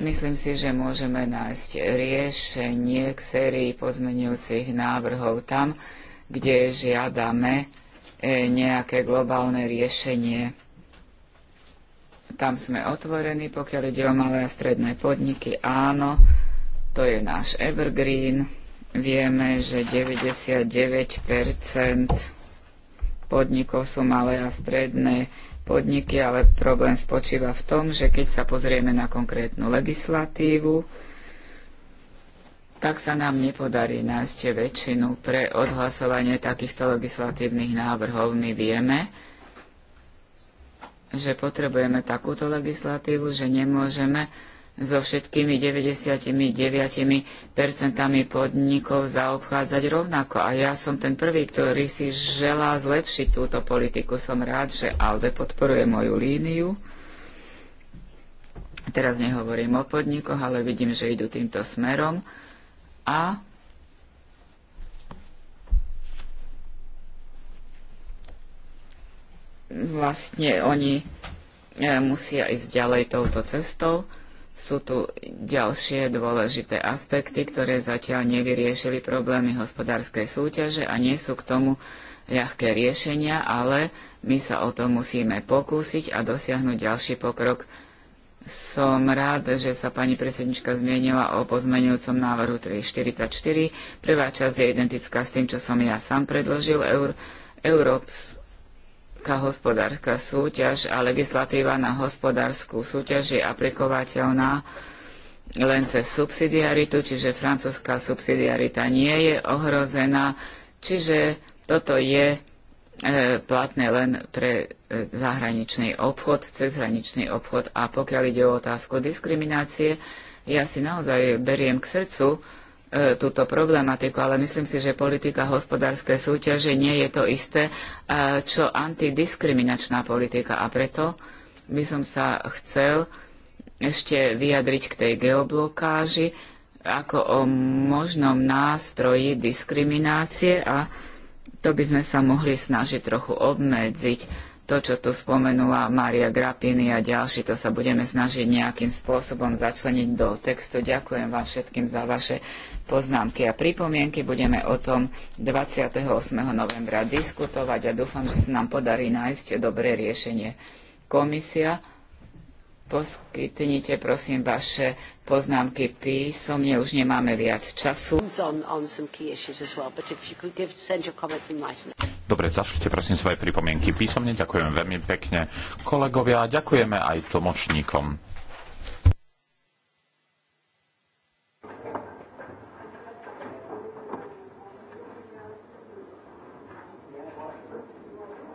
Myslím si, že môžeme nájsť riešenie k sérii pozmenujúcich návrhov tam, kde žiadame e, nejaké globálne riešenie. Tam sme otvorení, pokiaľ ide o malé a stredné podniky. Áno, to je náš evergreen. Vieme, že 99 podnikov sú malé a stredné podniky, ale problém spočíva v tom, že keď sa pozrieme na konkrétnu legislatívu, tak sa nám nepodarí nájsť väčšinu pre odhlasovanie takýchto legislatívnych návrhov. My vieme, že potrebujeme takúto legislatívu, že nemôžeme so všetkými 99% podnikov zaobchádzať rovnako. A ja som ten prvý, ktorý si želá zlepšiť túto politiku. Som rád, že ALDE podporuje moju líniu. Teraz nehovorím o podnikoch, ale vidím, že idú týmto smerom. A vlastne oni eh, musia ísť ďalej touto cestou. Sú tu ďalšie dôležité aspekty, ktoré zatiaľ nevyriešili problémy hospodárskej súťaže a nie sú k tomu ľahké riešenia, ale my sa o to musíme pokúsiť a dosiahnuť ďalší pokrok. Som rád, že sa pani predsednička zmienila o pozmenujúcom návrhu 344. Prvá časť je identická s tým, čo som ja sám predložil. Európs, hospodárska súťaž a legislatíva na hospodárskú súťaž je aplikovateľná len cez subsidiaritu, čiže francúzska subsidiarita nie je ohrozená, čiže toto je e, platné len pre e, zahraničný obchod, cezhraničný obchod. A pokiaľ ide o otázku diskriminácie, ja si naozaj beriem k srdcu E, túto problematiku, ale myslím si, že politika hospodárskej súťaže nie je to isté, e, čo antidiskriminačná politika. A preto by som sa chcel ešte vyjadriť k tej geoblokáži ako o možnom nástroji diskriminácie a to by sme sa mohli snažiť trochu obmedziť. To, čo tu spomenula Mária Grapini a ďalší, to sa budeme snažiť nejakým spôsobom začleniť do textu. Ďakujem vám všetkým za vaše poznámky a pripomienky. Budeme o tom 28. novembra diskutovať a dúfam, že sa nám podarí nájsť dobré riešenie. Komisia, poskytnite prosím vaše poznámky písomne, už nemáme viac času. Dobre, zašlite prosím svoje pripomienky písomne, ďakujem veľmi pekne kolegovia a ďakujeme aj tlmočníkom.